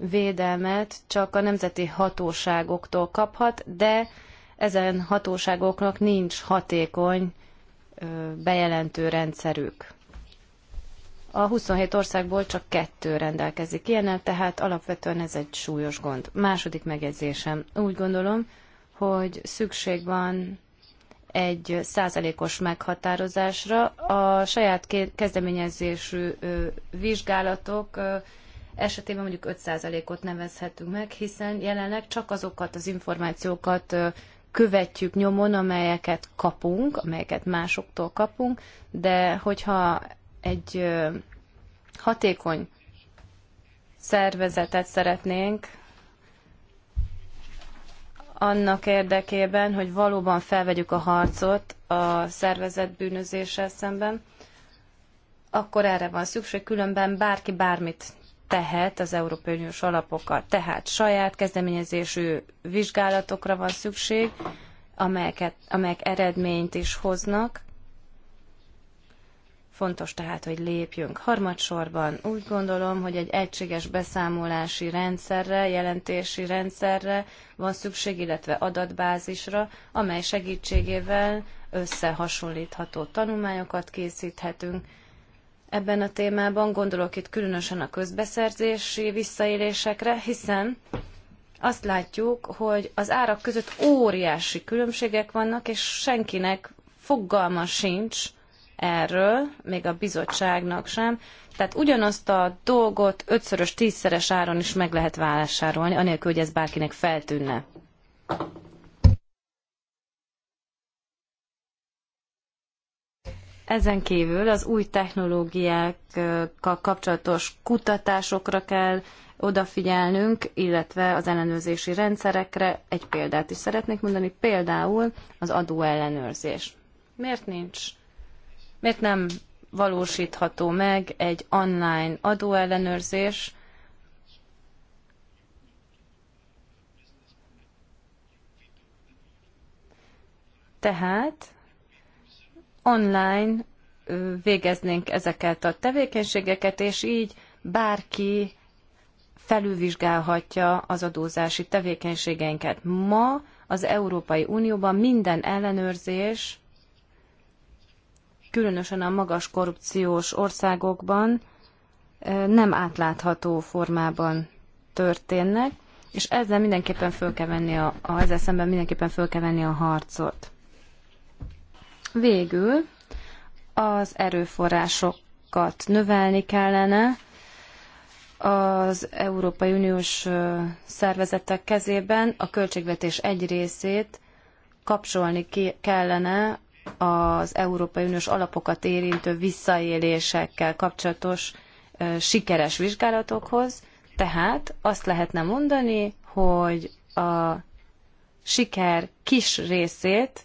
védelmet csak a nemzeti hatóságoktól kaphat, de ezen hatóságoknak nincs hatékony bejelentő rendszerük. A 27 országból csak kettő rendelkezik ilyennel, tehát alapvetően ez egy súlyos gond. Második megjegyzésem. Úgy gondolom, hogy szükség van egy százalékos meghatározásra. A saját kezdeményezésű vizsgálatok esetében mondjuk 5%-ot nevezhetünk meg, hiszen jelenleg csak azokat az információkat követjük nyomon, amelyeket kapunk, amelyeket másoktól kapunk, de hogyha egy hatékony szervezetet szeretnénk annak érdekében, hogy valóban felvegyük a harcot a szervezet bűnözéssel szemben, akkor erre van szükség, különben bárki bármit tehet az Európai Uniós alapokkal. Tehát saját kezdeményezésű vizsgálatokra van szükség, amelyeket, amelyek eredményt is hoznak. Fontos tehát, hogy lépjünk. Harmadsorban úgy gondolom, hogy egy egységes beszámolási rendszerre, jelentési rendszerre van szükség, illetve adatbázisra, amely segítségével összehasonlítható tanulmányokat készíthetünk, ebben a témában, gondolok itt különösen a közbeszerzési visszaélésekre, hiszen azt látjuk, hogy az árak között óriási különbségek vannak, és senkinek fogalma sincs erről, még a bizottságnak sem. Tehát ugyanazt a dolgot ötszörös, tízszeres áron is meg lehet vásárolni, anélkül, hogy ez bárkinek feltűnne. Ezen kívül az új technológiákkal kapcsolatos kutatásokra kell odafigyelnünk, illetve az ellenőrzési rendszerekre. Egy példát is szeretnék mondani, például az adóellenőrzés. Miért nincs? Miért nem valósítható meg egy online adóellenőrzés, tehát online végeznénk ezeket a tevékenységeket, és így bárki felülvizsgálhatja az adózási tevékenységeinket. Ma az Európai Unióban minden ellenőrzés, különösen a magas korrupciós országokban nem átlátható formában történnek, és ezzel mindenképpen föl kell venni a, ezzel szemben mindenképpen föl kell venni a harcot. Végül az erőforrásokat növelni kellene az Európai Uniós szervezetek kezében, a költségvetés egy részét kapcsolni kellene az Európai Uniós alapokat érintő visszaélésekkel kapcsolatos sikeres vizsgálatokhoz. Tehát azt lehetne mondani, hogy a siker kis részét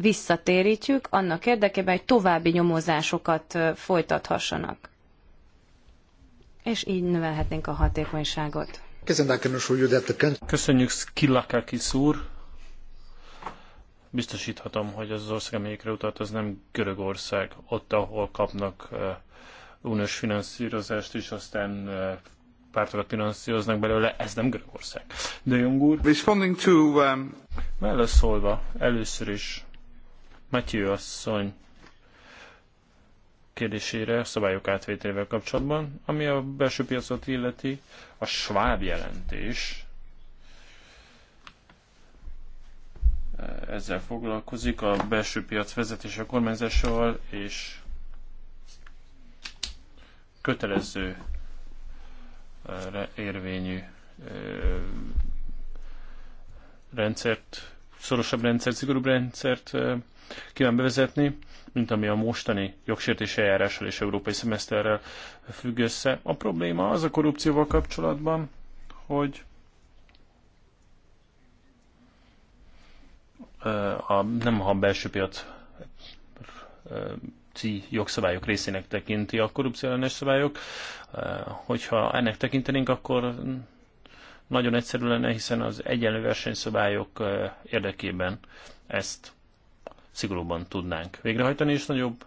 visszatérítjük annak érdekében, hogy további nyomozásokat folytathassanak. És így növelhetnénk a hatékonyságot. Köszönjük Skilakakis úr! Biztosíthatom, hogy az ország, amelyikre utalt, az nem Görögország. Ott, ahol kapnak uniós finanszírozást, és aztán pártokat finanszíroznak belőle, ez nem Görögország. De Jong úr, responding to, um... először is Matthew asszony kérdésére szabályok átvételével kapcsolatban, ami a belső piacot illeti, a Schwab jelentés eh, ezzel foglalkozik, a belső piac vezetése a kormányzásával, és kötelező eh, érvényű eh, rendszert, szorosabb rendszert, szigorúbb rendszert kíván bevezetni, mint ami a mostani jogsértés eljárással és európai szemeszterrel függ össze. A probléma az a korrupcióval kapcsolatban, hogy a, nem a belső piac piaci jogszabályok részének tekinti a ellenes szabályok. Hogyha ennek tekintenénk, akkor nagyon egyszerű lenne, hiszen az egyenlő versenyszabályok érdekében ezt szigorúban tudnánk végrehajtani, és nagyobb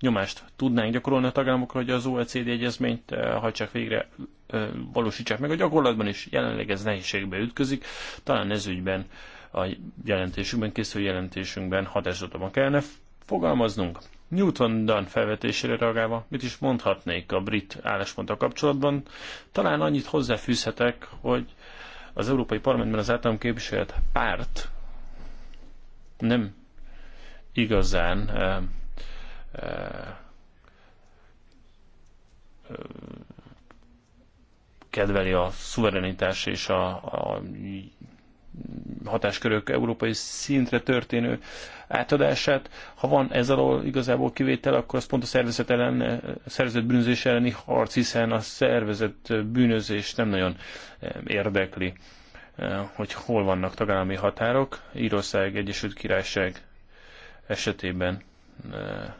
nyomást tudnánk gyakorolni a tagállamokra, hogy az OECD egyezményt eh, hajtsák végre, eh, valósítsák meg a gyakorlatban, és jelenleg ez nehézségbe ütközik. Talán ez ügyben a jelentésünkben, készülő jelentésünkben hatásozottabban kellene fogalmaznunk. Newton Dunn felvetésére reagálva, mit is mondhatnék a brit állásponttal kapcsolatban? Talán annyit hozzáfűzhetek, hogy az Európai Parlamentben az általam képviselt párt nem igazán kedveli a szuverenitás és a, a hatáskörök európai szintre történő átadását. Ha van ez alól igazából kivétel, akkor az pont a szervezet ellen, szervezet bűnözés elleni harc, hiszen a szervezet bűnözés nem nagyon érdekli, hogy hol vannak tagállami határok. Írország, Egyesült Királyság, esetében, eh,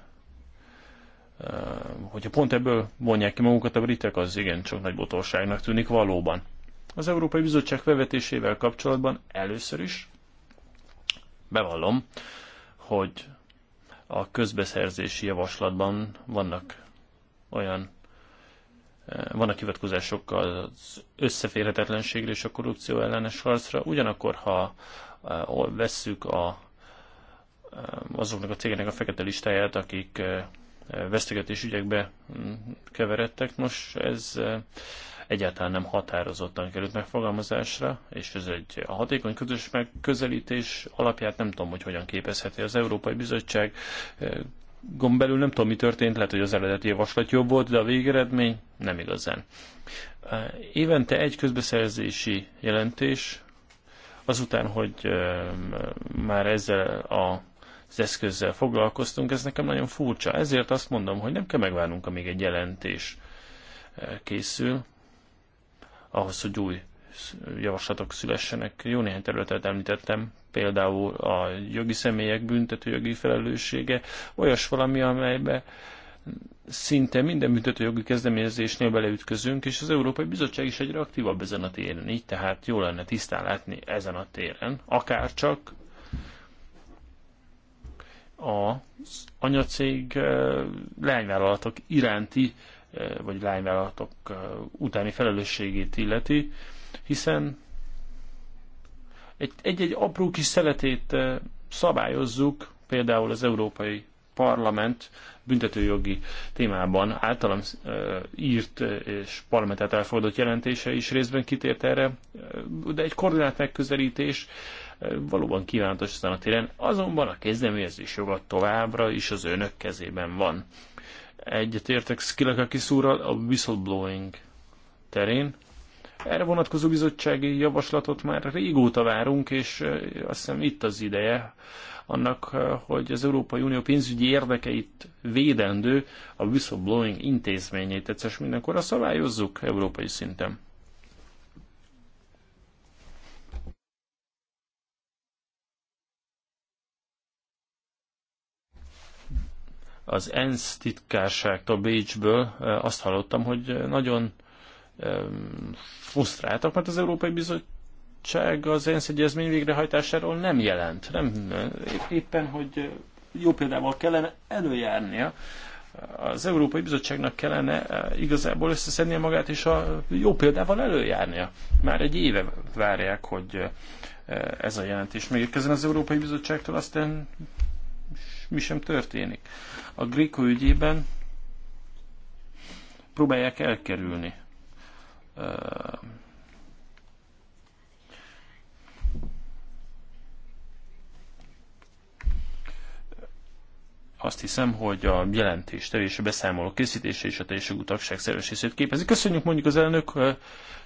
eh, hogyha pont ebből vonják ki magukat a britek, az csak nagy botorságnak tűnik valóban. Az Európai Bizottság felvetésével kapcsolatban először is bevallom, hogy a közbeszerzési javaslatban vannak olyan eh, vannak hivatkozások az összeférhetetlenségre és a korrupció ellenes harcra, ugyanakkor ha vesszük a azoknak a cégeknek a fekete listáját, akik vesztegetés ügyekbe keveredtek. Nos, ez egyáltalán nem határozottan került megfogalmazásra, és ez egy a hatékony közös megközelítés alapját nem tudom, hogy hogyan képezheti az Európai Bizottság. Gomb belül nem tudom, mi történt, lehet, hogy az eredeti javaslat jobb volt, de a végeredmény nem igazán. Évente egy közbeszerzési jelentés, azután, hogy már ezzel a az eszközzel foglalkoztunk, ez nekem nagyon furcsa. Ezért azt mondom, hogy nem kell megvárnunk, amíg egy jelentés eh, készül, ahhoz, hogy új javaslatok szülessenek. Jó néhány területet említettem, például a jogi személyek büntető jogi felelőssége, olyas valami, amelybe szinte minden büntető jogi kezdeményezésnél beleütközünk, és az Európai Bizottság is egyre aktívabb ezen a téren, így tehát jó lenne tisztán látni ezen a téren, akár csak az anyacég leányvállalatok iránti, vagy leányvállalatok utáni felelősségét illeti, hiszen egy-egy apró kis szeletét szabályozzuk, például az Európai Parlament büntetőjogi témában általam írt és parlamentet elfogadott jelentése is részben kitért erre, de egy koordinált megközelítés valóban kívánatos ezen a téren, azonban a kezdeményezés joga továbbra is az önök kezében van. Egyetértek Skilakakis úrral a whistleblowing terén. Erre vonatkozó bizottsági javaslatot már régóta várunk, és azt hiszem itt az ideje annak, hogy az Európai Unió pénzügyi érdekeit védendő a whistleblowing intézményét egyszer mindenkor a szabályozzuk európai szinten. az ENSZ titkárságtól Bécsből eh, azt hallottam, hogy nagyon frusztráltak, mert az Európai Bizottság az ENSZ egyezmény végrehajtásáról nem jelent. Nem, eh, éppen, hogy eh, jó példával kellene előjárnia, az Európai Bizottságnak kellene igazából összeszednie magát és a jó példával előjárnia. Már egy éve várják, hogy ez a jelentés megérkezzen az Európai Bizottságtól, aztán mi sem történik a Grico ügyében próbálják elkerülni azt hiszem, hogy a jelentés tevés, a beszámoló készítése és a teljesjogú utakság szerves részét képezi. Köszönjük mondjuk az elnök,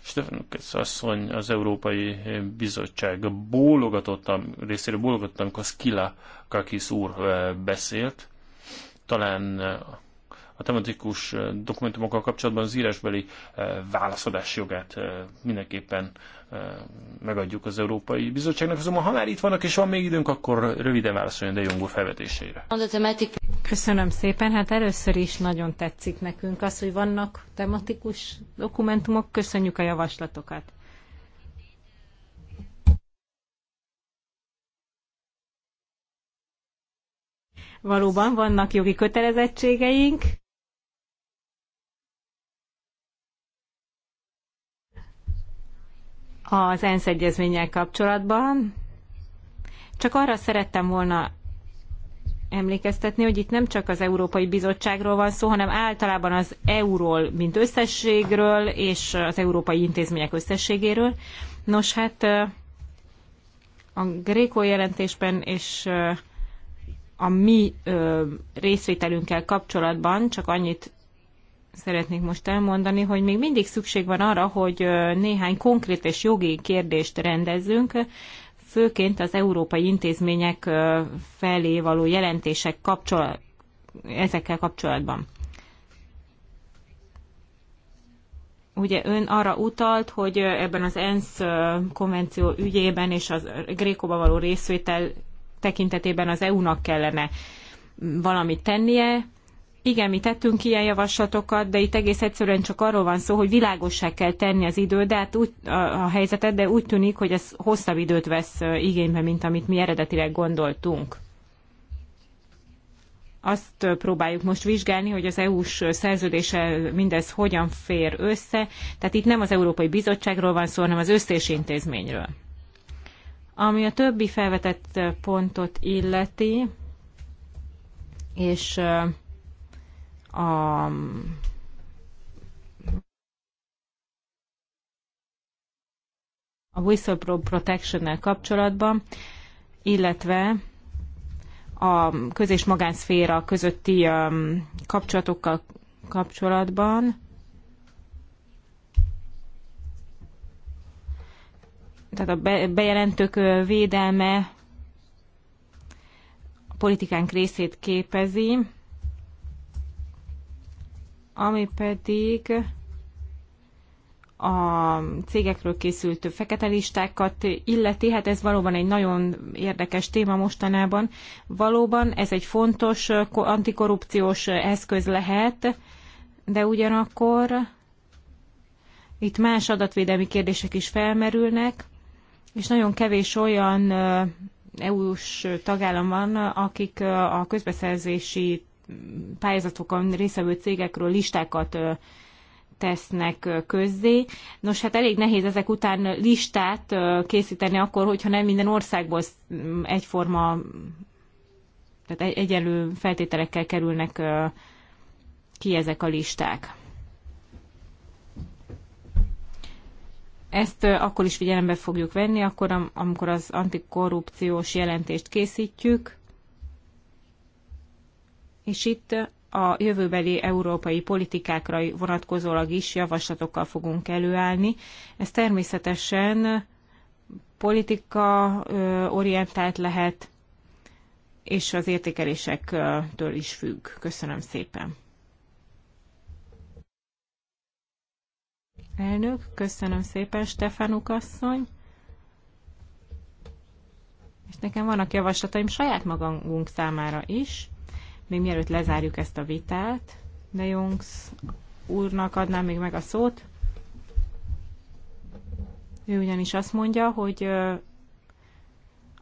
Stefan asszony az Európai Bizottság bólogatottam, részéről bólogatottam, amikor Skila Kakis úr beszélt talán eh, a tematikus eh, dokumentumokkal kapcsolatban az írásbeli eh, válaszadás jogát mindenképpen megadjuk az Európai Bizottságnak. Azonban, ha már itt vannak és van még időnk, akkor röviden válaszoljon De Jong felvetésére. Köszönöm szépen. Hát először is nagyon tetszik nekünk az, hogy vannak tematikus dokumentumok. Köszönjük a javaslatokat. Valóban vannak jogi kötelezettségeink. az ENSZ egyezménnyel kapcsolatban. Csak arra szerettem volna emlékeztetni, hogy itt nem csak az Európai Bizottságról van szó, hanem általában az EU-ról, mint összességről, és az európai intézmények összességéről. Nos, hát a Gréko jelentésben és a mi ö, részvételünkkel kapcsolatban csak annyit szeretnék most elmondani, hogy még mindig szükség van arra, hogy néhány konkrét és jogi kérdést rendezzünk, főként az európai intézmények felé való jelentések kapcsolat, ezekkel kapcsolatban. Ugye ön arra utalt, hogy ebben az ENSZ konvenció ügyében és a Grékóba való részvétel tekintetében az EU-nak kellene valamit tennie. Igen, mi tettünk ilyen javaslatokat, de itt egész egyszerűen csak arról van szó, hogy világosság kell tenni az időt, de hát úgy, a, a helyzetet, de úgy tűnik, hogy ez hosszabb időt vesz igénybe, mint amit mi eredetileg gondoltunk azt próbáljuk most vizsgálni, hogy az EU-s szerződése mindez hogyan fér össze. Tehát itt nem az Európai Bizottságról van szó, hanem az összes intézményről. Ami a többi felvetett pontot illeti, és a a whistleblower protection kapcsolatban, illetve a köz- és magánszféra közötti kapcsolatokkal kapcsolatban tehát a bejelentők védelme a politikánk részét képezi, ami pedig a cégekről készült fekete listákat illeti, hát ez valóban egy nagyon érdekes téma mostanában. Valóban ez egy fontos antikorrupciós eszköz lehet, de ugyanakkor itt más adatvédelmi kérdések is felmerülnek, és nagyon kevés olyan EU-s tagállam van, akik a közbeszerzési pályázatokon részvevő cégekről listákat tesznek közzé. Nos, hát elég nehéz ezek után listát készíteni akkor, hogyha nem minden országból egyforma, tehát egyenlő feltételekkel kerülnek ki ezek a listák. Ezt akkor is figyelembe fogjuk venni, akkor, amikor az antikorrupciós jelentést készítjük, és itt a jövőbeli európai politikákra vonatkozólag is javaslatokkal fogunk előállni. Ez természetesen politika orientált lehet, és az értékelésektől is függ. Köszönöm szépen! Elnök, köszönöm szépen, Stefanuk asszony. És nekem vannak javaslataim saját magunk számára is, még mielőtt lezárjuk ezt a vitát. De Jungs úrnak adnám még meg a szót. Ő ugyanis azt mondja, hogy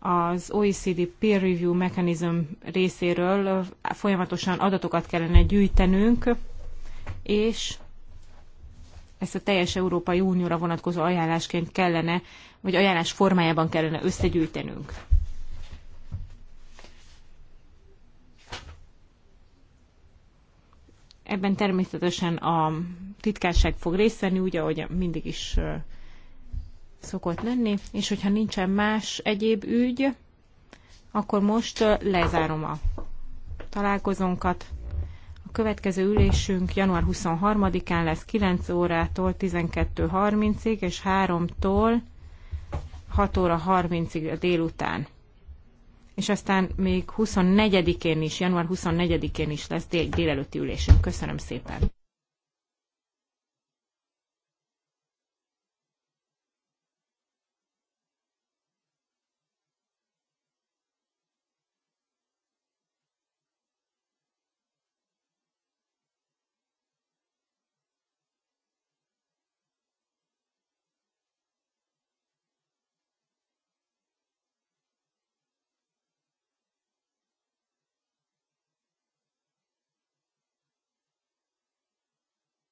az OECD peer review mechanism részéről folyamatosan adatokat kellene gyűjtenünk, és ezt a teljes Európai Unióra vonatkozó ajánlásként kellene, vagy ajánlás formájában kellene összegyűjtenünk. Ebben természetesen a titkárság fog részt venni, úgy, ahogy mindig is szokott lenni, és hogyha nincsen más egyéb ügy, akkor most lezárom a találkozónkat következő ülésünk január 23-án lesz 9 órától 12.30-ig, és 3-tól 6 óra 30-ig a délután. És aztán még 24-én is, január 24-én is lesz dél- délelőtti ülésünk. Köszönöm szépen!